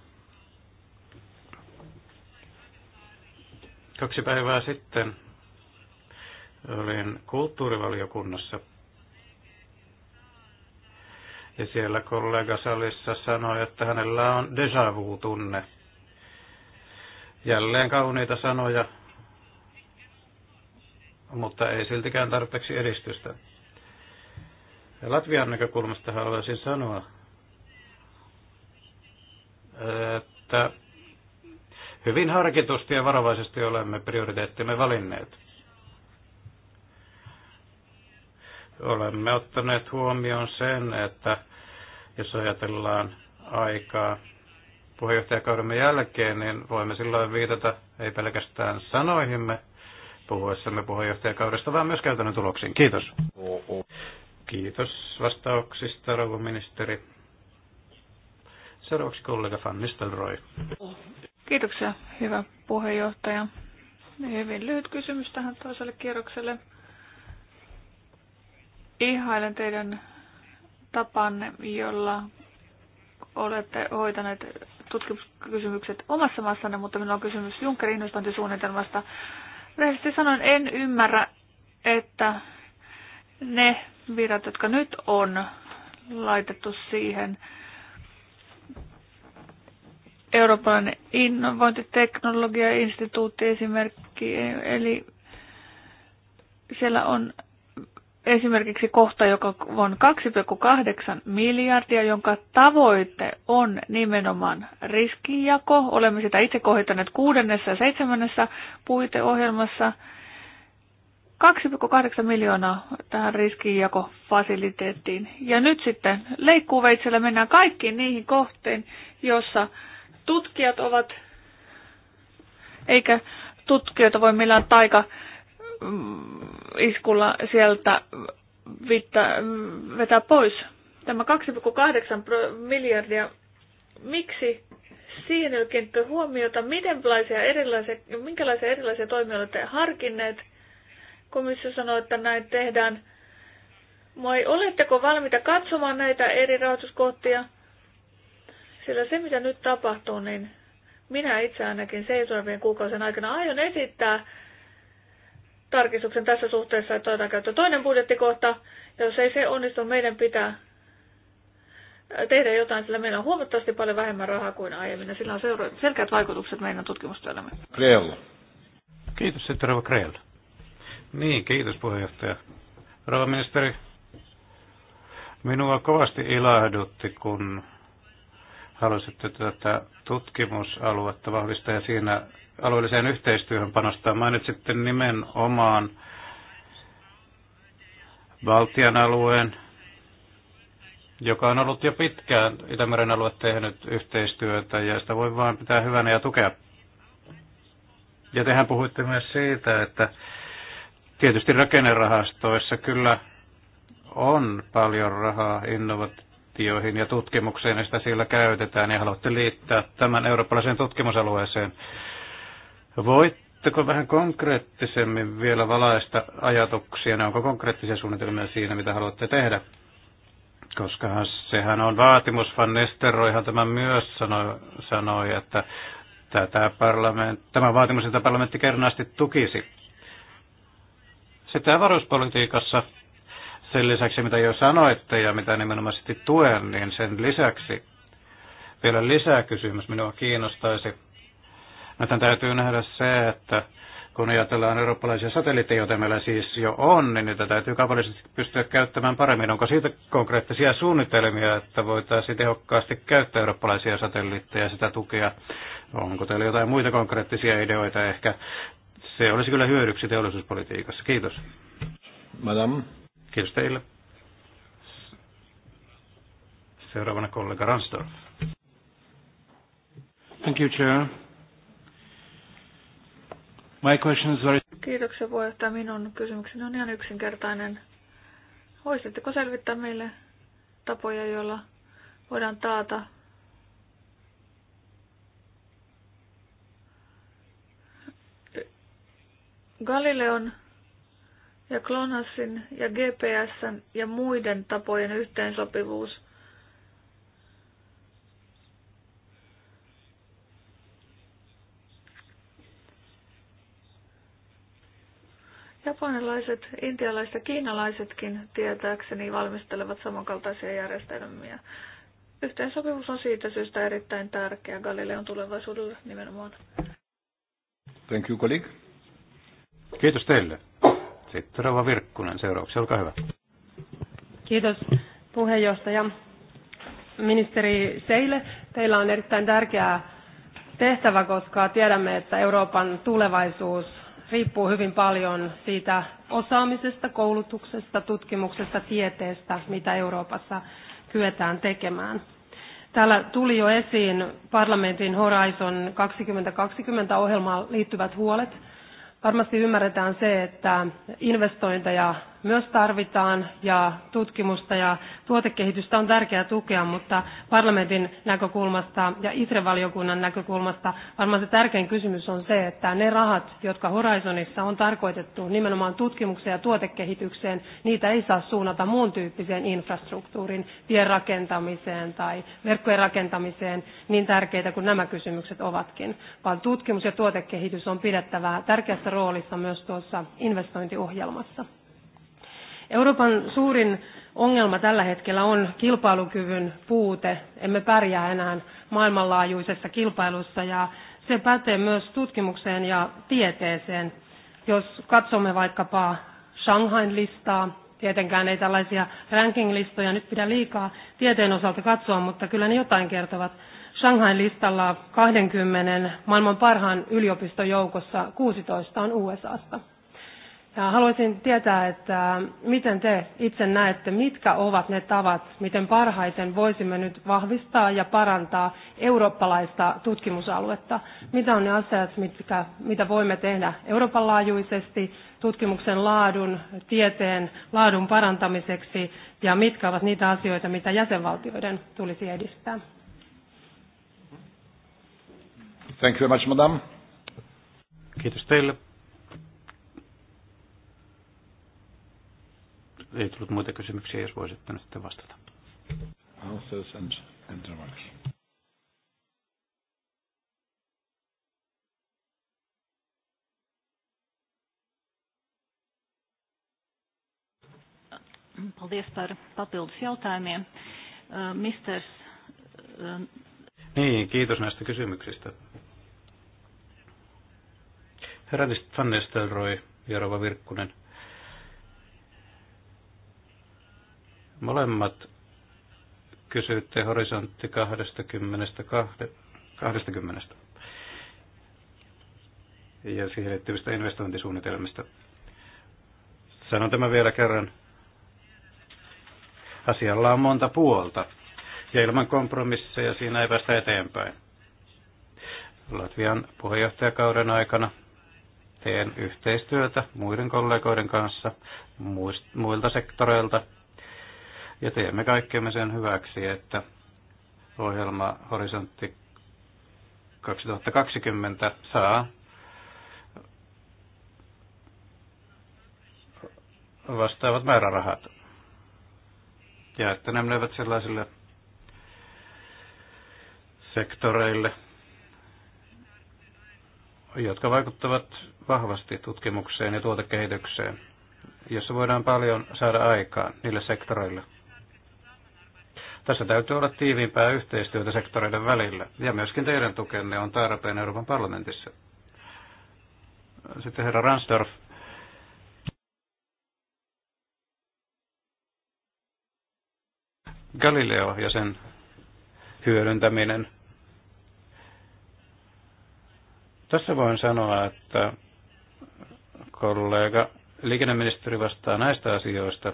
Kaksi päivää sitten olin kulttuurivaliokunnassa. Ja siellä kollega salissa sanoi, että hänellä on déjà vu-tunne. Jälleen kauniita sanoja, mutta ei siltikään tarpeeksi edistystä. Latvian näkökulmasta haluaisin sanoa, että hyvin harkitusti ja varovaisesti olemme prioriteettimme valinneet. Olemme ottaneet huomioon sen, että jos ajatellaan aikaa puheenjohtajakaudemme jälkeen, niin voimme silloin viitata ei pelkästään sanoihimme puhuessamme puheenjohtajakaudesta, vaan myös käytännön tuloksiin. Kiitos. Kiitos vastauksista, rouva ministeri. Seuraavaksi kollega Van Nistelrooy. Kiitoksia, hyvä puheenjohtaja. Hyvin lyhyt kysymys tähän toiselle kierrokselle. Ihailen teidän tapanne, jolla olette hoitaneet tutkimuskysymykset omassa maassanne, mutta minulla on kysymys Junckerin investointisuunnitelmasta. Rehellisesti sanoen, en ymmärrä, että ne virat, jotka nyt on laitettu siihen Euroopan innovointiteknologiainstituutti esimerkki, eli siellä on esimerkiksi kohta, joka on 2,8 miljardia, jonka tavoite on nimenomaan riskijako. Olemme sitä itse kohdittaneet kuudennessa ja seitsemännessä puiteohjelmassa. 2,8 miljoonaa tähän riskijakofasiliteettiin. Ja nyt sitten leikkuveitsellä mennään kaikkiin niihin kohteen, jossa tutkijat ovat, eikä tutkijoita voi millään taika mm, iskulla sieltä mm, vetää pois. Tämä 2,8 miljardia, miksi siihen ei ole kiinnitetty huomiota, Miten erilaisia, minkälaisia erilaisia toimijoita olette harkinneet – Komissio sanoi, että näin tehdään. Moi, oletteko valmiita katsomaan näitä eri rahoituskohtia? Sillä se, mitä nyt tapahtuu, niin minä itse ainakin seisovien kuukausien aikana aion esittää tarkistuksen tässä suhteessa, että otetaan käyttö toinen budjettikohta. Ja jos ei se onnistu, meidän pitää tehdä jotain, sillä meillä on huomattavasti paljon vähemmän rahaa kuin aiemmin, ja sillä on selkeät vaikutukset meidän tutkimustyölämme. Kreella. Kiitos, että Kreella. Niin, kiitos puheenjohtaja. Rouva ministeri, minua kovasti ilahdutti, kun halusitte tätä tutkimusaluetta vahvistaa ja siinä alueelliseen yhteistyöhön panostaa. Mainitsitte nimenomaan Baltian alueen, joka on ollut jo pitkään Itämeren alue tehnyt yhteistyötä ja sitä voi vain pitää hyvänä ja tukea. Ja tehän puhuitte myös siitä, että Tietysti rakennerahastoissa kyllä on paljon rahaa innovaatioihin ja tutkimukseen, ja sitä siellä käytetään, ja haluatte liittää tämän eurooppalaiseen tutkimusalueeseen. Voitteko vähän konkreettisemmin vielä valaista ajatuksia, ne onko konkreettisia suunnitelmia siinä, mitä haluatte tehdä? Koska sehän on vaatimus, Van Nesteroihan tämän myös sanoi, sanoi että tämä parlament, tämä vaatimus, jota parlamentti kernaasti tukisi sitten avaruuspolitiikassa sen lisäksi, mitä jo sanoitte ja mitä nimenomaisesti tuen, niin sen lisäksi vielä lisää kysymys minua kiinnostaisi. Nythän no, täytyy nähdä se, että kun ajatellaan eurooppalaisia satelliitteja, joita meillä siis jo on, niin niitä täytyy kaupallisesti pystyä käyttämään paremmin. Onko siitä konkreettisia suunnitelmia, että voitaisiin tehokkaasti käyttää eurooppalaisia satelliitteja ja sitä tukea? Onko teillä jotain muita konkreettisia ideoita ehkä se olisi kyllä hyödyksi teollisuuspolitiikassa. Kiitos. Madame. Kiitos teille. Seuraavana kollega Ransdorf. Thank you, Chair. My question is very... Kiitoksia puheenjohtaja. Minun kysymykseni on ihan yksinkertainen. Voisitteko selvittää meille tapoja, joilla voidaan taata Galileon ja Klonassin ja GPSn ja muiden tapojen yhteensopivuus Japanilaiset, intialaiset ja kiinalaisetkin tietääkseni valmistelevat samankaltaisia järjestelmiä. Yhteensopivuus on siitä syystä erittäin tärkeä Galileon tulevaisuudelle nimenomaan. Thank you, colleague. Kiitos teille. Sitten Rova Virkkunen seuraavaksi, olkaa hyvä. Kiitos puheenjohtaja. Ministeri Seile, teillä on erittäin tärkeää tehtävä, koska tiedämme, että Euroopan tulevaisuus riippuu hyvin paljon siitä osaamisesta, koulutuksesta, tutkimuksesta, tieteestä, mitä Euroopassa kyetään tekemään. Täällä tuli jo esiin parlamentin Horizon 2020-ohjelmaan liittyvät huolet Varmasti ymmärretään se, että investointeja myös tarvitaan ja tutkimusta ja tuotekehitystä on tärkeää tukea, mutta parlamentin näkökulmasta ja ITRE-valiokunnan näkökulmasta varmaan se tärkein kysymys on se, että ne rahat, jotka Horizonissa on tarkoitettu nimenomaan tutkimukseen ja tuotekehitykseen, niitä ei saa suunnata muun tyyppiseen infrastruktuuriin, tien rakentamiseen tai verkkojen rakentamiseen niin tärkeitä kuin nämä kysymykset ovatkin, vaan tutkimus ja tuotekehitys on pidettävä tärkeässä roolissa myös tuossa investointiohjelmassa. Euroopan suurin ongelma tällä hetkellä on kilpailukyvyn puute. Emme pärjää enää maailmanlaajuisessa kilpailussa ja se pätee myös tutkimukseen ja tieteeseen. Jos katsomme vaikkapa Shanghain listaa, tietenkään ei tällaisia ranking-listoja nyt pidä liikaa tieteen osalta katsoa, mutta kyllä ne jotain kertovat. Shanghain listalla 20 maailman parhaan yliopiston joukossa 16 on USAsta. Ja haluaisin tietää, että miten te itse näette, mitkä ovat ne tavat, miten parhaiten voisimme nyt vahvistaa ja parantaa eurooppalaista tutkimusaluetta. Mitä on ne asiat, mitkä, mitä voimme tehdä Euroopan laajuisesti tutkimuksen laadun, tieteen laadun parantamiseksi ja mitkä ovat niitä asioita, mitä jäsenvaltioiden tulisi edistää. Thank you very much, madam. Kiitos teille. ei tullut muita kysymyksiä, jos voisitte nyt sitten vastata. Paldies par papildus jautājumiem. Misters... Niin, kiitos näistä kysymyksistä. Herra Van Nistelrooy ja Virkkunen. Molemmat kysyitte horisontti 20, 20 ja siihen liittyvistä investointisuunnitelmista. Sanon tämä vielä kerran. Asialla on monta puolta ja ilman kompromisseja siinä ei päästä eteenpäin. Latvian puheenjohtajakauden aikana teen yhteistyötä muiden kollegoiden kanssa muilta sektoreilta ja teemme kaikkemme sen hyväksi, että ohjelma Horisontti 2020 saa vastaavat määrärahat. Ja että ne menevät sellaisille sektoreille, jotka vaikuttavat vahvasti tutkimukseen ja tuotekehitykseen, jossa voidaan paljon saada aikaan niille sektoreille. Tässä täytyy olla tiiviimpää yhteistyötä sektoreiden välillä, ja myöskin teidän tukenne on tarpeen Euroopan parlamentissa. Sitten herra Ransdorf, Galileo ja sen hyödyntäminen. Tässä voin sanoa, että kollega liikenneministeri vastaa näistä asioista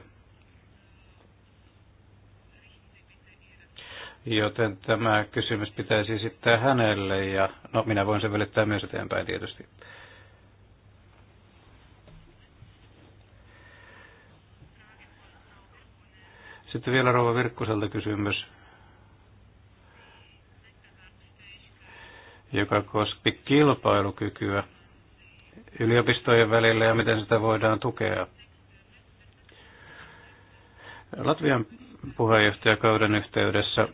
Joten tämä kysymys pitäisi esittää hänelle ja no, minä voin sen välittää myös eteenpäin tietysti. Sitten vielä Rova Virkkuselta kysymys, joka koski kilpailukykyä yliopistojen välillä ja miten sitä voidaan tukea. Latvian puheenjohtajakauden yhteydessä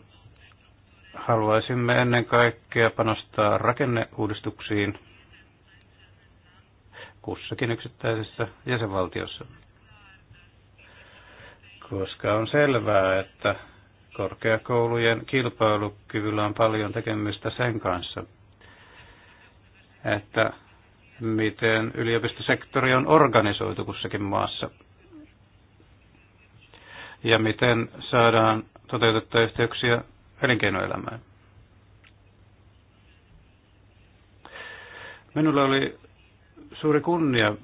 Haluaisimme ennen kaikkea panostaa rakenneuudistuksiin kussakin yksittäisessä jäsenvaltiossa, koska on selvää, että korkeakoulujen kilpailukyvyllä on paljon tekemistä sen kanssa, että miten yliopistosektori on organisoitu kussakin maassa ja miten saadaan toteutettua yhteyksiä elinkeinoelämään. Minulla oli suuri kunnia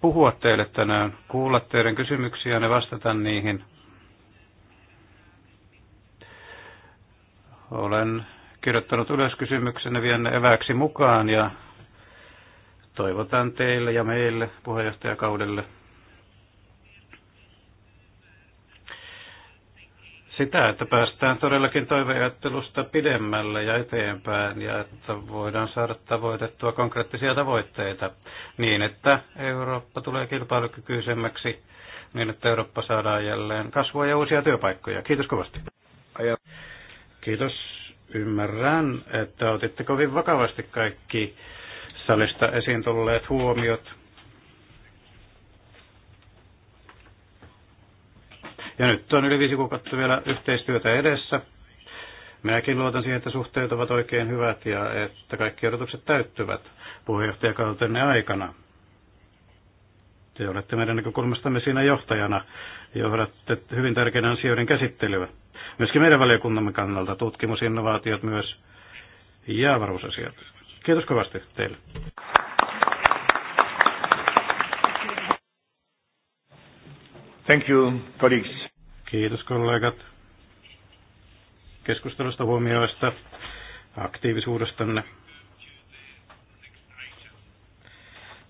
puhua teille tänään, kuulla teidän kysymyksiä ja vastata niihin. Olen kirjoittanut ylös kysymyksenne vienne eväksi mukaan ja toivotan teille ja meille puheenjohtajakaudelle – sitä, että päästään todellakin toiveajattelusta pidemmälle ja eteenpäin ja että voidaan saada tavoitettua konkreettisia tavoitteita niin, että Eurooppa tulee kilpailukykyisemmäksi, niin että Eurooppa saadaan jälleen kasvua ja uusia työpaikkoja. Kiitos kovasti. Kiitos. Ymmärrän, että otitte kovin vakavasti kaikki salista esiin tulleet huomiot Ja nyt on yli viisi kuukautta vielä yhteistyötä edessä. Minäkin luotan siihen, että suhteet ovat oikein hyvät ja että kaikki odotukset täyttyvät puheenjohtajakautenne aikana. Te olette meidän näkökulmastamme siinä johtajana. Johdatte hyvin tärkeänä asioiden käsittelyä. Myöskin meidän valiokunnamme kannalta tutkimusinnovaatiot myös ja varuusasiat. Kiitos kovasti teille. Thank you, colleagues. Kiitos kollegat keskustelusta huomioista, aktiivisuudestanne.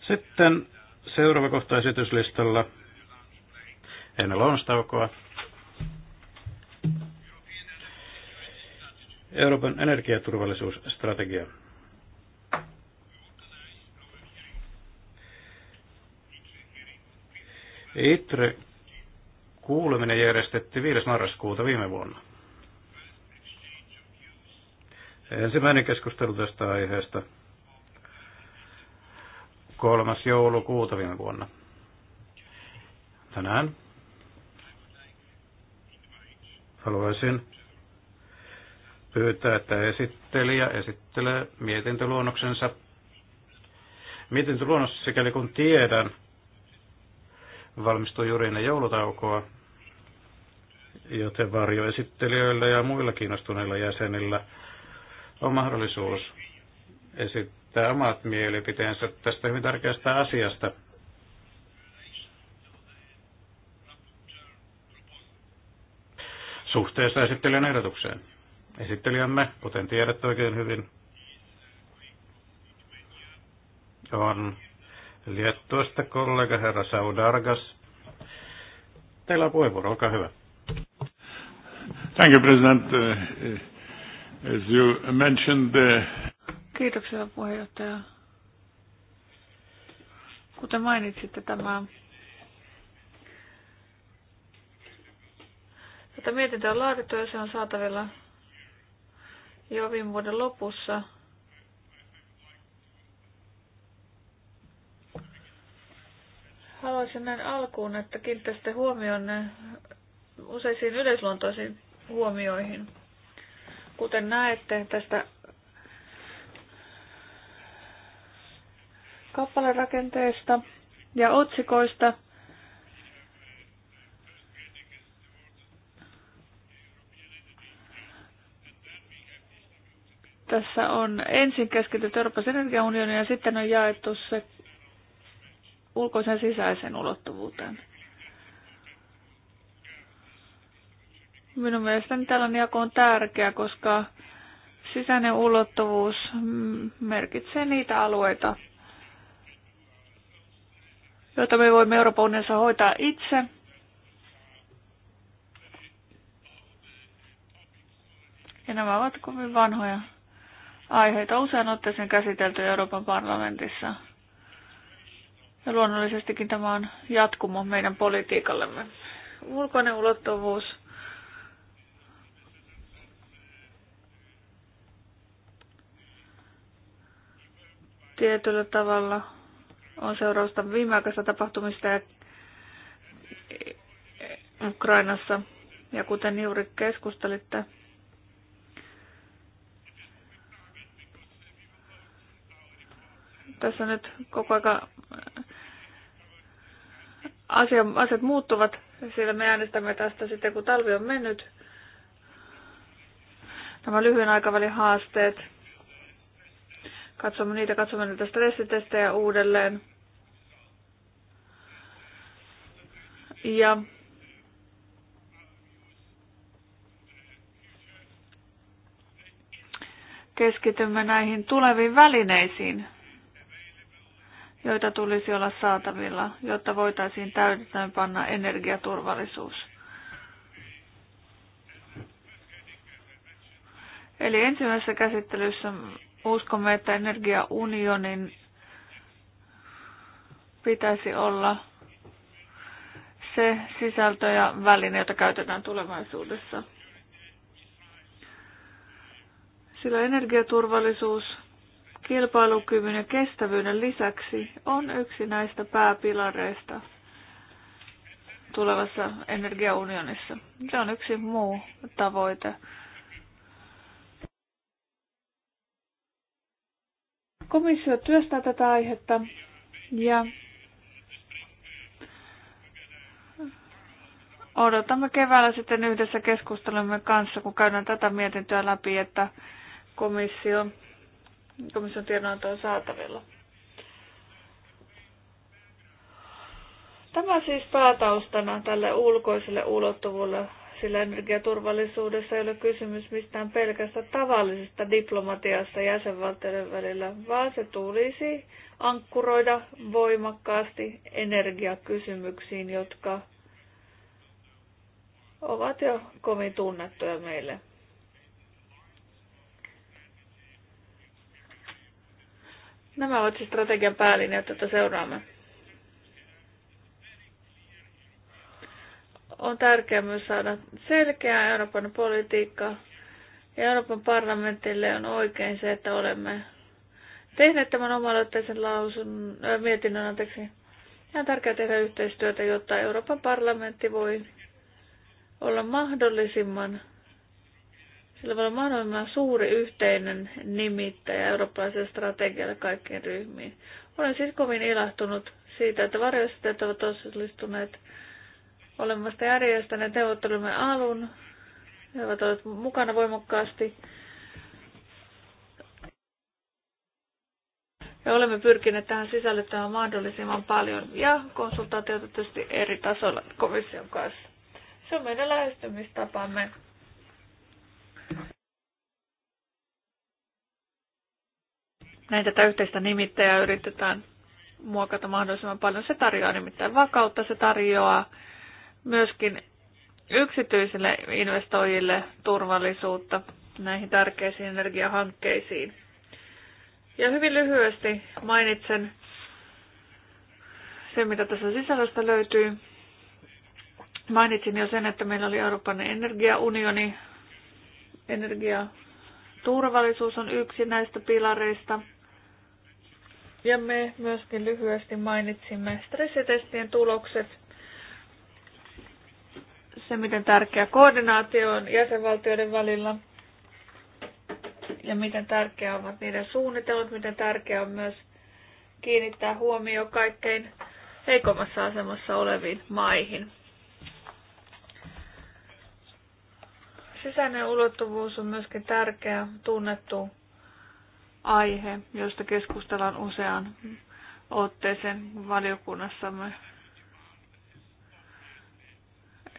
Sitten seuraava kohta esityslistalla ennen lounastaukoa. Euroopan energiaturvallisuusstrategia. ITRE Kuuleminen järjestettiin 5. marraskuuta viime vuonna. Ensimmäinen keskustelu tästä aiheesta 3. joulukuuta viime vuonna. Tänään haluaisin pyytää, että esittelijä esittelee mietintöluonnoksensa. Mietintöluonnos, sikäli kun tiedän, valmistui juuri ennen joulutaukoa, joten varjoesittelijöillä ja muilla kiinnostuneilla jäsenillä on mahdollisuus esittää omat mielipiteensä tästä hyvin tärkeästä asiasta. Suhteessa esittelijän ehdotukseen. Esittelijämme, kuten tiedätte oikein hyvin, on Liettuasta kollega herra Saudargas. Teillä on puheenvuoro, olkaa hyvä. Thank you, President. Uh, uh, as you mentioned, uh, Kiitoksia puheenjohtaja. Kuten mainitsitte, tämä Tätä mietintö on laadittu ja se on saatavilla jo viime vuoden lopussa – Haluaisin näin alkuun, että kiinnittäisitte huomioon äh, useisiin yleisluontoisiin huomioihin. Kuten näette tästä kappalerakenteesta ja otsikoista, tässä on ensin keskitytty Euroopan energiaunionin ja sitten on jaettu se ulkoisen sisäisen ulottuvuuteen. Minun mielestäni tällainen jako on tärkeä, koska sisäinen ulottuvuus merkitsee niitä alueita, joita me voimme Euroopan unionissa hoitaa itse. Ja nämä ovat kovin vanhoja aiheita, usein otteeseen käsitelty Euroopan parlamentissa. Ja luonnollisestikin tämä on jatkumo meidän politiikallemme. Ulkoinen ulottuvuus. Tietyllä tavalla on seurausta viimeaikaisista tapahtumista ja eh, Ukrainassa. Ja kuten juuri keskustelitte, tässä nyt koko ajan asia, asiat muuttuvat, sillä me äänestämme tästä sitten, kun talvi on mennyt. Nämä lyhyen aikavälin haasteet. Katsomme niitä, katsomme niitä stressitestejä uudelleen. Ja keskitymme näihin tuleviin välineisiin, joita tulisi olla saatavilla, jotta voitaisiin täytetään panna energiaturvallisuus. Eli ensimmäisessä käsittelyssä uskomme, että energiaunionin pitäisi olla se sisältö ja väline, jota käytetään tulevaisuudessa. Sillä energiaturvallisuus kilpailukyvyn ja kestävyyden lisäksi on yksi näistä pääpilareista tulevassa energiaunionissa. Se on yksi muu tavoite. Komissio työstää tätä aihetta ja odotamme keväällä sitten yhdessä keskustelumme kanssa, kun käydään tätä mietintöä läpi, että komissio komission tiedonanto on saatavilla. Tämä siis päätaustana tälle ulkoiselle ulottuvuudelle, sillä energiaturvallisuudessa ei ole kysymys mistään pelkästä tavallisesta diplomatiasta jäsenvaltioiden välillä, vaan se tulisi ankkuroida voimakkaasti energiakysymyksiin, jotka ovat jo kovin tunnettuja meille. Nämä ovat siis strategian päälinjat, tätä seuraamme. On tärkeää myös saada selkeää Euroopan politiikkaa. Ja Euroopan parlamentille on oikein se, että olemme tehneet tämän oma-aloitteisen lausun, äh, mietinnön. Anteeksi. Ja on tärkeää tehdä yhteistyötä, jotta Euroopan parlamentti voi olla mahdollisimman sillä voi olla mahdollisimman suuri yhteinen nimittäjä eurooppalaiselle strategialle kaikkiin ryhmiin. Olen siis kovin ilahtunut siitä, että varjoistajat ovat osallistuneet olemasta järjestäneet neuvottelumme alun. He ovat olleet mukana voimakkaasti. Ja olemme pyrkineet tähän sisällyttämään mahdollisimman paljon ja konsultaatiota tietysti eri tasolla komission kanssa. Se on meidän lähestymistapamme Näin tätä yhteistä nimittäjää yritetään muokata mahdollisimman paljon. Se tarjoaa nimittäin vakautta, se tarjoaa myöskin yksityisille investoijille turvallisuutta näihin tärkeisiin energiahankkeisiin. Ja hyvin lyhyesti mainitsen se, mitä tässä sisällöstä löytyy. Mainitsin jo sen, että meillä oli Euroopan energiaunioni. Energiaturvallisuus on yksi näistä pilareista – ja me myöskin lyhyesti mainitsimme stressitestien tulokset, se miten tärkeä koordinaatio on jäsenvaltioiden välillä ja miten tärkeää ovat niiden suunnitelmat, miten tärkeää on myös kiinnittää huomio kaikkein heikommassa asemassa oleviin maihin. Sisäinen ulottuvuus on myöskin tärkeä, tunnettu aihe, josta keskustellaan useaan otteeseen valiokunnassamme.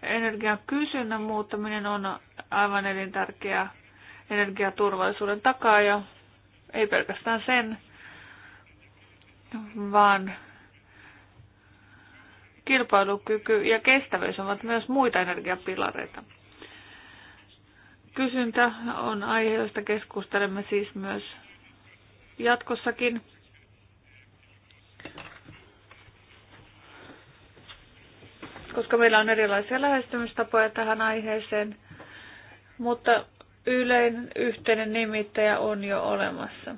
Energian kysynnän muuttaminen on aivan elintärkeä energiaturvallisuuden takaa ja ei pelkästään sen, vaan kilpailukyky ja kestävyys ovat myös muita energiapilareita. Kysyntä on aihe, josta keskustelemme siis myös jatkossakin. Koska meillä on erilaisia lähestymistapoja tähän aiheeseen, mutta yleinen yhteinen nimittäjä on jo olemassa.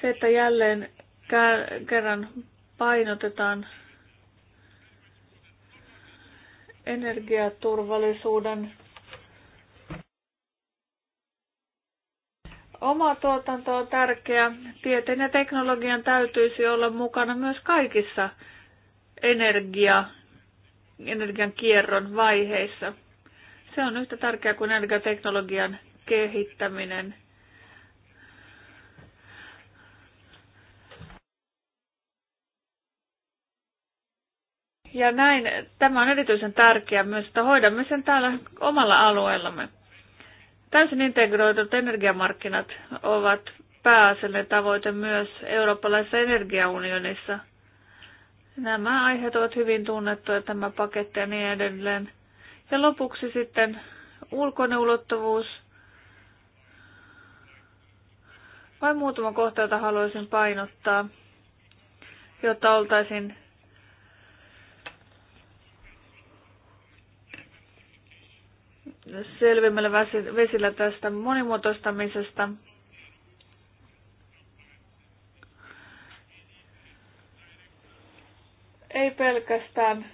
Se, että jälleen kerran painotetaan energiaturvallisuuden Oma tuotanto on tärkeä. Tieteen ja teknologian täytyisi olla mukana myös kaikissa energia, energian kierron vaiheissa. Se on yhtä tärkeää kuin energiateknologian kehittäminen. Ja näin, tämä on erityisen tärkeää myös, että hoidamme sen täällä omalla alueellamme. Täysin integroidut energiamarkkinat ovat pääasiallinen tavoite myös eurooppalaisessa energiaunionissa. Nämä aiheet ovat hyvin tunnettuja, tämä paketti ja niin edelleen. Ja lopuksi sitten ulkoinen ulottuvuus. Vain muutama kohta, jota haluaisin painottaa, jotta oltaisiin selvemmällä vesillä tästä monimuotoistamisesta. Ei pelkästään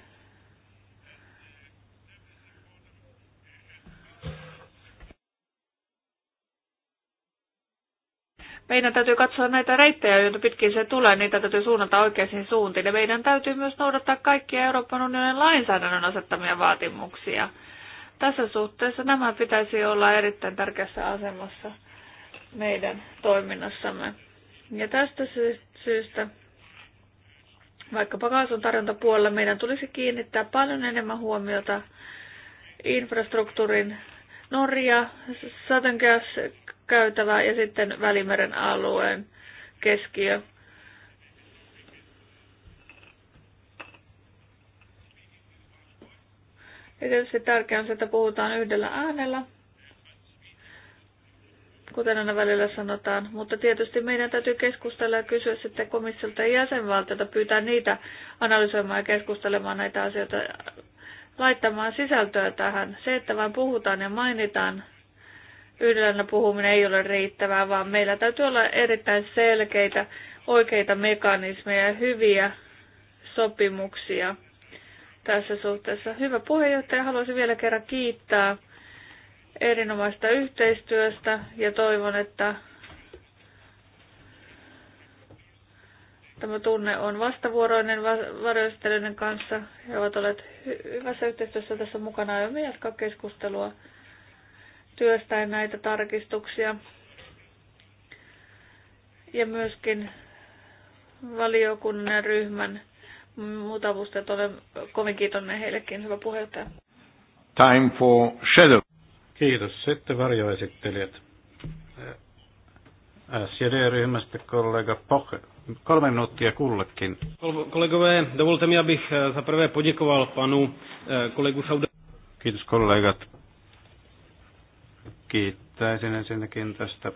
meidän täytyy katsoa näitä reittejä, joita pitkin se tulee, niitä täytyy suunnata oikeisiin suuntiin. Ja meidän täytyy myös noudattaa kaikkia Euroopan unionin lainsäädännön asettamia vaatimuksia. Tässä suhteessa nämä pitäisi olla erittäin tärkeässä asemassa meidän toiminnassamme. Ja tästä syystä vaikkapa kaasun tarjontapuolella meidän tulisi kiinnittää paljon enemmän huomiota infrastruktuurin Norja, Southern käytävä ja sitten Välimeren alueen keskiö. Ja tietysti tärkeää on se, että puhutaan yhdellä äänellä, kuten aina välillä sanotaan. Mutta tietysti meidän täytyy keskustella ja kysyä sitten komissiolta ja jäsenvaltiota, pyytää niitä analysoimaan ja keskustelemaan näitä asioita, laittamaan sisältöä tähän. Se, että vain puhutaan ja mainitaan, yhdellä puhuminen ei ole riittävää, vaan meillä täytyy olla erittäin selkeitä, oikeita mekanismeja, hyviä sopimuksia – tässä suhteessa. Hyvä puheenjohtaja, haluaisin vielä kerran kiittää erinomaista yhteistyöstä ja toivon, että tämä tunne on vastavuoroinen varjoistelijoiden kanssa. He ovat olleet hyvässä yhteistyössä tässä mukana. me jatkaa keskustelua työstäen näitä tarkistuksia. Ja myöskin valiokunnan ryhmän muut avustajat. Olen kovin kiitollinen heillekin, hyvä puheenjohtaja. Time for shadow. Kiitos. Sitten varjoesittelijät. SJD-ryhmästä kollega Poch. Kolme minuuttia kullekin. Kolegové, dovolte mi, abych eh, za prvé poděkoval panu eh, kolegu Sauda. Kiitos kollegat. Kiittäisin ensinnäkin tästä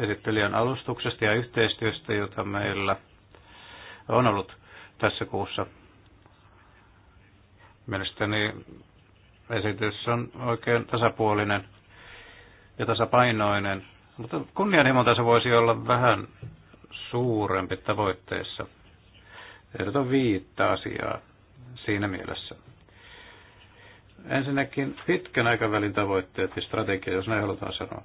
esittelijän alustuksesta ja yhteistyöstä, jota meillä on ollut tässä kuussa. Mielestäni esitys on oikein tasapuolinen ja tasapainoinen, mutta kunnianhimon taso voisi olla vähän suurempi tavoitteessa. Ehdoton viittä asiaa siinä mielessä. Ensinnäkin pitkän aikavälin tavoitteet ja strategia, jos näin halutaan sanoa.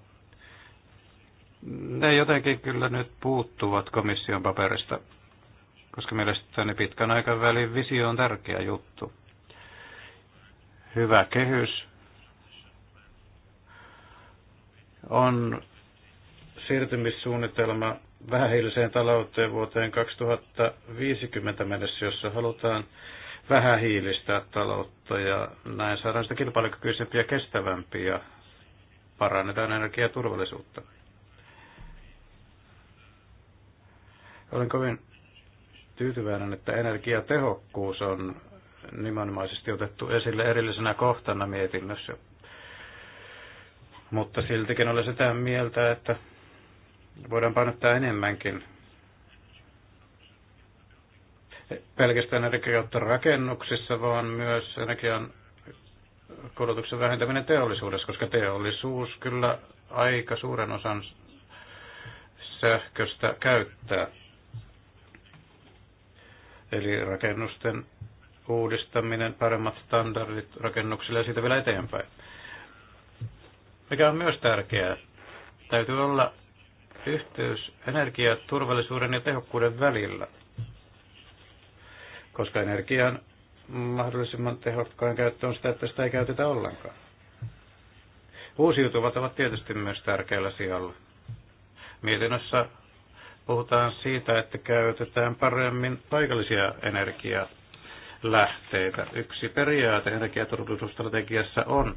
Ne jotenkin kyllä nyt puuttuvat komission paperista koska mielestäni pitkän aikavälin visio on tärkeä juttu. Hyvä kehys on siirtymissuunnitelma vähähiiliseen talouteen vuoteen 2050 mennessä, jossa halutaan vähähiilistää taloutta ja näin saadaan sitä kilpailukykyisempiä ja kestävämpiä ja parannetaan energiaturvallisuutta. Olen kovin tyytyväinen, että energiatehokkuus on nimenomaisesti otettu esille erillisenä kohtana mietinnössä. Mutta siltikin olen sitä mieltä, että voidaan painottaa enemmänkin pelkästään energiakäyttö rakennuksissa, vaan myös energian kulutuksen vähentäminen teollisuudessa, koska teollisuus kyllä aika suuren osan sähköstä käyttää. Eli rakennusten uudistaminen, paremmat standardit rakennuksille ja siitä vielä eteenpäin. Mikä on myös tärkeää, täytyy olla yhteys energiaturvallisuuden ja tehokkuuden välillä, koska energian mahdollisimman tehokkain käyttö on sitä, että sitä ei käytetä ollenkaan. Uusiutuvat ovat tietysti myös tärkeällä sijalla. Mietinnössä puhutaan siitä, että käytetään paremmin paikallisia energialähteitä. Yksi periaate energiaturvallisuusstrategiassa on,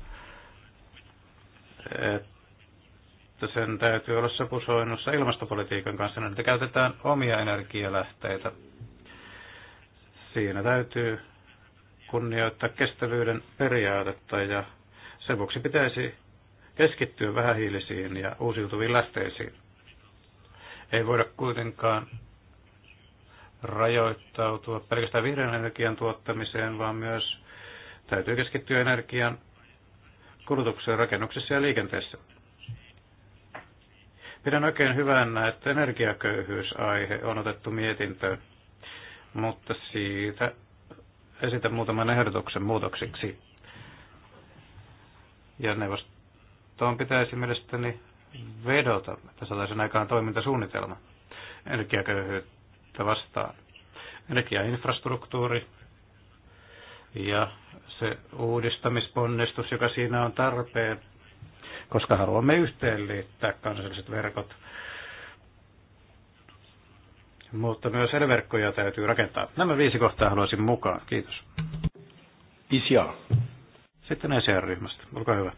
että sen täytyy olla sopusoinnussa ilmastopolitiikan kanssa, niin että käytetään omia energialähteitä. Siinä täytyy kunnioittaa kestävyyden periaatetta ja sen vuoksi pitäisi keskittyä vähähiilisiin ja uusiutuviin lähteisiin. Ei voida kuitenkaan rajoittautua pelkästään vihreän energian tuottamiseen, vaan myös täytyy keskittyä energian kulutukseen rakennuksessa ja liikenteessä. Pidän oikein hyvänä, että energiaköyhyysaihe on otettu mietintöön, mutta siitä esitän muutaman ehdotuksen muutoksiksi. Ja neuvostoon pitäisi mielestäni vedota, että saataisiin aikaan toimintasuunnitelma energiaköyhyyttä vastaan. Energiainfrastruktuuri ja se uudistamisponnistus, joka siinä on tarpeen, koska haluamme yhteenliittää kansalliset verkot. Mutta myös verkkoja täytyy rakentaa. Nämä viisi kohtaa haluaisin mukaan. Kiitos. Isia. Sitten ECR-ryhmästä. Olkaa hyvä.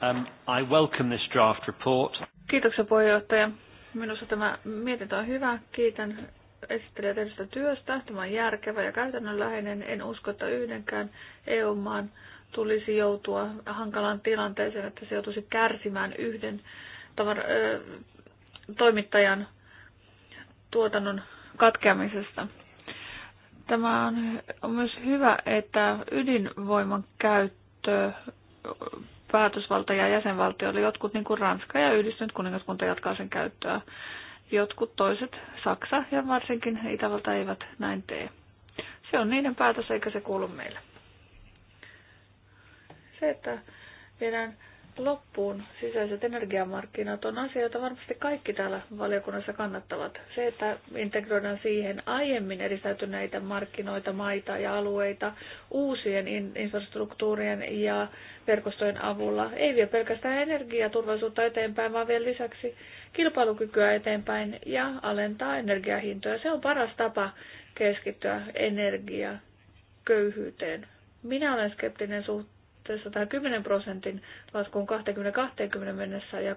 Um, I welcome this draft report. Kiitoksia puheenjohtaja. Minusta tämä mietintö on hyvä. Kiitän esittelijä tästä työstä. Tämä on järkevä ja käytännönläheinen. En usko, että yhdenkään EU-maan tulisi joutua hankalaan tilanteeseen, että se joutuisi kärsimään yhden tavar- ö, toimittajan tuotannon katkeamisesta. Tämä on, on myös hyvä, että ydinvoiman käyttö päätösvalta ja jäsenvaltio, oli jotkut niin kuin Ranska ja yhdistynyt kuningaskunta jatkaa sen käyttöä. Jotkut toiset, Saksa ja varsinkin Itävalta eivät näin tee. Se on niiden päätös eikä se kuulu meille. Se, että viedään loppuun sisäiset energiamarkkinat on asia, jota varmasti kaikki täällä valiokunnassa kannattavat. Se, että integroidaan siihen aiemmin edistäytyneitä markkinoita, maita ja alueita uusien infrastruktuurien ja verkostojen avulla, ei vie pelkästään energiaturvallisuutta eteenpäin, vaan vielä lisäksi kilpailukykyä eteenpäin ja alentaa energiahintoja. Se on paras tapa keskittyä energiaköyhyyteen. Minä olen skeptinen suhteen suhteessa tähän 10 prosentin laskuun 20-20 mennessä ja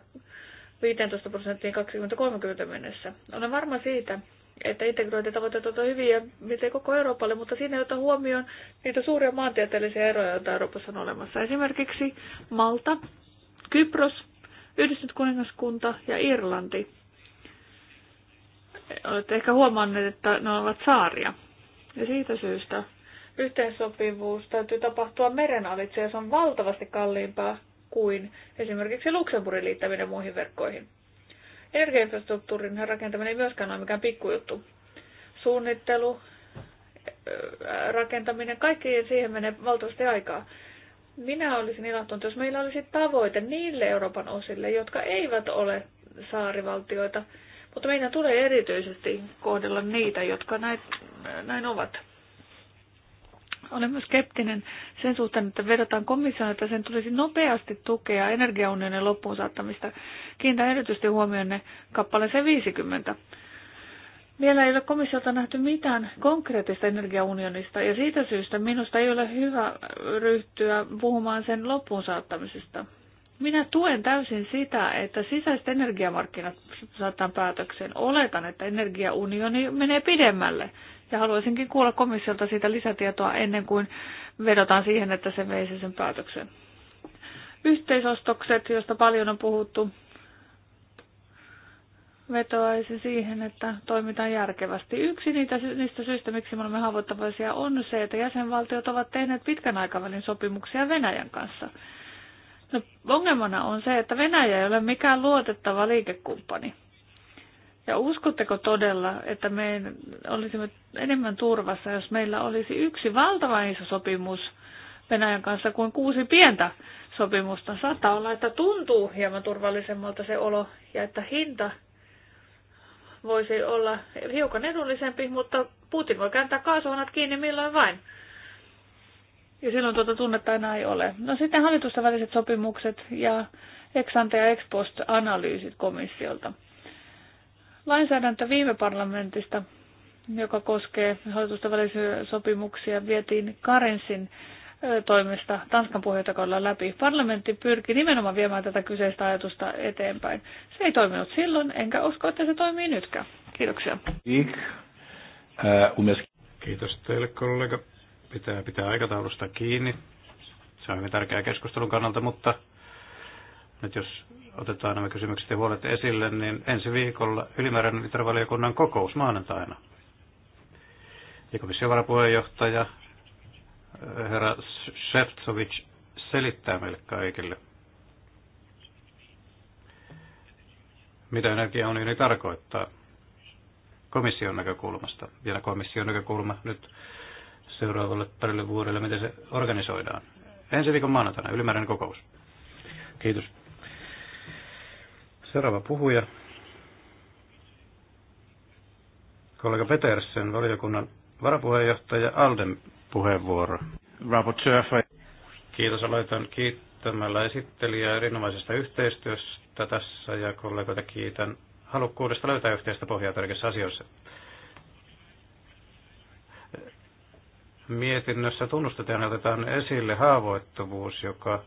15 prosenttiin 2030 mennessä. Olen varma siitä, että integrointitavoitteet ovat hyviä miten koko Euroopalle, mutta siinä ei ota huomioon niitä suuria maantieteellisiä eroja, joita Euroopassa on olemassa. Esimerkiksi Malta, Kypros, Yhdistynyt kuningaskunta ja Irlanti. Olette ehkä huomanneet, että ne ovat saaria. Ja siitä syystä yhteensopivuus täytyy tapahtua meren alitse ja se on valtavasti kalliimpaa kuin esimerkiksi Luxemburgin liittäminen muihin verkkoihin. Energiainfrastruktuurin rakentaminen ei myöskään ole mikään pikkujuttu. Suunnittelu, rakentaminen, kaikki siihen menee valtavasti aikaa. Minä olisin ilahtunut, jos meillä olisi tavoite niille Euroopan osille, jotka eivät ole saarivaltioita, mutta meidän tulee erityisesti kohdella niitä, jotka näin, näin ovat. Olen myös skeptinen sen suhteen, että vedotaan komissioon, että sen tulisi nopeasti tukea energiaunionin loppuun saattamista. Kiinnitän erityisesti huomioon ne kappaleeseen 50. Vielä ei ole komissiolta nähty mitään konkreettista energiaunionista, ja siitä syystä minusta ei ole hyvä ryhtyä puhumaan sen loppuun saattamisesta. Minä tuen täysin sitä, että sisäiset energiamarkkinat saattaa päätökseen. Oletan, että energiaunioni menee pidemmälle. Ja haluaisinkin kuulla komissiolta siitä lisätietoa ennen kuin vedotaan siihen, että se veisi sen päätöksen. Yhteisostokset, joista paljon on puhuttu, vetoaisi siihen, että toimitaan järkevästi. Yksi niitä, niistä syistä, miksi me olemme haavoittavaisia, on se, että jäsenvaltiot ovat tehneet pitkän aikavälin sopimuksia Venäjän kanssa. No, ongelmana on se, että Venäjä ei ole mikään luotettava liikekumppani. Ja uskotteko todella, että me olisimme enemmän turvassa, jos meillä olisi yksi valtavan iso sopimus Venäjän kanssa kuin kuusi pientä sopimusta? Saattaa olla, että tuntuu hieman turvallisemmalta se olo ja että hinta voisi olla hiukan edullisempi, mutta Putin voi kääntää kaasuhanat kiinni milloin vain. Ja silloin tuota tunnetta enää ei ole. No sitten hallitusten väliset sopimukset ja ex ante ja ex post analyysit komissiolta lainsäädäntö viime parlamentista, joka koskee hallitusten välisiä sopimuksia, vietiin Karensin toimesta Tanskan puheenjohtajakaudella läpi. Parlamentti pyrki nimenomaan viemään tätä kyseistä ajatusta eteenpäin. Se ei toiminut silloin, enkä usko, että se toimii nytkään. Kiitoksia. Kiitos teille kollega. Pitää pitää aikataulusta kiinni. Se on hyvin tärkeä keskustelun kannalta, mutta nyt jos otetaan nämä kysymykset ja huolet esille, niin ensi viikolla ylimääräinen litravaliokunnan kokous maanantaina. Ja komission varapuheenjohtaja eh, herra Shevtsovic selittää meille kaikille, mitä energiaunioni tarkoittaa komission näkökulmasta. Ja komission näkökulma nyt seuraavalle parille vuodelle, miten se organisoidaan. Ensi viikon maanantaina ylimääräinen kokous. Kiitos. Seuraava puhuja, kollega Petersen, valiokunnan varapuheenjohtaja Alden puheenvuoro. Kiitos, aloitan kiittämällä esittelijää erinomaisesta yhteistyöstä tässä ja kollegoita kiitän halukkuudesta löytää yhteistä pohjaa tärkeissä asioissa. Mietinnössä tunnustetaan ja otetaan esille haavoittuvuus, joka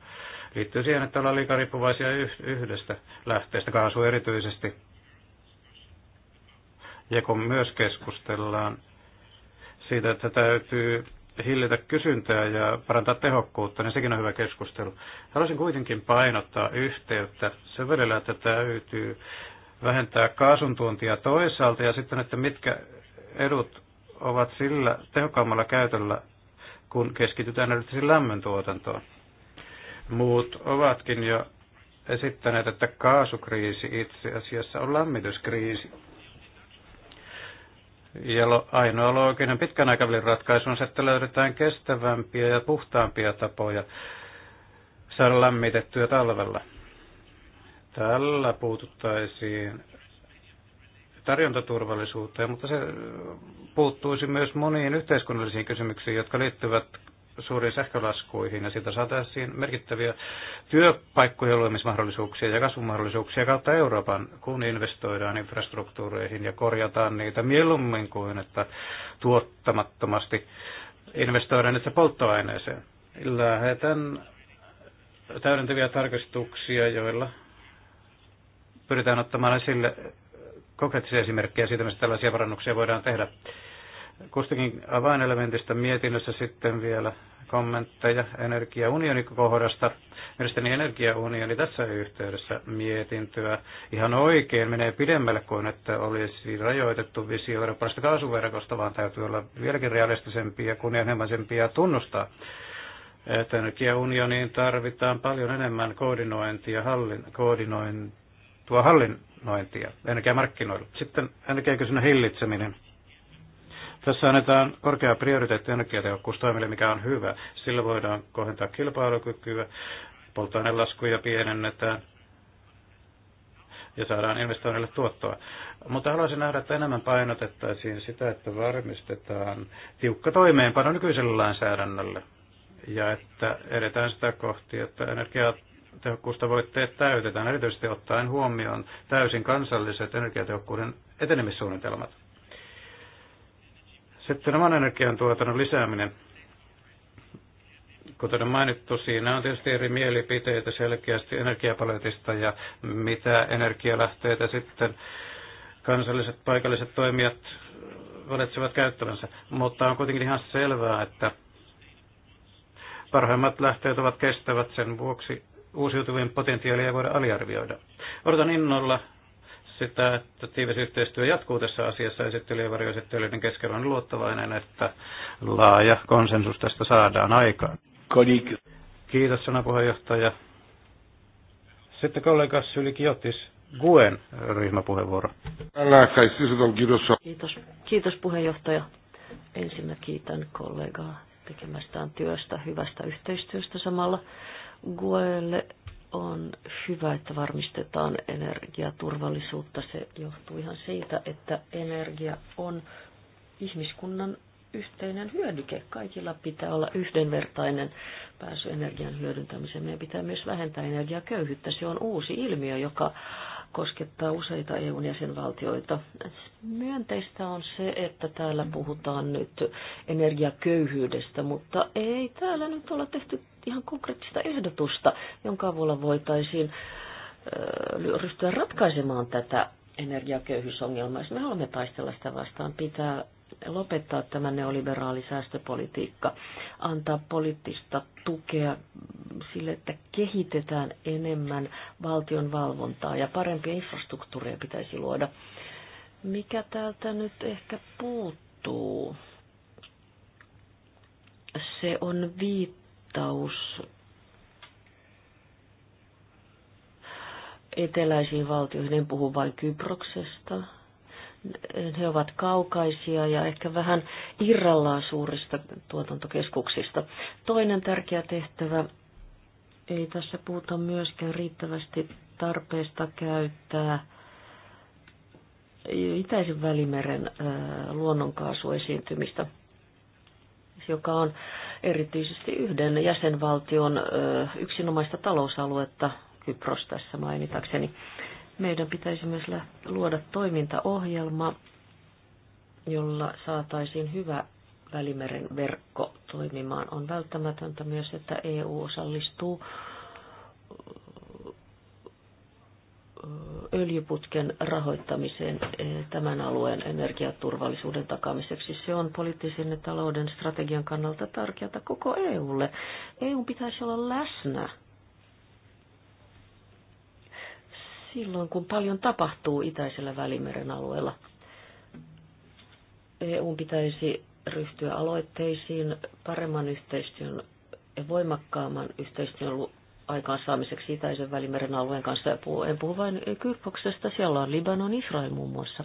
liittyy siihen, että ollaan liikaa riippuvaisia yhdestä lähteestä, kaasu erityisesti. Ja kun myös keskustellaan siitä, että täytyy hillitä kysyntää ja parantaa tehokkuutta, niin sekin on hyvä keskustelu. Haluaisin kuitenkin painottaa yhteyttä sen välillä, että täytyy vähentää kaasuntuontia toisaalta ja sitten, että mitkä edut ovat sillä tehokkaammalla käytöllä, kun keskitytään erityisesti lämmöntuotantoon. Muut ovatkin jo esittäneet, että kaasukriisi itse asiassa on lämmityskriisi. Ja ainoa looginen pitkän aikavälin ratkaisu on se, että löydetään kestävämpiä ja puhtaampia tapoja saada lämmitettyä talvella. Tällä puututtaisiin tarjontaturvallisuuteen, mutta se puuttuisi myös moniin yhteiskunnallisiin kysymyksiin, jotka liittyvät suuriin sähkölaskuihin ja siitä saataisiin merkittäviä työpaikkojen luomismahdollisuuksia ja kasvumahdollisuuksia kautta Euroopan, kun investoidaan infrastruktuureihin ja korjataan niitä mieluummin kuin että tuottamattomasti investoidaan itse polttoaineeseen. Lähetän täydentäviä tarkistuksia, joilla pyritään ottamaan esille konkreettisia esimerkkejä siitä, mistä tällaisia parannuksia voidaan tehdä. Kustakin avainelementistä mietinnössä sitten vielä kommentteja energiaunionin kohdasta. Mielestäni energiaunioni tässä yhteydessä mietintöä ihan oikein menee pidemmälle kuin, että olisi rajoitettu visio eurooppalaisesta kaasuverkosta, vaan täytyy olla vieläkin realistisempia ja kunnianhimoisempia tunnustaa. Että energiaunioniin tarvitaan paljon enemmän koordinointia, hallin, koordinointua hallinnointia energiamarkkinoilla. Sitten energiakysynnän hillitseminen tässä annetaan korkea prioriteetti energiatehokkuustoimille, mikä on hyvä. Sillä voidaan kohentaa kilpailukykyä, polttoainelaskuja pienennetään ja saadaan investoinnille tuottoa. Mutta haluaisin nähdä, että enemmän painotettaisiin sitä, että varmistetaan tiukka toimeenpano nykyisellä lainsäädännöllä ja että edetään sitä kohti, että energiatehokkuustavoitteet täytetään, erityisesti ottaen huomioon täysin kansalliset energiatehokkuuden etenemissuunnitelmat. Sitten oman energiantuotannon lisääminen. Kuten on mainittu, siinä on tietysti eri mielipiteitä selkeästi energiapaletista ja mitä energialähteitä sitten kansalliset paikalliset toimijat valitsevat käyttävänsä. Mutta on kuitenkin ihan selvää, että parhaimmat lähteet ovat kestävät sen vuoksi uusiutuvien potentiaalia voida aliarvioida. Odotan innolla sitä, että tiivis yhteistyö jatkuu tässä asiassa esittely- ja varjoesittelyiden keskellä. On luottavainen, että laaja konsensus tästä saadaan aikaan. Kodik. Kiitos sanapuheenjohtaja. Sitten kollega Syli Kiotis, Guen ryhmäpuheenvuoro. Kiitos. Kiitos puheenjohtaja. mä kiitän kollegaa tekemästään työstä, hyvästä yhteistyöstä samalla. Guelle on hyvä, että varmistetaan energiaturvallisuutta. Se johtuu ihan siitä, että energia on ihmiskunnan yhteinen hyödyke. Kaikilla pitää olla yhdenvertainen pääsy energian hyödyntämiseen. Meidän pitää myös vähentää energiaköyhyyttä. Se on uusi ilmiö, joka koskettaa useita EUn jäsenvaltioita. Myönteistä on se, että täällä puhutaan nyt energiaköyhyydestä, mutta ei täällä nyt olla tehty ihan konkreettista ehdotusta, jonka avulla voitaisiin ryhtyä ratkaisemaan tätä energiaköyhyysongelmaa. me haluamme taistella sitä vastaan, pitää lopettaa tämä neoliberaali säästöpolitiikka, antaa poliittista tukea sille, että kehitetään enemmän valtion valvontaa ja parempia infrastruktuureja pitäisi luoda. Mikä täältä nyt ehkä puuttuu? Se on viittaus eteläisiin valtioihin, en puhu vain Kyproksesta. He ovat kaukaisia ja ehkä vähän irrallaan suurista tuotantokeskuksista. Toinen tärkeä tehtävä ei tässä puhuta myöskään riittävästi tarpeesta käyttää Itäisen välimeren luonnonkaasuesiintymistä, joka on erityisesti yhden jäsenvaltion yksinomaista talousaluetta, Kypros tässä mainitakseni. Meidän pitäisi myös luoda toimintaohjelma, jolla saataisiin hyvä Välimeren verkko toimimaan. On välttämätöntä myös, että EU osallistuu öljyputken rahoittamiseen e, tämän alueen energiaturvallisuuden takaamiseksi. Se on poliittisen ja talouden strategian kannalta tärkeää koko EUlle. EU pitäisi olla läsnä silloin, kun paljon tapahtuu itäisellä välimeren alueella. EU pitäisi ryhtyä aloitteisiin paremman yhteistyön ja voimakkaamman yhteistyön aikaansaamiseksi Itäisen välimeren alueen kanssa. En puhu vain Kyrkoksesta, siellä on Libanon, Israel muun muassa.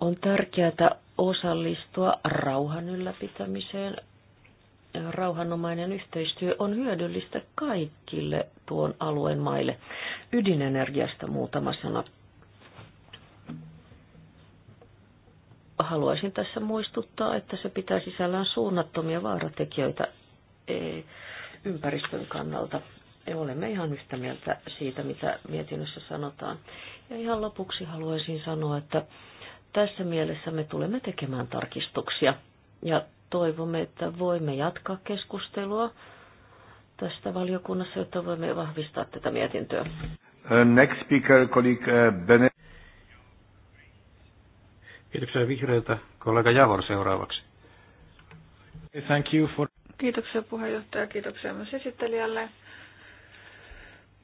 On tärkeää osallistua rauhan ylläpitämiseen. Rauhanomainen yhteistyö on hyödyllistä kaikille tuon alueen maille. Ydinenergiasta muutama sana. haluaisin tässä muistuttaa, että se pitää sisällään suunnattomia vaaratekijöitä e, ympäristön kannalta. Ja olemme ihan yhtä mieltä siitä, mitä mietinnössä sanotaan. Ja ihan lopuksi haluaisin sanoa, että tässä mielessä me tulemme tekemään tarkistuksia ja toivomme, että voimme jatkaa keskustelua tästä valiokunnassa, jotta voimme vahvistaa tätä mietintöä. Next speaker, colleague uh, Bene. Kiitoksia vihreiltä. Kollega Javor seuraavaksi. Thank you for... Kiitoksia puheenjohtaja, kiitoksia myös esittelijälle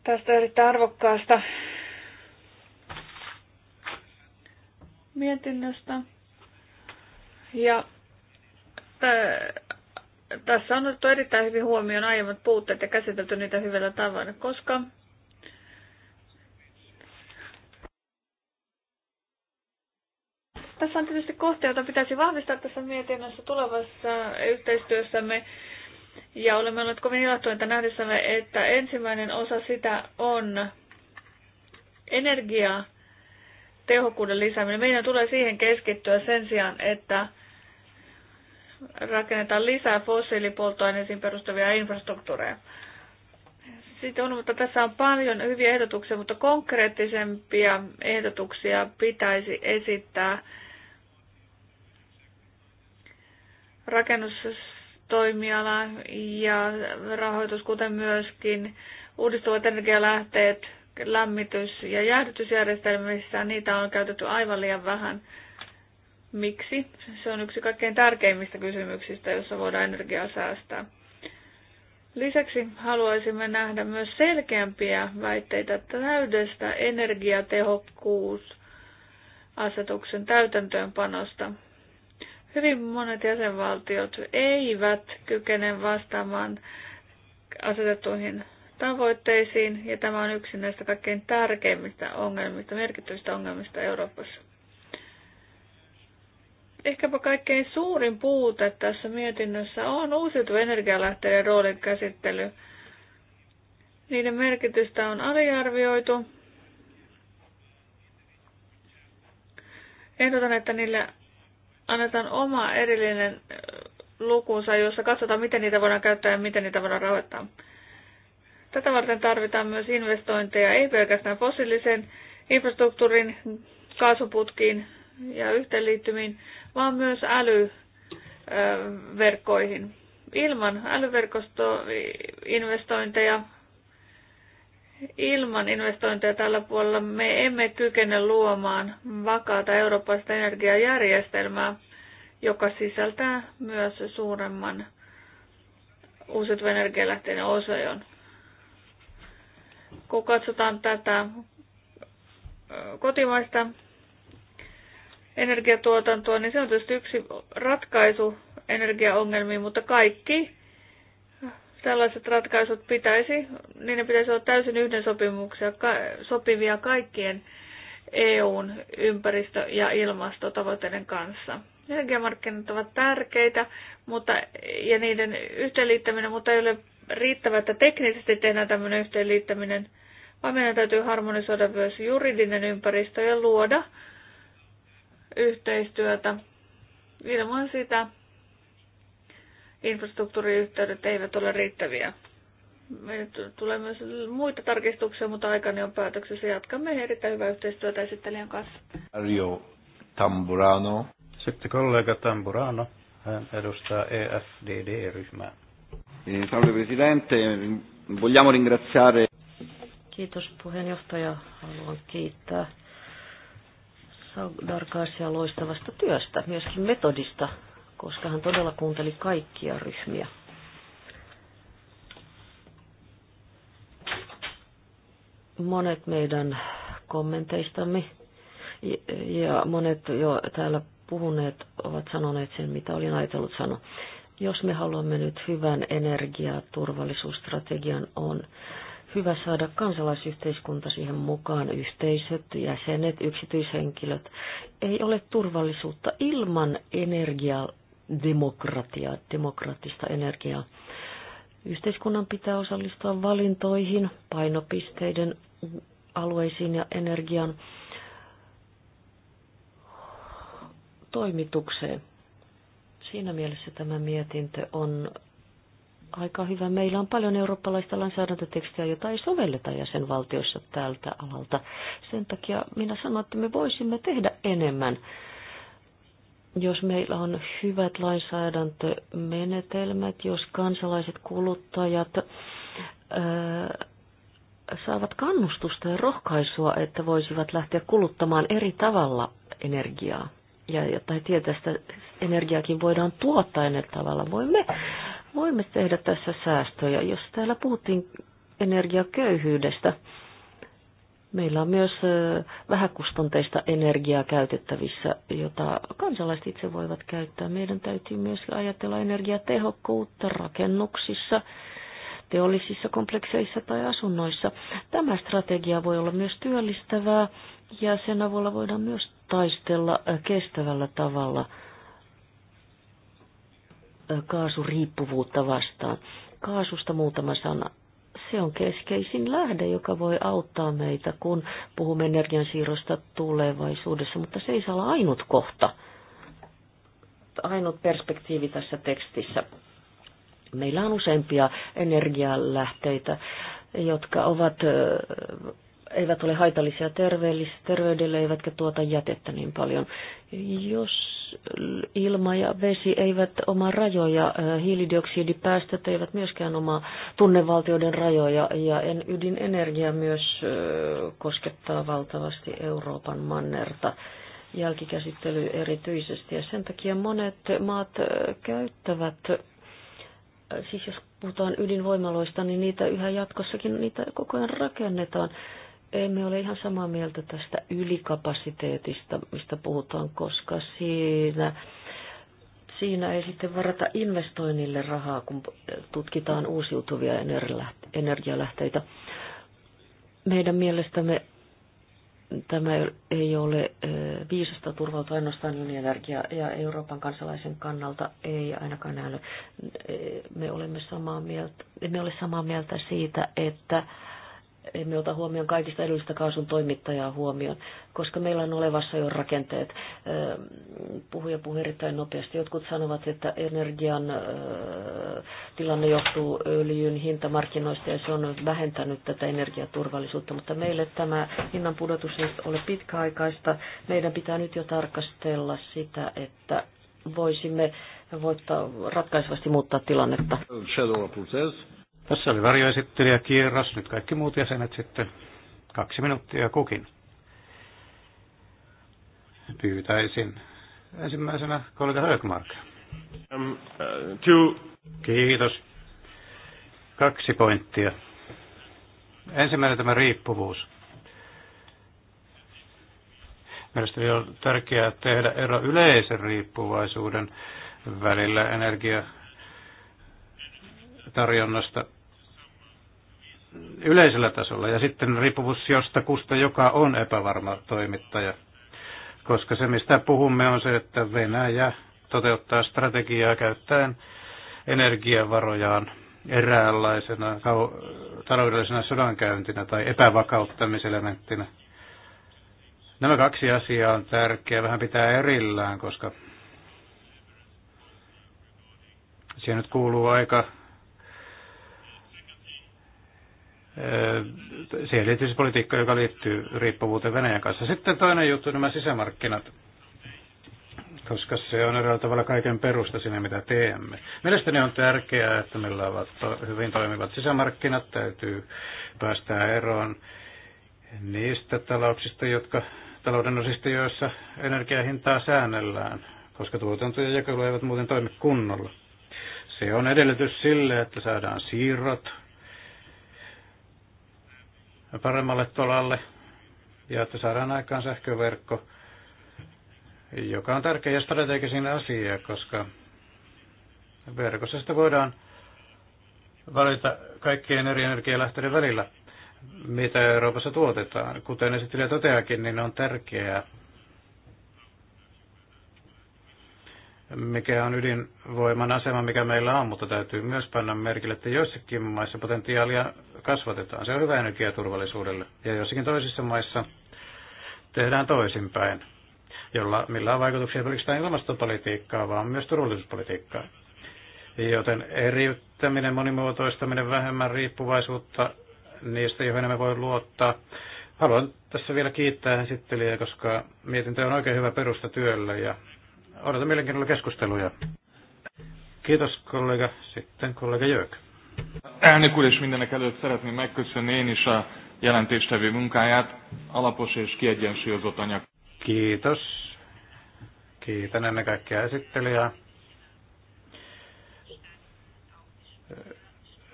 tästä erittäin arvokkaasta mietinnöstä. Ja äh, tässä on otettu erittäin hyvin huomioon aiemmat puutteet ja käsitelty niitä hyvällä tavalla, koska Tässä on tietysti kohtia, joita pitäisi vahvistaa tässä mietinnössä tulevassa yhteistyössämme. Ja olemme olleet kovin ilahtuneita nähdessämme, että ensimmäinen osa sitä on energia tehokkuuden lisääminen. Meidän tulee siihen keskittyä sen sijaan, että rakennetaan lisää fossiilipolttoaineisiin perustuvia infrastruktuureja. Sitten on, mutta tässä on paljon hyviä ehdotuksia, mutta konkreettisempia ehdotuksia pitäisi esittää rakennustoimiala ja rahoitus, kuten myöskin uudistuvat energialähteet, lämmitys- ja jäähdytysjärjestelmissä, niitä on käytetty aivan liian vähän. Miksi? Se on yksi kaikkein tärkeimmistä kysymyksistä, jossa voidaan energiaa säästää. Lisäksi haluaisimme nähdä myös selkeämpiä väitteitä täydestä energiatehokkuusasetuksen täytäntöönpanosta Hyvin monet jäsenvaltiot eivät kykene vastaamaan asetettuihin tavoitteisiin, ja tämä on yksi näistä kaikkein tärkeimmistä ongelmista, merkittävistä ongelmista Euroopassa. Ehkäpä kaikkein suurin puute tässä mietinnössä on uusiutuvien energialähteiden roolin käsittely. Niiden merkitystä on aliarvioitu. Ehdotan, että niillä annetaan oma erillinen lukunsa, jossa katsotaan, miten niitä voidaan käyttää ja miten niitä voidaan rahoittaa. Tätä varten tarvitaan myös investointeja, ei pelkästään fossiilisen infrastruktuurin, kaasuputkiin ja yhteenliittymiin, vaan myös älyverkkoihin. Ilman älyverkostoinvestointeja Ilman investointeja tällä puolella me emme kykene luomaan vakaata eurooppalaista energiajärjestelmää, joka sisältää myös suuremman uusiutuvan energialähteen osion. Kun katsotaan tätä kotimaista energiatuotantoa, niin se on tietysti yksi ratkaisu energiaongelmiin, mutta kaikki Tällaiset ratkaisut pitäisi, niin ne pitäisi olla täysin yhden sopimuksia, sopivia kaikkien EUn ympäristö- ja ilmastotavoitteiden kanssa. Energiamarkkinat ovat tärkeitä mutta, ja niiden yhteenliittäminen, mutta ei ole riittävää, että teknisesti tehdään tämmöinen yhteenliittäminen, vaan meidän täytyy harmonisoida myös juridinen ympäristö ja luoda yhteistyötä ilman sitä infrastruktuuriyhteydet eivät ole riittäviä. Meille tulee myös muita tarkistuksia, mutta aikani on päätöksessä. Jatkamme erittäin hyvää yhteistyötä esittelijän kanssa. Mario Tamburano. Sitten kollega Tamburano. Hän edustaa EFDD-ryhmää. Eh, salve Presidente, vogliamo ringraziare. Kiitos puheenjohtaja. Haluan kiittää Saudarkaasia loistavasta työstä, myöskin metodista, koska hän todella kuunteli kaikkia ryhmiä. Monet meidän kommenteistamme ja monet jo täällä puhuneet ovat sanoneet sen, mitä olin ajatellut sanoa. Jos me haluamme nyt hyvän energiaturvallisuusstrategian, on hyvä saada kansalaisyhteiskunta siihen mukaan, yhteisöt, jäsenet, yksityishenkilöt. Ei ole turvallisuutta ilman energiaa demokratiaa, demokraattista energiaa. Yhteiskunnan pitää osallistua valintoihin, painopisteiden alueisiin ja energian toimitukseen. Siinä mielessä tämä mietintö on aika hyvä. Meillä on paljon eurooppalaista lainsäädäntötekstiä, jota ei sovelleta jäsenvaltioissa tältä alalta. Sen takia minä sanoin, että me voisimme tehdä enemmän jos meillä on hyvät lainsäädäntömenetelmät, jos kansalaiset kuluttajat ää, saavat kannustusta ja rohkaisua, että voisivat lähteä kuluttamaan eri tavalla energiaa. Ja jotta tietää, että energiaakin voidaan tuottaa eri tavalla. Voimme, voimme tehdä tässä säästöjä. Jos täällä puhuttiin energiaköyhyydestä, Meillä on myös vähäkustanteista energiaa käytettävissä, jota kansalaiset itse voivat käyttää. Meidän täytyy myös ajatella energiatehokkuutta rakennuksissa, teollisissa komplekseissa tai asunnoissa. Tämä strategia voi olla myös työllistävää ja sen avulla voidaan myös taistella kestävällä tavalla kaasuriippuvuutta vastaan. Kaasusta muutama sana. Se on keskeisin lähde, joka voi auttaa meitä, kun puhumme energiansiirrosta tulevaisuudessa, mutta se ei saa olla ainut kohta, ainut perspektiivi tässä tekstissä. Meillä on useampia energialähteitä, jotka ovat eivät ole haitallisia terveydelle, eivätkä tuota jätettä niin paljon. Jos ilma ja vesi eivät omaa rajoja, hiilidioksidipäästöt eivät myöskään omaa tunnevaltioiden rajoja ja ydinenergia myös koskettaa valtavasti Euroopan mannerta jälkikäsittely erityisesti ja sen takia monet maat käyttävät, siis jos puhutaan ydinvoimaloista, niin niitä yhä jatkossakin, niitä koko ajan rakennetaan emme ole ihan samaa mieltä tästä ylikapasiteetista, mistä puhutaan, koska siinä, siinä ei sitten varata investoinnille rahaa, kun tutkitaan uusiutuvia energialähteitä. Meidän mielestämme tämä ei ole viisasta turvautua ainoastaan ydinenergiaa ja Euroopan kansalaisen kannalta ei ainakaan näy. Me olemme samaa mieltä, emme ole samaa mieltä siitä, että emme ota huomioon kaikista edullista kaasun toimittajaa huomioon, koska meillä on olevassa jo rakenteet. Puhuja puhuu erittäin nopeasti. Jotkut sanovat, että energian tilanne johtuu öljyn hintamarkkinoista ja se on vähentänyt tätä energiaturvallisuutta, mutta meille tämä hinnan pudotus ei ole pitkäaikaista. Meidän pitää nyt jo tarkastella sitä, että voisimme voittaa ratkaisevasti muuttaa tilannetta. Shadow tässä oli kierras nyt kaikki muut jäsenet sitten kaksi minuuttia kukin. Pyytäisin ensimmäisenä kollega Högmark. Um, uh, Kiitos. Kaksi pointtia. Ensimmäinen tämä riippuvuus. Mielestäni on tärkeää tehdä ero yleisen riippuvaisuuden välillä energia tarjonnasta yleisellä tasolla. Ja sitten riippuvuus jostakusta, joka on epävarma toimittaja. Koska se, mistä puhumme, on se, että Venäjä toteuttaa strategiaa käyttäen energiavarojaan eräänlaisena kau- taloudellisena sodankäyntinä tai epävakauttamiselementtinä. Nämä kaksi asiaa on tärkeää vähän pitää erillään, koska siihen nyt kuuluu aika siihen liittyy se politiikka, joka liittyy riippuvuuteen Venäjän kanssa. Sitten toinen juttu, nämä sisämarkkinat, koska se on eräällä tavalla kaiken perusta sinne, mitä teemme. Mielestäni on tärkeää, että meillä ovat hyvin toimivat sisämarkkinat, täytyy päästä eroon niistä talouksista, jotka talouden osista, joissa energiahintaa säännellään, koska tuotanto ja jakelu eivät muuten toimi kunnolla. Se on edellytys sille, että saadaan siirrot paremmalle tolalle ja että saadaan aikaan sähköverkko, joka on tärkeä ja strategisin asia, koska verkossa sitä voidaan valita kaikkien eri energialähteiden välillä, mitä Euroopassa tuotetaan. Kuten esittelijä toteakin, niin on tärkeää mikä on ydinvoiman asema, mikä meillä on, mutta täytyy myös panna merkille, että joissakin maissa potentiaalia kasvatetaan. Se on hyvä energiaturvallisuudelle. Ja joissakin toisissa maissa tehdään toisinpäin, jolla, millä on vaikutuksia pelkästään ilmastopolitiikkaa, vaan myös turvallisuuspolitiikkaa. Joten eriyttäminen, monimuotoistaminen, vähemmän riippuvaisuutta niistä, joihin me voi luottaa. Haluan tässä vielä kiittää esittelijää, koska mietintö on oikein hyvä perusta työlle ja Odotan mielenkiinnolla keskusteluja. Kiitos kollega. Sitten kollega Jörg. Elnök úr, és mindenek előtt szeretném megköszönni én is a jelentéstevő munkáját. Alapos és kiegyensúlyozott anyag. Kiitos. Kiitän ennek kaikkea esittelijää.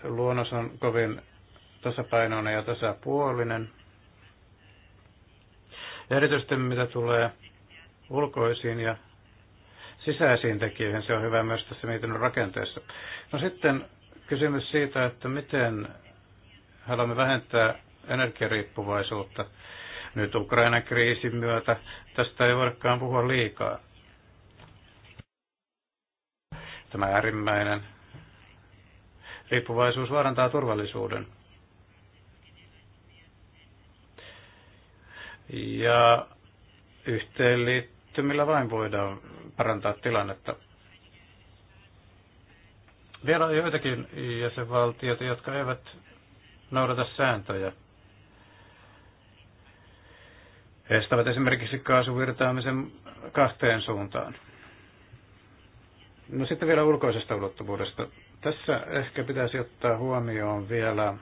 Luonnos on kovin tasapainoinen ja tasapuolinen. Erityisesti mitä tulee ulkoisiin ja sisäisiin tekijöihin. Se on hyvä myös tässä mietinnön rakenteessa. No sitten kysymys siitä, että miten haluamme vähentää energiariippuvaisuutta nyt Ukrainan kriisin myötä. Tästä ei voidakaan puhua liikaa. Tämä äärimmäinen riippuvaisuus vaarantaa turvallisuuden. Ja yhteenliittymillä vain voidaan parantaa tilannetta. Vielä on joitakin jäsenvaltioita, jotka eivät noudata sääntöjä. Estävät esimerkiksi kaasuvirtaamisen kahteen suuntaan. No sitten vielä ulkoisesta ulottuvuudesta. Tässä ehkä pitäisi ottaa huomioon vielä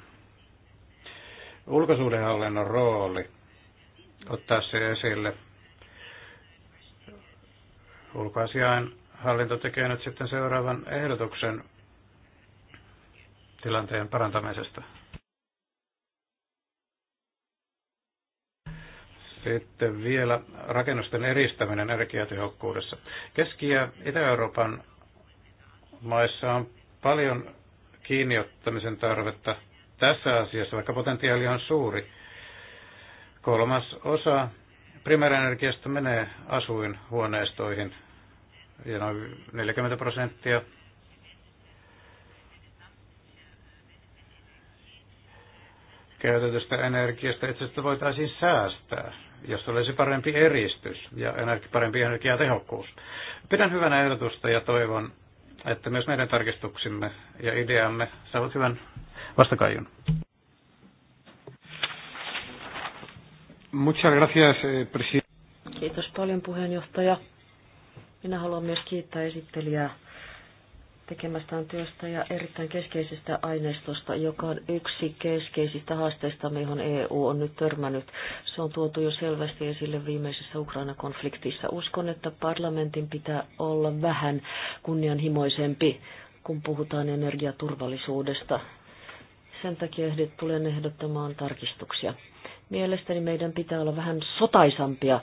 ulkosuudenhallinnon rooli, ottaa se esille – Ulkoasiain hallinto tekee nyt sitten seuraavan ehdotuksen tilanteen parantamisesta. Sitten vielä rakennusten eristäminen energiatehokkuudessa. Keski- ja Itä-Euroopan maissa on paljon kiinniottamisen tarvetta tässä asiassa, vaikka potentiaali on suuri. Kolmas osa primäärienergiasta menee asuinhuoneistoihin ja noin 40 prosenttia. käytetystä energiasta itse asiassa voitaisiin säästää, jos olisi parempi eristys ja energi- parempi energiatehokkuus. Pidän hyvänä ehdotusta ja toivon, että myös meidän tarkistuksimme ja ideamme saavat hyvän vastakaijun. Muchas gracias, eh, presidente. Kiitos paljon puheenjohtaja. Minä haluan myös kiittää esittelijää tekemästään työstä ja erittäin keskeisestä aineistosta, joka on yksi keskeisistä haasteista, mihin EU on nyt törmännyt. Se on tuotu jo selvästi esille viimeisessä Ukraina-konfliktissa. Uskon, että parlamentin pitää olla vähän kunnianhimoisempi, kun puhutaan energiaturvallisuudesta. Sen takia tulen ehdottamaan tarkistuksia Mielestäni meidän pitää olla vähän sotaisampia,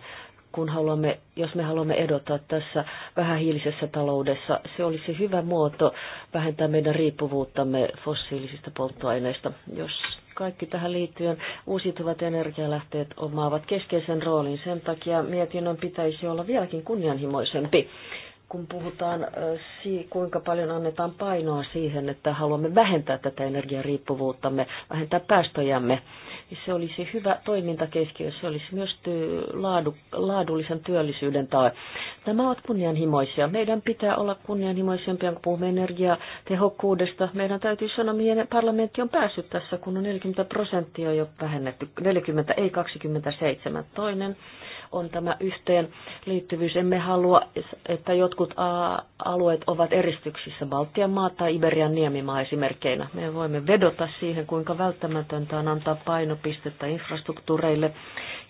kun haluamme, jos me haluamme edota tässä vähähiilisessä taloudessa. Se olisi hyvä muoto vähentää meidän riippuvuuttamme fossiilisista polttoaineista, jos kaikki tähän liittyen uusiutuvat energialähteet omaavat keskeisen roolin. Sen takia mietinnön pitäisi olla vieläkin kunnianhimoisempi kun puhutaan kuinka paljon annetaan painoa siihen, että haluamme vähentää tätä energiariippuvuuttamme, vähentää päästöjämme se olisi hyvä toimintakeskiö, se olisi myös ty- laadu- laadullisen työllisyyden tae. Nämä ovat kunnianhimoisia. Meidän pitää olla kunnianhimoisempia, kun puhumme energiatehokkuudesta. Meidän täytyy sanoa, mihin parlamentti on päässyt tässä, kun on 40 prosenttia jo vähennetty. 40, ei 27. Toinen on tämä yhteen liittyvyys. Emme halua, että jotkut alueet ovat eristyksissä, Baltian maa tai Iberian niemimaa esimerkkeinä. Me voimme vedota siihen, kuinka välttämätöntä on antaa painopistettä infrastruktuureille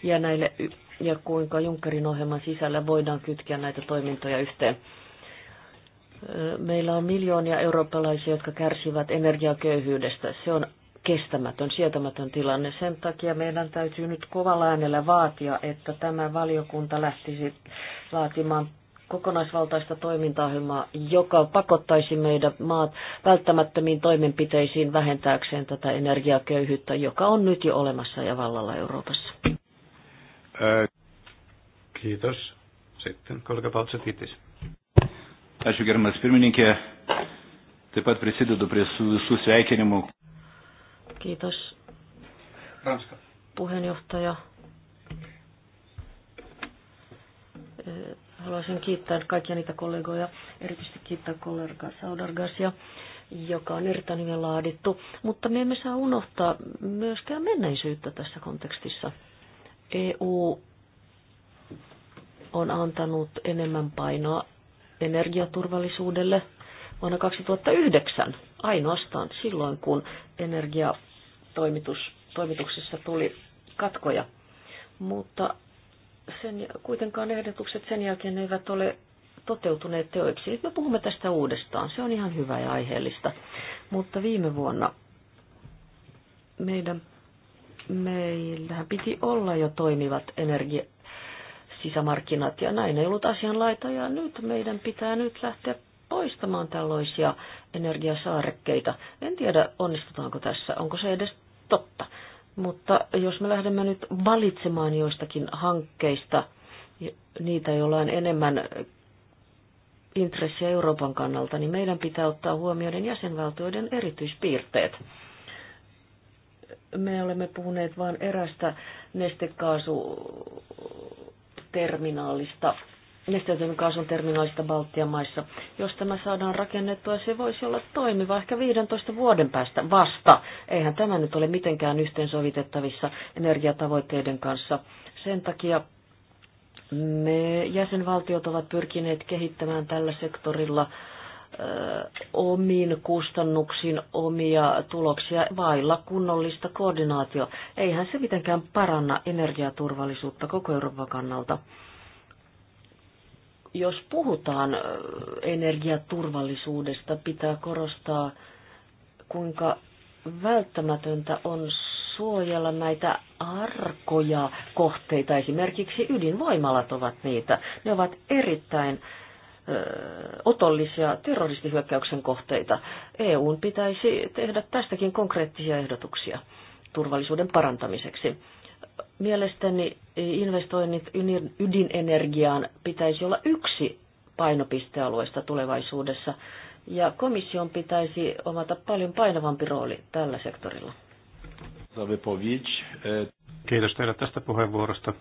ja, näille, ja kuinka Junckerin ohjelman sisällä voidaan kytkeä näitä toimintoja yhteen. Meillä on miljoonia eurooppalaisia, jotka kärsivät energiaköyhyydestä. Se on kestämätön, sietämätön tilanne. Sen takia meidän täytyy nyt kovalla äänellä vaatia, että tämä valiokunta lähtisi laatimaan kokonaisvaltaista toimintaohjelmaa, joka pakottaisi meidät maat välttämättömiin toimenpiteisiin vähentääkseen tätä energiaköyhyyttä, joka on nyt jo olemassa ja vallalla Euroopassa. Ää, kiitos. Sitten kollega Paltsatitis. Ačiū gerbiamas pirmininkė. Taip pat prisidedu prie visų sveikinimų Kiitos. Ranska. Puheenjohtaja. Haluaisin kiittää kaikkia niitä kollegoja, erityisesti kiittää kollega Saudargasia, joka on erittäin hyvin laadittu. Mutta me emme saa unohtaa myöskään menneisyyttä tässä kontekstissa. EU on antanut enemmän painoa energiaturvallisuudelle vuonna 2009 ainoastaan silloin, kun energiatoimituksessa tuli katkoja. Mutta sen, kuitenkaan ehdotukset sen jälkeen eivät ole toteutuneet teoiksi. Nyt me puhumme tästä uudestaan. Se on ihan hyvä ja aiheellista. Mutta viime vuonna meidän, meillähän piti olla jo toimivat energia, sisämarkkinat ja näin ei ollut asianlaita ja nyt meidän pitää nyt lähteä poistamaan tällaisia energiasaarekkeita. En tiedä, onnistutaanko tässä, onko se edes totta. Mutta jos me lähdemme nyt valitsemaan joistakin hankkeista, niitä, joilla on enemmän intressiä Euroopan kannalta, niin meidän pitää ottaa huomioiden jäsenvaltioiden erityispiirteet. Me olemme puhuneet vain erästä nestekaasu nesteytetyn kaasun terminaalista Baltian maissa. Jos tämä saadaan rakennettua, se voisi olla toimiva ehkä 15 vuoden päästä vasta. Eihän tämä nyt ole mitenkään yhteensovitettavissa energiatavoitteiden kanssa. Sen takia me jäsenvaltiot ovat pyrkineet kehittämään tällä sektorilla omiin kustannuksiin omia tuloksia vailla kunnollista koordinaatio. Eihän se mitenkään paranna energiaturvallisuutta koko Euroopan kannalta. Jos puhutaan energiaturvallisuudesta, pitää korostaa, kuinka välttämätöntä on suojella näitä arkoja kohteita. Esimerkiksi ydinvoimalat ovat niitä. Ne ovat erittäin otollisia terroristihyökkäyksen kohteita. EUn pitäisi tehdä tästäkin konkreettisia ehdotuksia turvallisuuden parantamiseksi. Mielestäni investoinnit ydinenergiaan pitäisi olla yksi painopistealueista tulevaisuudessa, ja komission pitäisi omata paljon painavampi rooli tällä sektorilla. E, Kiitos teille tästä puheenvuorosta.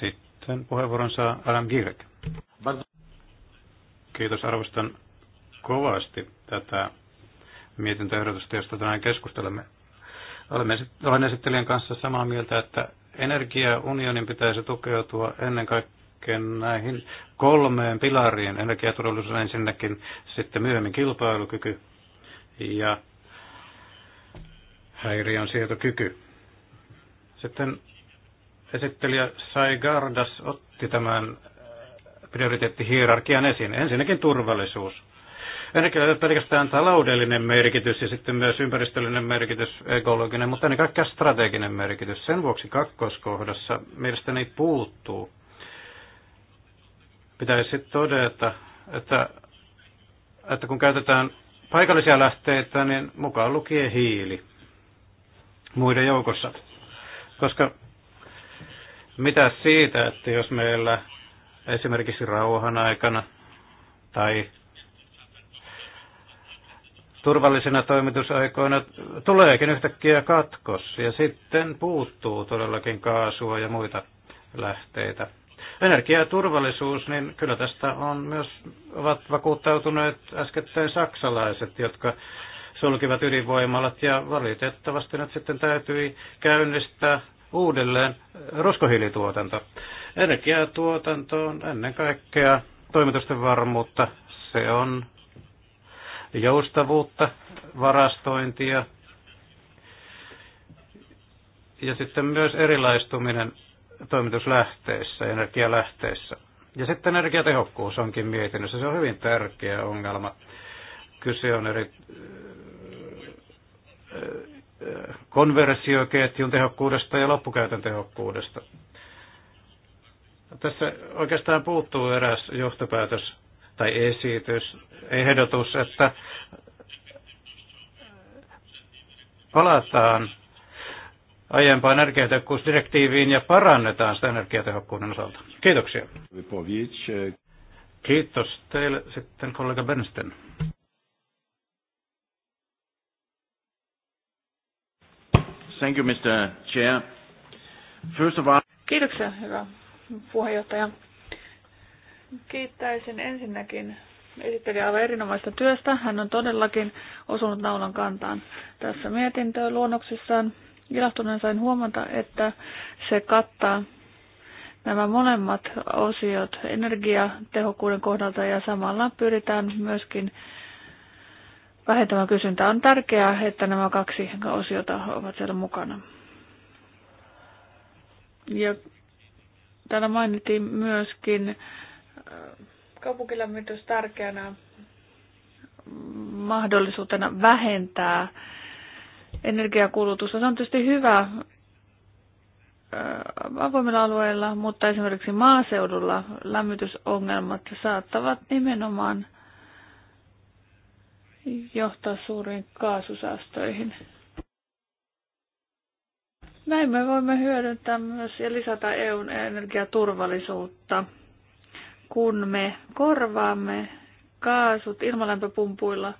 Sitten puheenvuoron saa Adam Girek. Kiitos, arvostan kovasti tätä mietintöehdotusta, josta tänään keskustelemme. Olemme, olen esittelijän kanssa samaa mieltä, että energiaunionin pitäisi tukeutua ennen kaikkea näihin kolmeen pilariin. Energiaturvallisuus ensinnäkin, sitten myöhemmin kilpailukyky ja häiriön sietokyky. Sitten esittelijä Sai Gardas otti tämän äh, prioriteettihierarkian esiin. Ensinnäkin turvallisuus Energialla ei pelkästään taloudellinen merkitys ja sitten myös ympäristöllinen merkitys, ekologinen, mutta ennen kaikkea strateginen merkitys. Sen vuoksi kakkoskohdassa mielestäni puuttuu. Pitäisi todeta, että, että kun käytetään paikallisia lähteitä, niin mukaan lukee hiili muiden joukossa. Koska mitä siitä, että jos meillä esimerkiksi rauhan aikana tai turvallisina toimitusaikoina tuleekin yhtäkkiä katkos ja sitten puuttuu todellakin kaasua ja muita lähteitä. Energia ja turvallisuus, niin kyllä tästä on myös, ovat vakuuttautuneet äskettäin saksalaiset, jotka sulkivat ydinvoimalat ja valitettavasti nyt sitten täytyi käynnistää uudelleen ruskohiilituotanto. Energiatuotanto on ennen kaikkea toimitusten varmuutta. Se on joustavuutta, varastointia ja sitten myös erilaistuminen toimituslähteissä, energialähteissä. Ja sitten energiatehokkuus onkin mietinnössä. Se on hyvin tärkeä ongelma. Kyse on eri konversioketjun tehokkuudesta ja loppukäytön tehokkuudesta. Tässä oikeastaan puuttuu eräs johtopäätös tai esitys, ehdotus, että palataan aiempaan energiatehokkuusdirektiiviin ja parannetaan sitä energiatehokkuuden osalta. Kiitoksia. E, Kiitos teille sitten kollega Bernsten. Thank you, Mr. Chair. First of all... Kiitoksia, hyvä puheenjohtaja. Kiittäisin ensinnäkin esittelijä aivan erinomaista työstä. Hän on todellakin osunut naulan kantaan tässä mietintöön luonnoksissaan. Ilahtuneen sain huomata, että se kattaa nämä molemmat osiot energiatehokkuuden kohdalta ja samalla pyritään myöskin vähentämään kysyntää. On tärkeää, että nämä kaksi osiota ovat siellä mukana. Ja täällä mainittiin myöskin kaupunkilämmitys tärkeänä mahdollisuutena vähentää energiakulutusta. Se on tietysti hyvä avoimilla alueilla, mutta esimerkiksi maaseudulla lämmitysongelmat saattavat nimenomaan johtaa suuriin kaasusäästöihin. Näin me voimme hyödyntää myös ja lisätä EUn energiaturvallisuutta kun me korvaamme kaasut ilmalämpöpumpuilla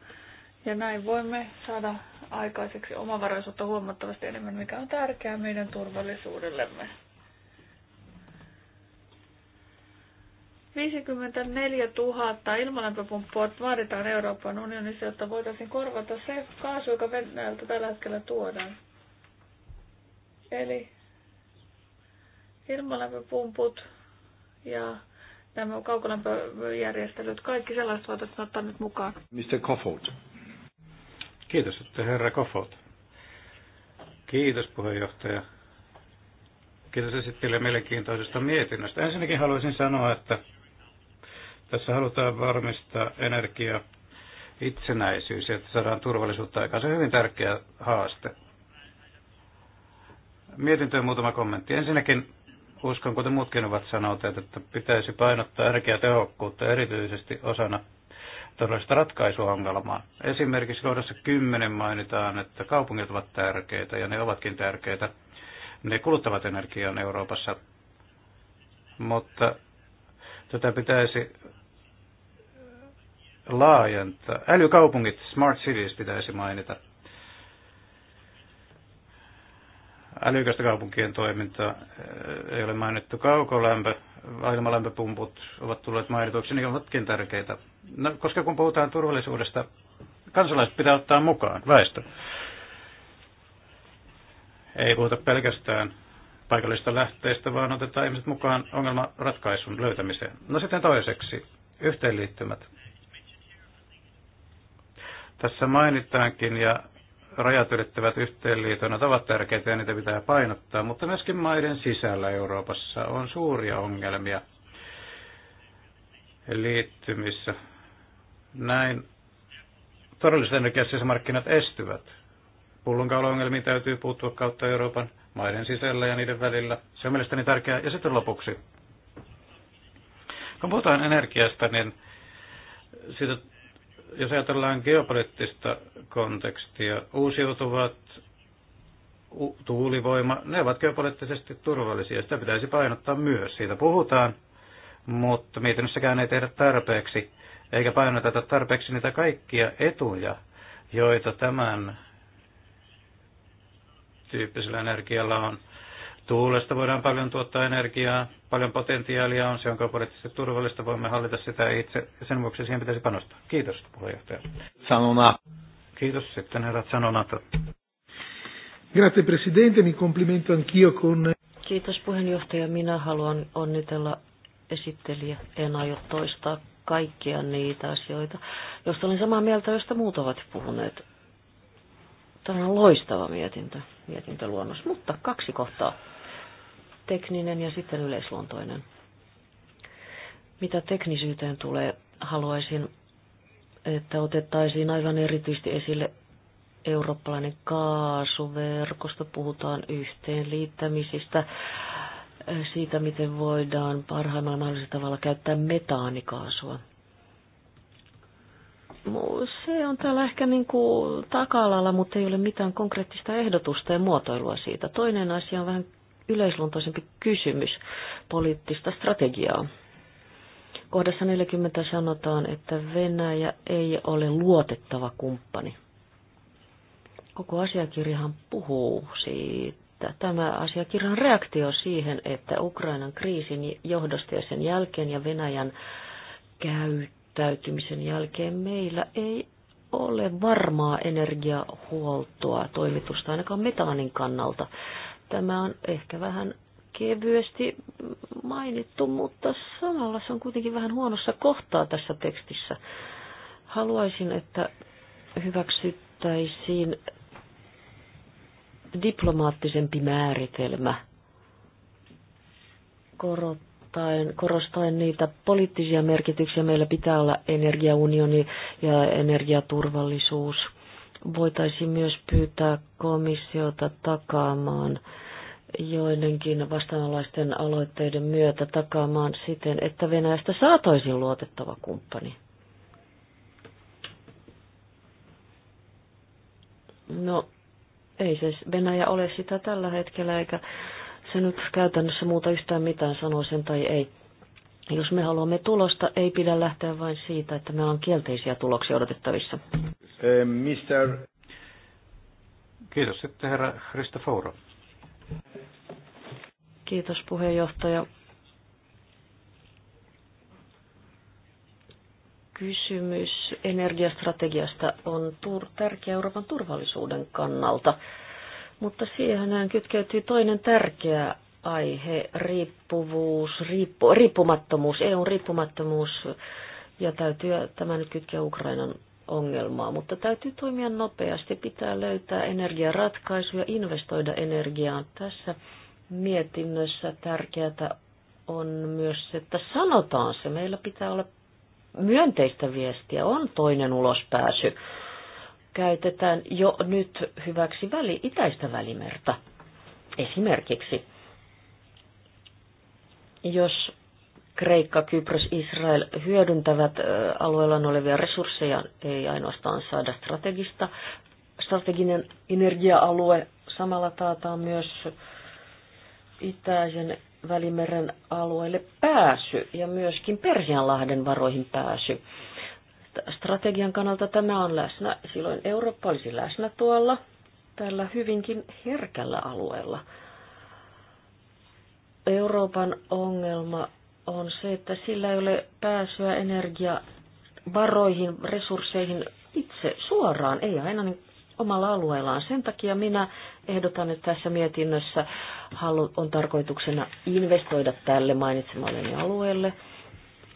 ja näin voimme saada aikaiseksi omavaraisuutta huomattavasti enemmän, mikä on tärkeää meidän turvallisuudellemme. 54 000 ilmalämpöpumppua vaaditaan Euroopan unionissa, jotta voitaisiin korvata se kaasu, joka Venäjältä tällä hetkellä tuodaan. Eli ilmalämpöpumput ja nämä kaukolämpöjärjestelyt, kaikki sellaiset voitaisiin ottaa nyt mukaan. Mr. Kofout. Kiitos, että herra Kofout. Kiitos puheenjohtaja. Kiitos esittelijä mielenkiintoisesta mietinnöstä. Ensinnäkin haluaisin sanoa, että tässä halutaan varmistaa energia itsenäisyys ja että saadaan turvallisuutta aikaan. Se on hyvin tärkeä haaste. Mietintöön muutama kommentti. Ensinnäkin uskon, kuten muutkin ovat sanoneet, että pitäisi painottaa energiatehokkuutta erityisesti osana todellista ratkaisuongelmaa. Esimerkiksi kohdassa 10 mainitaan, että kaupungit ovat tärkeitä ja ne ovatkin tärkeitä. Ne kuluttavat energiaa Euroopassa, mutta tätä pitäisi laajentaa. Älykaupungit, smart cities pitäisi mainita. älykästä kaupunkien toimintaa äh, ei ole mainittu. Kaukolämpö, ilmalämpöpumput ovat tulleet mainituiksi, niin ovatkin tärkeitä. No, koska kun puhutaan turvallisuudesta, kansalaiset pitää ottaa mukaan, väestö. Ei puhuta pelkästään paikallista lähteistä, vaan otetaan ihmiset mukaan ongelmanratkaisun löytämiseen. No sitten toiseksi, yhteenliittymät. Tässä mainitaankin, ja rajat ylittävät yhteenliitonat ovat tärkeitä ja niitä pitää painottaa, mutta myöskin maiden sisällä Euroopassa on suuria ongelmia liittymissä. Näin todelliset markkinat estyvät. Pullonkaulaongelmiin täytyy puuttua kautta Euroopan maiden sisällä ja niiden välillä. Se on mielestäni tärkeää. Ja sitten lopuksi. Kun puhutaan energiasta, niin siitä jos ajatellaan geopoliittista kontekstia, uusiutuvat tuulivoima, ne ovat geopoliittisesti turvallisia. Sitä pitäisi painottaa myös. Siitä puhutaan, mutta mietinnössäkään ei tehdä tarpeeksi, eikä painoteta tarpeeksi niitä kaikkia etuja, joita tämän tyyppisellä energialla on. Tuulesta voidaan paljon tuottaa energiaa, paljon potentiaalia on, se on kaupallisesti turvallista, voimme hallita sitä itse, sen vuoksi siihen pitäisi panostaa. Kiitos puheenjohtaja. Sanona. Kiitos sitten herrat sanonata. Grazie Presidente, mi complimento anch'io con... Kiitos puheenjohtaja, minä haluan onnitella esittelijä, en aio toistaa kaikkia niitä asioita, joista olen samaa mieltä, joista muut ovat puhuneet. Tämä on loistava mietintö, mietintöluonnos, mutta kaksi kohtaa tekninen ja sitten yleisluontoinen. Mitä teknisyyteen tulee, haluaisin, että otettaisiin aivan erityisesti esille eurooppalainen kaasuverkosto. Puhutaan yhteenliittämisistä, siitä miten voidaan parhaimmalla mahdollisella tavalla käyttää metaanikaasua se on täällä ehkä niin kuin taka-alalla, mutta ei ole mitään konkreettista ehdotusta ja muotoilua siitä. Toinen asia on vähän yleisluontoisempi kysymys poliittista strategiaa. Kohdassa 40 sanotaan, että Venäjä ei ole luotettava kumppani. Koko asiakirjahan puhuu siitä. Tämä asiakirja on reaktio siihen, että Ukrainan kriisin johdosta ja sen jälkeen ja Venäjän käyttäytymisen jälkeen meillä ei ole varmaa energiahuoltoa toimitusta ainakaan metaanin kannalta. Tämä on ehkä vähän kevyesti mainittu, mutta samalla se on kuitenkin vähän huonossa kohtaa tässä tekstissä. Haluaisin, että hyväksyttäisiin diplomaattisempi määritelmä korottaen, korostaen niitä poliittisia merkityksiä. Meillä pitää olla energiaunioni ja energiaturvallisuus, voitaisiin myös pyytää komissiota takaamaan joidenkin vastaanalaisten aloitteiden myötä takaamaan siten, että Venäjästä saataisiin luotettava kumppani. No, ei se Venäjä ole sitä tällä hetkellä, eikä se nyt käytännössä muuta yhtään mitään, sanoo sen tai ei. Jos me haluamme tulosta, ei pidä lähteä vain siitä, että meillä on kielteisiä tuloksia odotettavissa. Eh, mister... Kiitos sitten herra Kristofouro. Kiitos puheenjohtaja. Kysymys energiastrategiasta on tärkeä Euroopan turvallisuuden kannalta, mutta siihen kytkeytyy toinen tärkeä aihe, riippuvuus, riippu, riippumattomuus, EUn riippumattomuus, ja täytyy tämä nyt kytkeä Ukrainan ongelmaa, mutta täytyy toimia nopeasti, pitää löytää energiaratkaisuja, investoida energiaan. Tässä mietinnössä tärkeää on myös se, että sanotaan se, meillä pitää olla myönteistä viestiä, on toinen ulospääsy. Käytetään jo nyt hyväksi väli, itäistä välimerta esimerkiksi. Jos Kreikka, Kypros, Israel hyödyntävät alueellaan olevia resursseja, ei ainoastaan saada strategista, strateginen energia-alue, samalla taataan myös itäisen Välimeren alueelle pääsy ja myöskin Persianlahden varoihin pääsy. Strategian kannalta tämä on läsnä. Silloin Eurooppa olisi läsnä tuolla tällä hyvinkin herkällä alueella. Euroopan ongelma on se, että sillä ei ole pääsyä energiavaroihin, resursseihin itse suoraan, ei aina niin omalla alueellaan. Sen takia minä ehdotan, että tässä mietinnössä on tarkoituksena investoida tälle mainitsemalleni alueelle.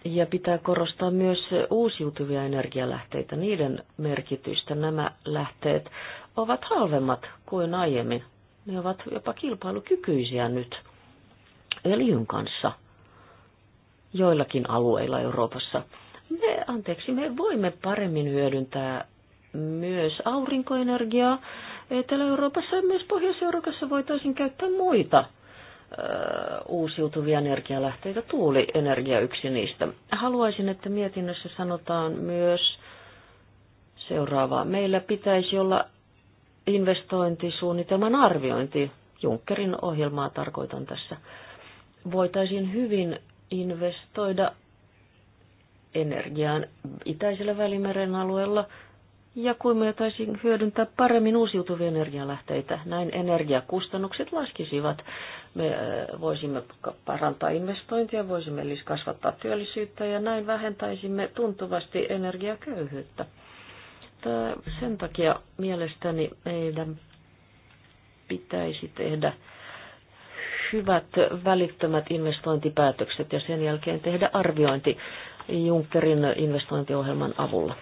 Ja pitää korostaa myös uusiutuvia energialähteitä, niiden merkitystä. Nämä lähteet ovat halvemmat kuin aiemmin. Ne ovat jopa kilpailukykyisiä nyt öljyn kanssa joillakin alueilla Euroopassa. Me, anteeksi, me voimme paremmin hyödyntää myös aurinkoenergiaa. Etelä-Euroopassa ja myös Pohjois-Euroopassa voitaisiin käyttää muita uusiutuvia energialähteitä, tuulienergia yksi niistä. Haluaisin, että mietinnössä sanotaan myös seuraavaa. Meillä pitäisi olla investointisuunnitelman arviointi. Junckerin ohjelmaa tarkoitan tässä voitaisiin hyvin investoida energiaan itäisellä välimeren alueella ja kuin me taisin hyödyntää paremmin uusiutuvia energialähteitä. Näin energiakustannukset laskisivat. Me äh, voisimme parantaa investointia, voisimme kasvattaa työllisyyttä ja näin vähentäisimme tuntuvasti energiaköyhyyttä. Sen takia mielestäni meidän pitäisi tehdä hyvät välittömät investointipäätökset ja sen jälkeen tehdä arviointi Junckerin investointiohjelman avulla.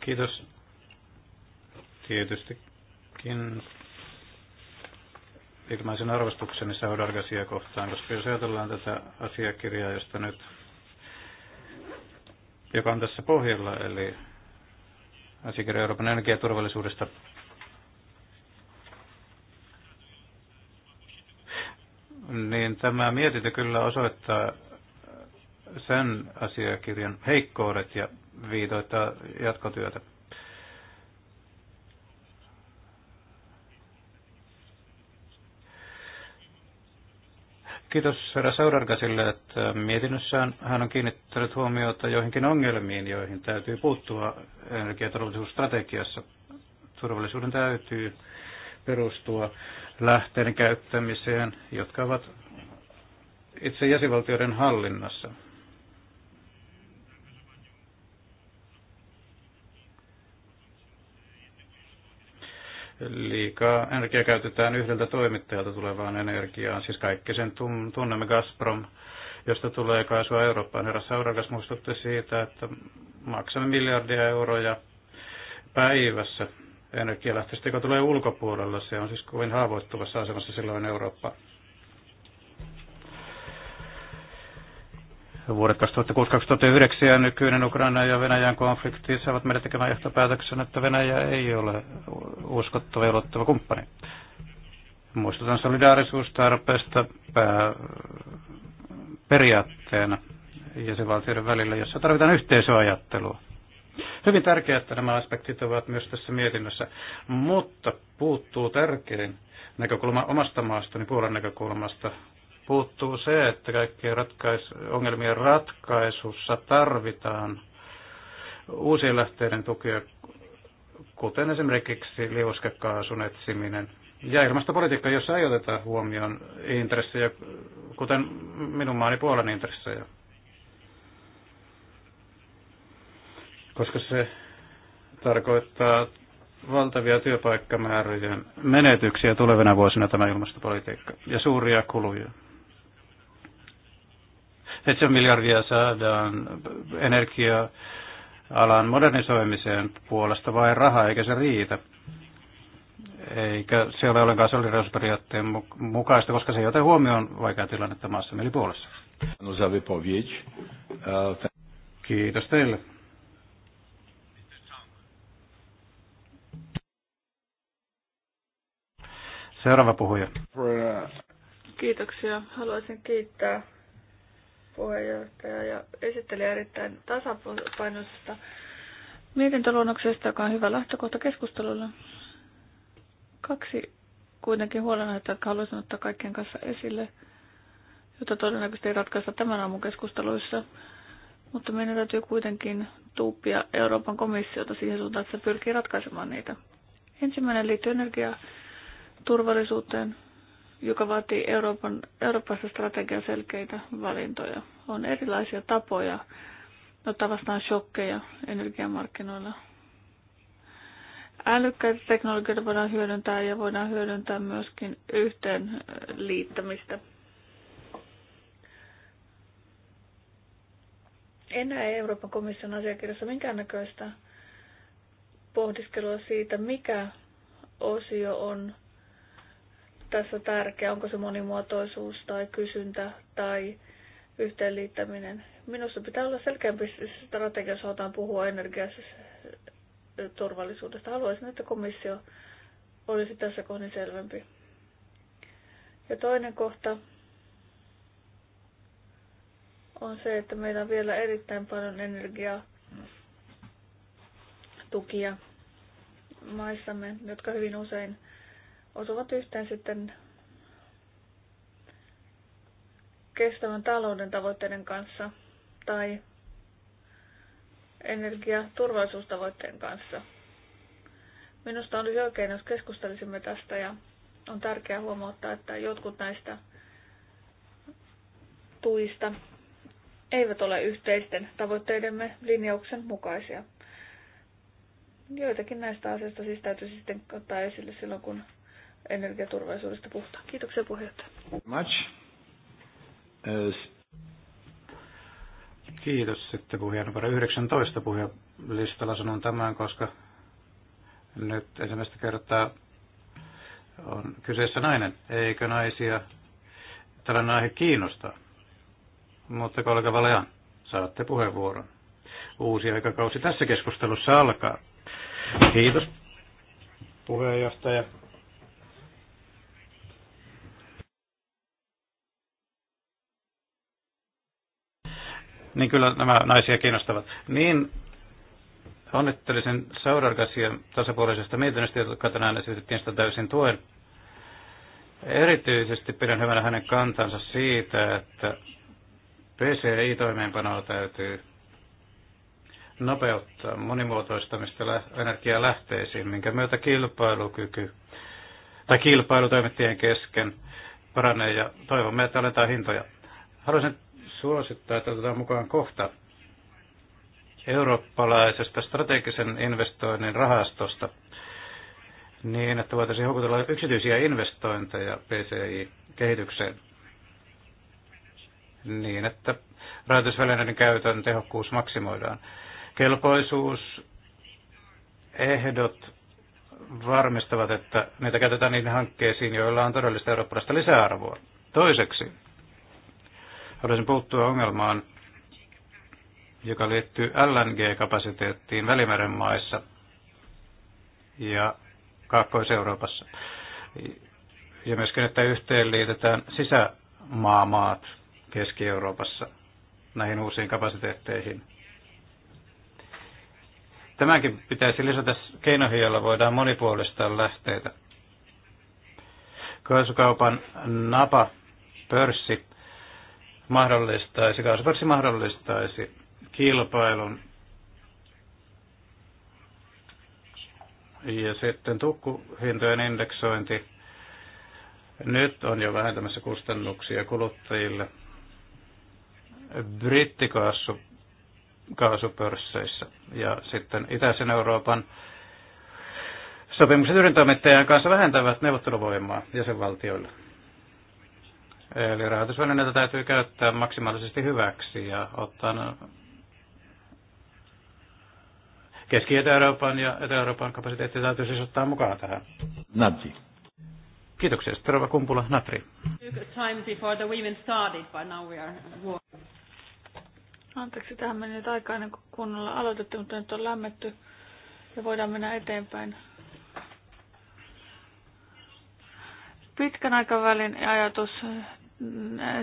Kiitos. Tietystikin ilmaisen arvostukseni Saudar Garcia kohtaan, koska jos ajatellaan tätä asiakirjaa, josta nyt, joka on tässä pohjalla, eli asiakirja Euroopan energiaturvallisuudesta. Niin tämä mietintö kyllä osoittaa sen asiakirjan heikkoudet ja viitoittaa jatkotyötä. Kiitos herra Saudargasille, että mietinnössään hän on kiinnittänyt huomiota joihinkin ongelmiin, joihin täytyy puuttua energiaturvallisuusstrategiassa. Turvallisuuden täytyy perustua lähteiden käyttämiseen, jotka ovat itse jäsenvaltioiden hallinnassa. liikaa energiaa käytetään yhdeltä toimittajalta tulevaan energiaan. Siis kaikki sen tunnemme Gazprom, josta tulee kaasua Eurooppaan. Herra Saurakas muistutti siitä, että maksamme miljardia euroja päivässä energialähteistä, joka tulee ulkopuolella. Se on siis kovin haavoittuvassa asemassa silloin Eurooppa. Vuodet 2006-2009 ja nykyinen Ukraina ja Venäjän konflikti saavat meidät tekemään johtopäätöksen, että Venäjä ei ole uskottava ja luottava kumppani. Muistutan solidaarisuustarpeesta pää, periaatteena jäsenvaltioiden välillä, jossa tarvitaan yhteisöajattelua. Hyvin tärkeää, että nämä aspektit ovat myös tässä mietinnössä, mutta puuttuu tärkein näkökulma omasta maastani, Puolan näkökulmasta, puuttuu se, että kaikkien ratkais- ongelmien ratkaisussa tarvitaan uusien lähteiden tukea, kuten esimerkiksi liuskekaasun etsiminen ja ilmastopolitiikka, jossa ei oteta huomioon intressejä, kuten minun maani Puolan intressejä. Koska se tarkoittaa valtavia työpaikkamäärien menetyksiä tulevina vuosina tämä ilmastopolitiikka ja suuria kuluja. 7 miljardia saadaan energia-alan modernisoimiseen puolesta vain raha eikä se riitä. Eikä se ole ollenkaan solidarisuusperiaatteen mukaista, koska se ei ota huomioon vaikea tilannetta maassa eli puolessa. No, uh, Kiitos teille. Seuraava puhuja. Kiitoksia. Haluaisin kiittää puheenjohtaja ja esitteli erittäin tasapainoisesta mietintöluonnoksesta, joka on hyvä lähtökohta keskustelulle. Kaksi kuitenkin huolenaihetta, jotka haluaisin ottaa kaikkien kanssa esille, jota todennäköisesti ei ratkaista tämän aamun keskusteluissa. Mutta meidän täytyy kuitenkin tuuppia Euroopan komissiota siihen suuntaan, että se pyrkii ratkaisemaan niitä. Ensimmäinen liittyy energiaturvallisuuteen joka vaatii Euroopan, Euroopassa strategian selkeitä valintoja. On erilaisia tapoja ottaa vastaan shokkeja energiamarkkinoilla. Älykkäitä teknologioita voidaan hyödyntää ja voidaan hyödyntää myöskin yhteen liittämistä. En näe Euroopan komission asiakirjassa minkäännäköistä pohdiskelua siitä, mikä osio on tässä tärkeä, onko se monimuotoisuus tai kysyntä tai yhteenliittäminen. Minusta pitää olla selkeämpi strategia, jos halutaan puhua energiassa turvallisuudesta. Haluaisin, että komissio olisi tässä kohdin selvempi. Ja toinen kohta on se, että meillä on vielä erittäin paljon energiaa tukia maissamme, jotka hyvin usein osuvat yhteen sitten kestävän talouden tavoitteiden kanssa tai energiaturvallisuustavoitteen kanssa. Minusta olisi oikein, jos keskustelisimme tästä ja on tärkeää huomauttaa, että jotkut näistä tuista eivät ole yhteisten tavoitteidemme linjauksen mukaisia. Joitakin näistä asioista siis täytyisi sitten ottaa esille silloin, kun energiaturvallisuudesta puhutaan. Kiitoksia puheenjohtaja. Much. Kiitos. Sitten puheen numero 19 puheenlistalla sanon tämän, koska nyt ensimmäistä kertaa on kyseessä nainen. Eikö naisia tällainen aihe kiinnostaa? Mutta kollega Valean, saatte puheenvuoron. Uusi aikakausi tässä keskustelussa alkaa. Kiitos puheenjohtaja. niin kyllä nämä naisia kiinnostavat. Niin onnittelisin Saurarkasia tasapuolisesta mietinnöstä, jotka tänään esitettiin sitä täysin tuen. Erityisesti pidän hyvänä hänen kantansa siitä, että PCI-toimeenpanoa täytyy nopeuttaa monimuotoistamista energialähteisiin, minkä myötä kilpailukyky tai kilpailutoimittajien kesken paranee ja toivomme, että aletaan hintoja. Haluaisin suosittaa, että otetaan mukaan kohta eurooppalaisesta strategisen investoinnin rahastosta niin, että voitaisiin houkutella yksityisiä investointeja PCI-kehitykseen niin, että rahoitusvälineiden käytön tehokkuus maksimoidaan. kelpoisuus ehdot varmistavat, että niitä käytetään niihin hankkeisiin, joilla on todellista eurooppalaista lisäarvoa. Toiseksi Haluaisin puuttua ongelmaan, joka liittyy LNG-kapasiteettiin Välimeren maissa ja Kaakkois-Euroopassa. Ja myöskin, että yhteenliitetään sisämaamaat Keski-Euroopassa näihin uusiin kapasiteetteihin. Tämänkin pitäisi lisätä keinoihin, joilla voidaan monipuolistaa lähteitä. Kaasukaupan napa pörssi mahdollistaisi, kaasupörssi mahdollistaisi kilpailun. Ja sitten tukkuhintojen indeksointi nyt on jo vähentämässä kustannuksia kuluttajille brittikaasupörsseissä ja sitten Itäisen Euroopan sopimukset yrintoimittajan kanssa vähentävät neuvotteluvoimaa jäsenvaltioille. Eli rahoitusvälineitä täytyy käyttää maksimaalisesti hyväksi ja ottaa Keski- Etä-Euroopan ja Etä-Euroopan kapasiteetti täytyy siis ottaa mukaan tähän. Natsi. Kiitoksia. Terve Kumpula, Natri. Anteeksi, tähän meni nyt aikaa ennen kuin kunnolla aloitettu, mutta nyt on lämmetty ja voidaan mennä eteenpäin. Pitkän aikavälin ajatus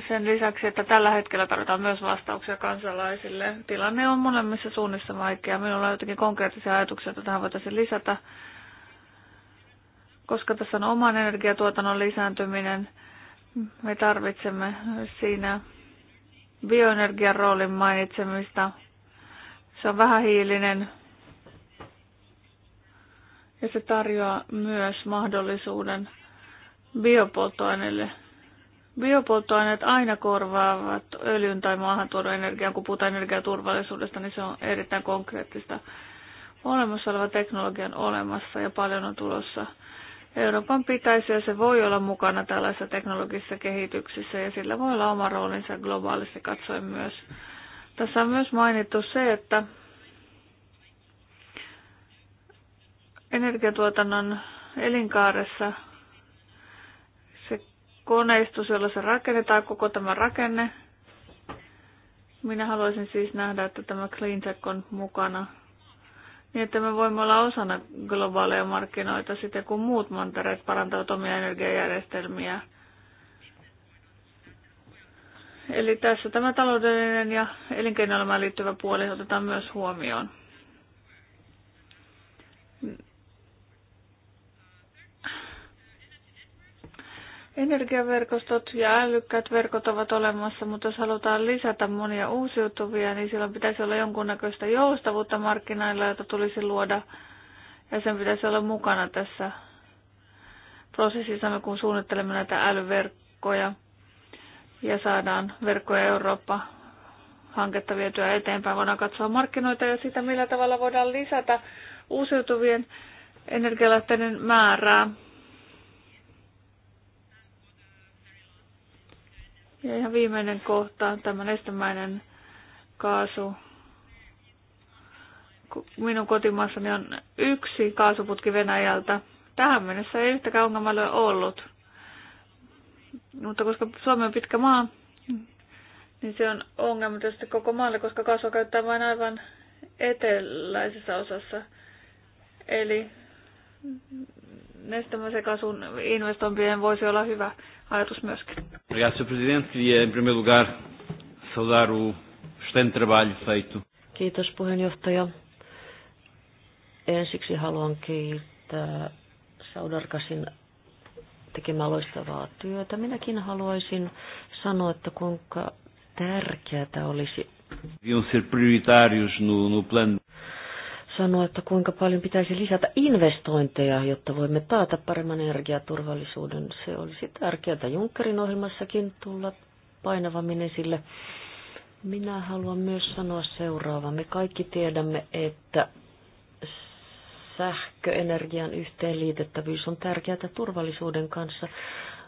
sen lisäksi, että tällä hetkellä tarvitaan myös vastauksia kansalaisille. Tilanne on molemmissa suunnissa vaikea. Minulla on jotenkin konkreettisia ajatuksia, että tähän voitaisiin lisätä, koska tässä on oman energiatuotannon lisääntyminen. Me tarvitsemme siinä bioenergian roolin mainitsemista. Se on vähähiilinen ja se tarjoaa myös mahdollisuuden biopolttoaineille – biopolttoaineet aina korvaavat öljyn tai maahantuodon energian, kun puhutaan energiaturvallisuudesta, niin se on erittäin konkreettista. Olemassa oleva teknologia on olemassa ja paljon on tulossa. Euroopan pitäisi ja se voi olla mukana tällaisessa teknologisessa kehityksessä ja sillä voi olla oma roolinsa globaalisti katsoen myös. Tässä on myös mainittu se, että energiatuotannon elinkaaressa koneistus, jolla se rakennetaan, koko tämä rakenne. Minä haluaisin siis nähdä, että tämä cleantech on mukana niin että me voimme olla osana globaaleja markkinoita sitten, kun muut mantereet parantavat omia energiajärjestelmiä. Eli tässä tämä taloudellinen ja elinkeinoelämään liittyvä puoli otetaan myös huomioon. Energiaverkostot ja älykkäät verkot ovat olemassa, mutta jos halutaan lisätä monia uusiutuvia, niin silloin pitäisi olla jonkunnäköistä joustavuutta markkinoilla, jota tulisi luoda. Ja sen pitäisi olla mukana tässä prosessissa, kun suunnittelemme näitä älyverkkoja ja saadaan verkkoja Eurooppa hanketta vietyä eteenpäin. Voidaan katsoa markkinoita ja sitä, millä tavalla voidaan lisätä uusiutuvien energialähteiden määrää Ja ihan viimeinen kohta, tämä nestemäinen kaasu. Minun kotimaassani on yksi kaasuputki Venäjältä. Tähän mennessä ei yhtäkään ongelmaa ole ollut. Mutta koska Suomi on pitkä maa, niin se on ongelma tietysti koko maalle, koska kaasua käyttää vain aivan eteläisessä osassa. Eli nestemäisen kaasun investointien voisi olla hyvä ajatus myöskin. Obrigado, Sr. Presidente. Queria, em primeiro lugar, saudar o excelente trabalho feito. Kiitos, puheenjohtaja. Ensiksi haluan kiittää Saudarkasin tekemää loistavaa työtä. Minäkin haluaisin sanoa, että kuinka tärkeää olisi. Deviam ser prioritários no, no plano sanoa, että kuinka paljon pitäisi lisätä investointeja, jotta voimme taata paremman energiaturvallisuuden. Se olisi tärkeää Junckerin ohjelmassakin tulla painavammin esille. Minä haluan myös sanoa seuraavaa. Me kaikki tiedämme, että sähköenergian yhteenliitettävyys on tärkeää turvallisuuden kanssa.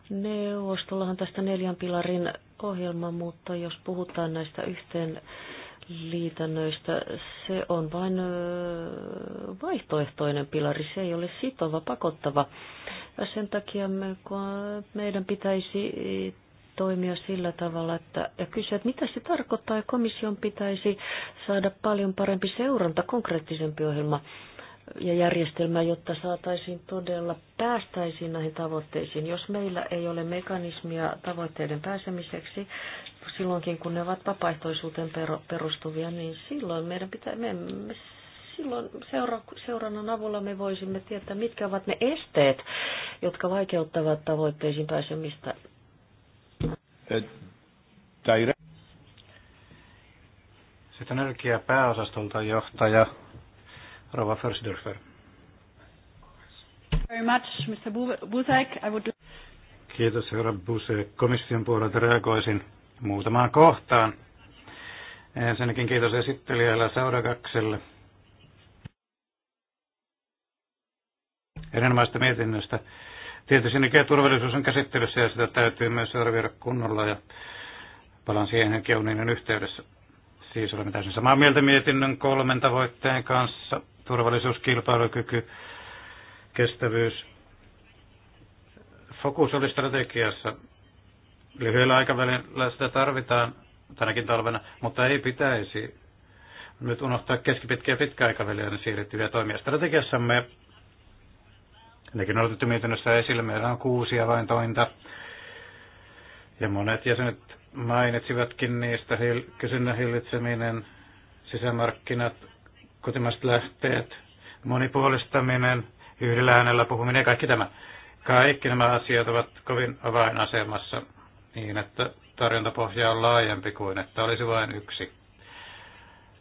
Neuvostollahan tästä neljän pilarin ohjelma, mutta jos puhutaan näistä yhteen liitännöistä, se on vain vaihtoehtoinen pilari, se ei ole sitova, pakottava. Ja sen takia me, meidän pitäisi toimia sillä tavalla, että, ja kysyä, että mitä se tarkoittaa, ja komission pitäisi saada paljon parempi seuranta, konkreettisempi ohjelma ja järjestelmää, jotta saataisiin todella päästäisiin näihin tavoitteisiin. Jos meillä ei ole mekanismia tavoitteiden pääsemiseksi, silloinkin kun ne ovat vapaaehtoisuuteen perustuvia, niin silloin meidän pitää, me emme, silloin seura, seurannan avulla me voisimme tietää, mitkä ovat ne esteet, jotka vaikeuttavat tavoitteisiin pääsemistä. Sitten energiapääosastolta johtaja Rova Fersdörfer. Very much, Mr. Busek. I would... Kiitos, herra Busek. Komission puolelta reagoisin muutamaan kohtaan. Ensinnäkin kiitos esittelijällä Saurakakselle erinomaista mietinnöstä. Tietysti nykyään niin turvallisuus on käsittelyssä ja sitä täytyy myös arvioida kunnolla ja palaan siihen keuninen yhteydessä. Siis olemme täysin samaa mieltä mietinnön kolmen tavoitteen kanssa turvallisuus, kilpailukyky, kestävyys. Fokus oli strategiassa. Lyhyellä aikavälillä sitä tarvitaan tänäkin talvena, mutta ei pitäisi nyt unohtaa keskipitkä ja pitkäaikaväliä aikaväliä niin siirrettyviä toimia. Strategiassamme, nekin on otettu mietinnössä esille, meillä on kuusi avaintointa. Ja monet jäsenet mainitsivatkin niistä, kysynnän hillitseminen, sisämarkkinat, kotimaiset lähteet, monipuolistaminen, yhdellä äänellä puhuminen ja kaikki tämä. Kaikki nämä asiat ovat kovin avainasemassa niin, että tarjontapohja on laajempi kuin että olisi vain yksi.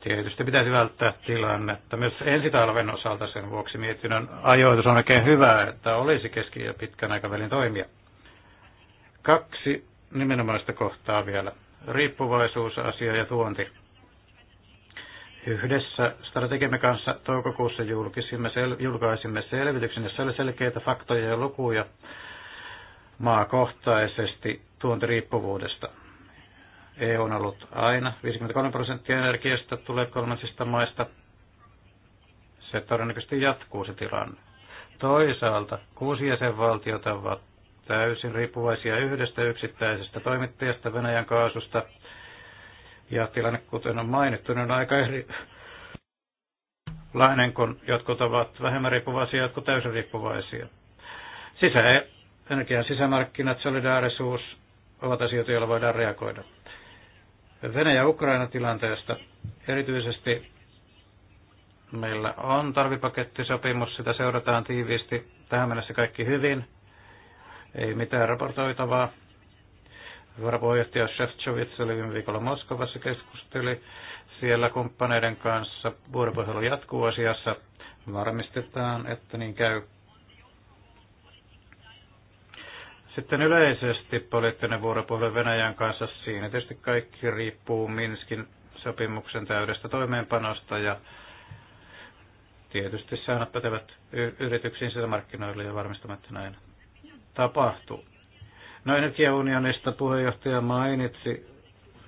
Tietysti pitäisi välttää tilannetta. Myös talven osalta sen vuoksi mietinnön ajoitus on oikein hyvä, että olisi keski- ja pitkän aikavälin toimia. Kaksi nimenomaista kohtaa vielä. Riippuvaisuusasia ja tuonti. Yhdessä strategiamme kanssa toukokuussa sel, julkaisimme selvityksen, jossa oli selkeitä faktoja ja lukuja maakohtaisesti tuontiriippuvuudesta. EU on ollut aina 53 prosenttia energiasta tulee kolmansista maista. Se todennäköisesti jatkuu se tilanne. Toisaalta kuusi jäsenvaltiota ovat täysin riippuvaisia yhdestä yksittäisestä toimittajasta Venäjän kaasusta – ja tilanne, kuten on mainittu, niin on aika eri lainen, kun jotkut ovat vähemmän riippuvaisia, jotkut täysin riippuvaisia. Sisä, energian sisämarkkinat, solidaarisuus ovat asioita, joilla voidaan reagoida. Venäjä-Ukraina tilanteesta erityisesti meillä on tarvipakettisopimus, sitä seurataan tiiviisti. Tähän mennessä kaikki hyvin, ei mitään raportoitavaa. Varapuheenjohtaja Shevchovits oli viime viikolla Moskovassa, keskusteli siellä kumppaneiden kanssa. Vuoropuhelu jatkuu asiassa. Varmistetaan, että niin käy. Sitten yleisesti poliittinen vuoropuhelu Venäjän kanssa siinä tietysti kaikki riippuu Minskin sopimuksen täydestä toimeenpanosta ja tietysti säännöt pätevät yrityksiin sisämarkkinoille ja varmistamatta näin tapahtuu. No energiaunionista puheenjohtaja mainitsi,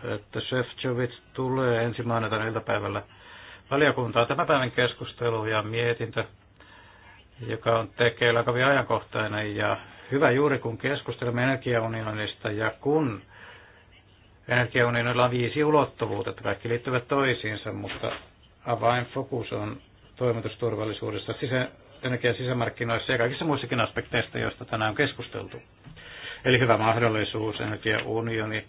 että Shevchovic tulee ensi maanantaina iltapäivällä valiokuntaa. Tämän päivän keskustelu ja mietintö, joka on tekeillä kovin ajankohtainen ja hyvä juuri kun keskustelemme energiaunionista ja kun energiaunionilla on viisi ulottuvuutta, että kaikki liittyvät toisiinsa, mutta avainfokus on toimitusturvallisuudessa, sisä, energian sisämarkkinoissa ja kaikissa muissakin aspekteissa, joista tänään on keskusteltu. Eli hyvä mahdollisuus, energiaunioni,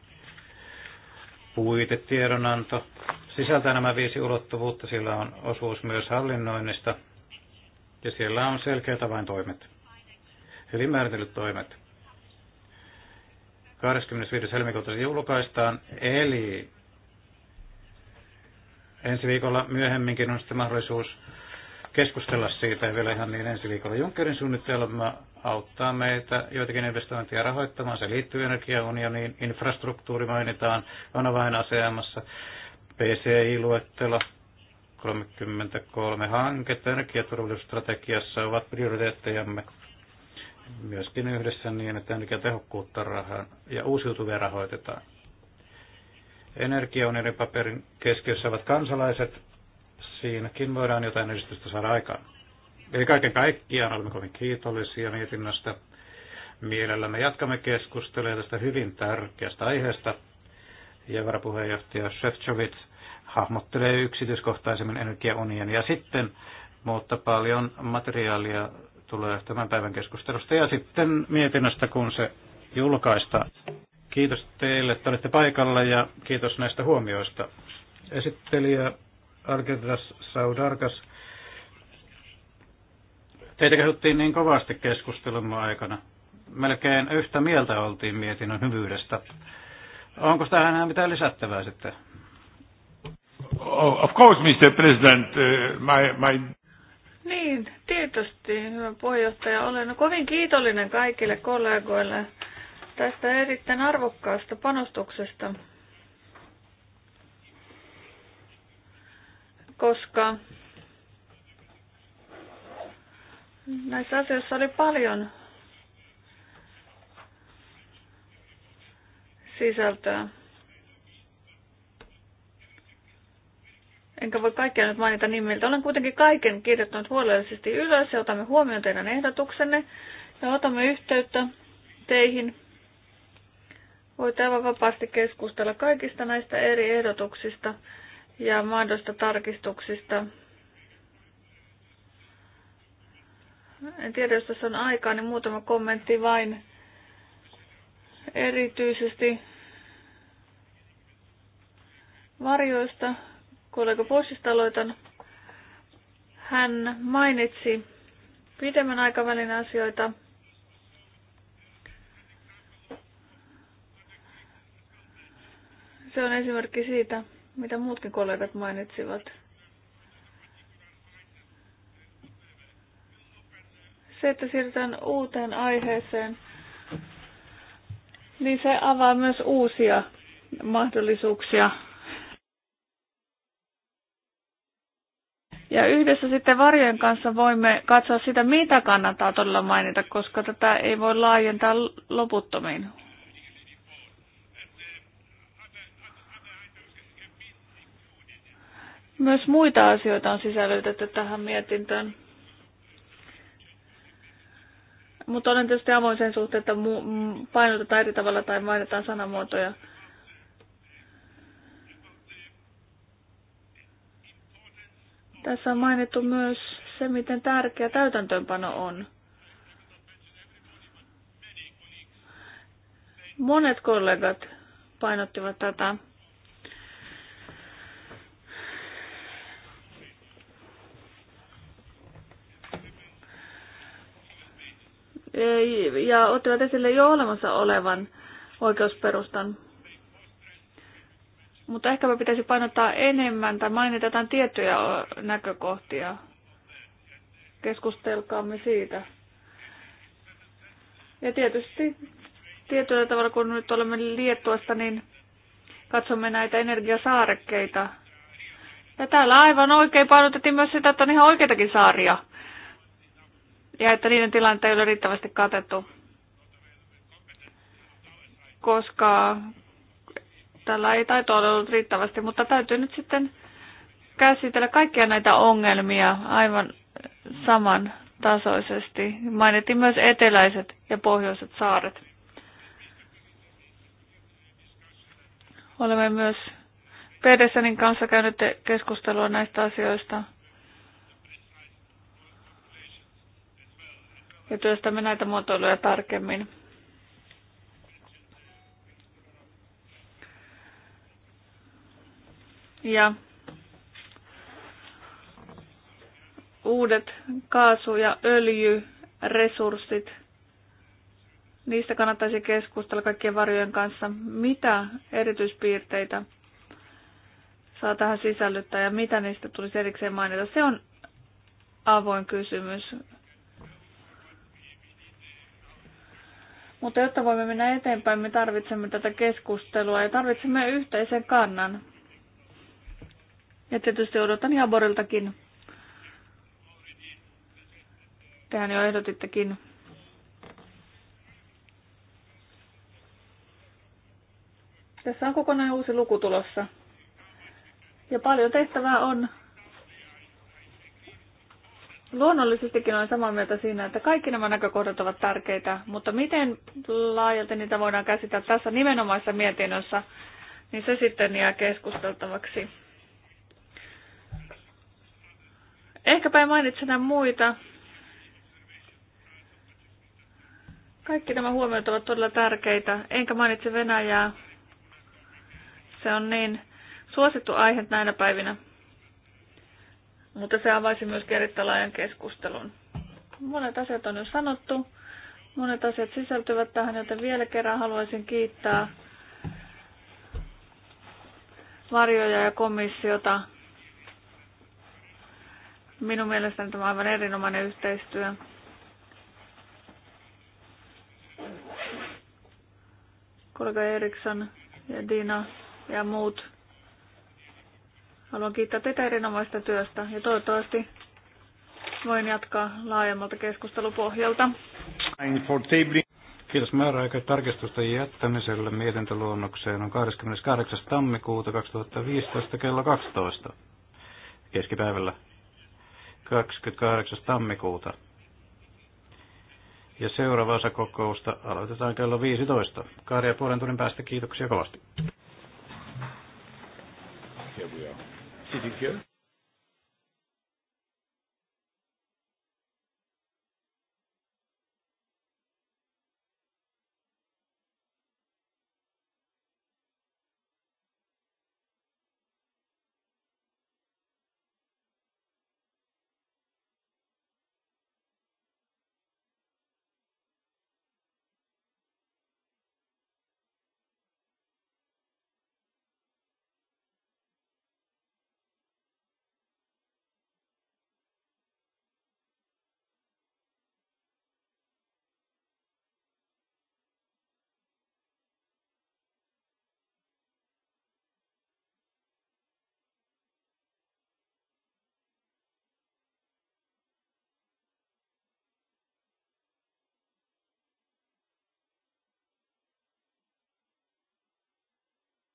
puitetiedonanto. Sisältää nämä viisi ulottuvuutta, sillä on osuus myös hallinnoinnista, ja siellä on selkeät avaintoimet, hyvin määritellyt toimet. 25. helmikuuta se julkaistaan, eli ensi viikolla myöhemminkin on sitten mahdollisuus keskustella siitä, ja vielä ihan niin ensi viikolla Junckerin suunnitelma auttaa meitä joitakin investointeja rahoittamaan. Se liittyy energiaunioniin, infrastruktuuri mainitaan, on avainasemassa, PCI-luettelo, 33 hanketta energiaturvallisuusstrategiassa ovat prioriteettejamme myöskin yhdessä niin, että energiatehokkuutta rahan ja uusiutuvia rahoitetaan. Energiaunionin paperin keskiössä ovat kansalaiset. Siinäkin voidaan jotain edistystä saada aikaan. Eli kaiken kaikkiaan olemme kovin kiitollisia mietinnöstä. Mielellämme jatkamme keskustelua tästä hyvin tärkeästä aiheesta. Ja varapuheenjohtaja Shevchovits hahmottelee yksityiskohtaisemmin energiaunion. Ja sitten, mutta paljon materiaalia tulee tämän päivän keskustelusta ja sitten mietinnöstä, kun se julkaistaan. Kiitos teille, että olette paikalla ja kiitos näistä huomioista. Esittelijä Algedras Saudarkas Teitä kehuttiin niin kovasti keskustelun aikana. Melkein yhtä mieltä oltiin mietinnön hyvyydestä. Onko tähän mitään lisättävää sitten? Oh, of course, Mr. President, uh, my, my... Niin, tietysti, hyvä puheenjohtaja. Olen kovin kiitollinen kaikille kollegoille tästä erittäin arvokkaasta panostuksesta, koska Näissä asioissa oli paljon sisältöä. Enkä voi kaikkia nyt mainita nimiltä. Olen kuitenkin kaiken kirjoittanut huolellisesti ylös ja otamme huomioon teidän ehdotuksenne ja otamme yhteyttä teihin. Voit aivan vapaasti keskustella kaikista näistä eri ehdotuksista ja mahdollisista tarkistuksista En tiedä, jos tässä on aikaa, niin muutama kommentti vain. Erityisesti varjoista, kollega Bossista aloitan. Hän mainitsi pidemmän aikavälin asioita. Se on esimerkki siitä, mitä muutkin kollegat mainitsivat – Se, että siirrytään uuteen aiheeseen, niin se avaa myös uusia mahdollisuuksia. Ja yhdessä sitten varjojen kanssa voimme katsoa sitä, mitä kannattaa todella mainita, koska tätä ei voi laajentaa loputtomiin. Myös muita asioita on sisällytetty tähän mietintöön. Mutta olen tietysti avoin sen suhteen, että painotetaan eri tavalla tai mainitaan sanamuotoja. Tässä on mainittu myös se, miten tärkeä täytäntöönpano on. Monet kollegat painottivat tätä. ja ottivat esille jo olemassa olevan oikeusperustan. Mutta ehkä me pitäisi painottaa enemmän tai mainita jotain tiettyjä näkökohtia. Keskustelkaamme siitä. Ja tietysti tietyllä tavalla, kun nyt olemme Liettuasta, niin katsomme näitä energiasaarekkeita. Ja täällä aivan oikein painotettiin myös sitä, että on ihan oikeitakin saaria ja että niiden tilannetta ei ole riittävästi katettu, koska tällä ei taito ole ollut riittävästi, mutta täytyy nyt sitten käsitellä kaikkia näitä ongelmia aivan saman tasoisesti. Mainittiin myös eteläiset ja pohjoiset saaret. Olemme myös Pedersenin kanssa käynyt keskustelua näistä asioista. ja työstämme näitä muotoiluja tarkemmin. Ja uudet kaasu- ja öljyresurssit, niistä kannattaisi keskustella kaikkien varjojen kanssa. Mitä erityispiirteitä saa tähän sisällyttää ja mitä niistä tulisi erikseen mainita? Se on avoin kysymys. Mutta jotta voimme mennä eteenpäin, me tarvitsemme tätä keskustelua ja tarvitsemme yhteisen kannan. Ja tietysti odotan Jaboriltakin. Tehän jo ehdotittekin. Tässä on kokonaan uusi luku tulossa. Ja paljon tehtävää on. Luonnollisestikin olen samaa mieltä siinä, että kaikki nämä näkökohdat ovat tärkeitä, mutta miten laajalti niitä voidaan käsitellä tässä nimenomaisessa mietinnössä, niin se sitten jää keskusteltavaksi. Ehkäpä en mainitse muita. Kaikki nämä huomiot ovat todella tärkeitä, enkä mainitse Venäjää. Se on niin suosittu aihe näinä päivinä mutta se avaisi myös erittäin laajan keskustelun. Monet asiat on jo sanottu, monet asiat sisältyvät tähän, joten vielä kerran haluaisin kiittää varjoja ja komissiota. Minun mielestäni tämä on aivan erinomainen yhteistyö. Kollega Eriksson ja Dina ja muut Haluan kiittää teitä erinomaista työstä ja toivottavasti voin jatkaa laajemmalta keskustelupohjalta. Kiitos määräaika tarkistusta jättämiselle mietintöluonnokseen on 28. tammikuuta 2015 kello 12 keskipäivällä 28. tammikuuta. Ja seuraava osa kokousta aloitetaan kello 15. Kahden ja puolen tunnin päästä kiitoksia kovasti. Here we are. Did you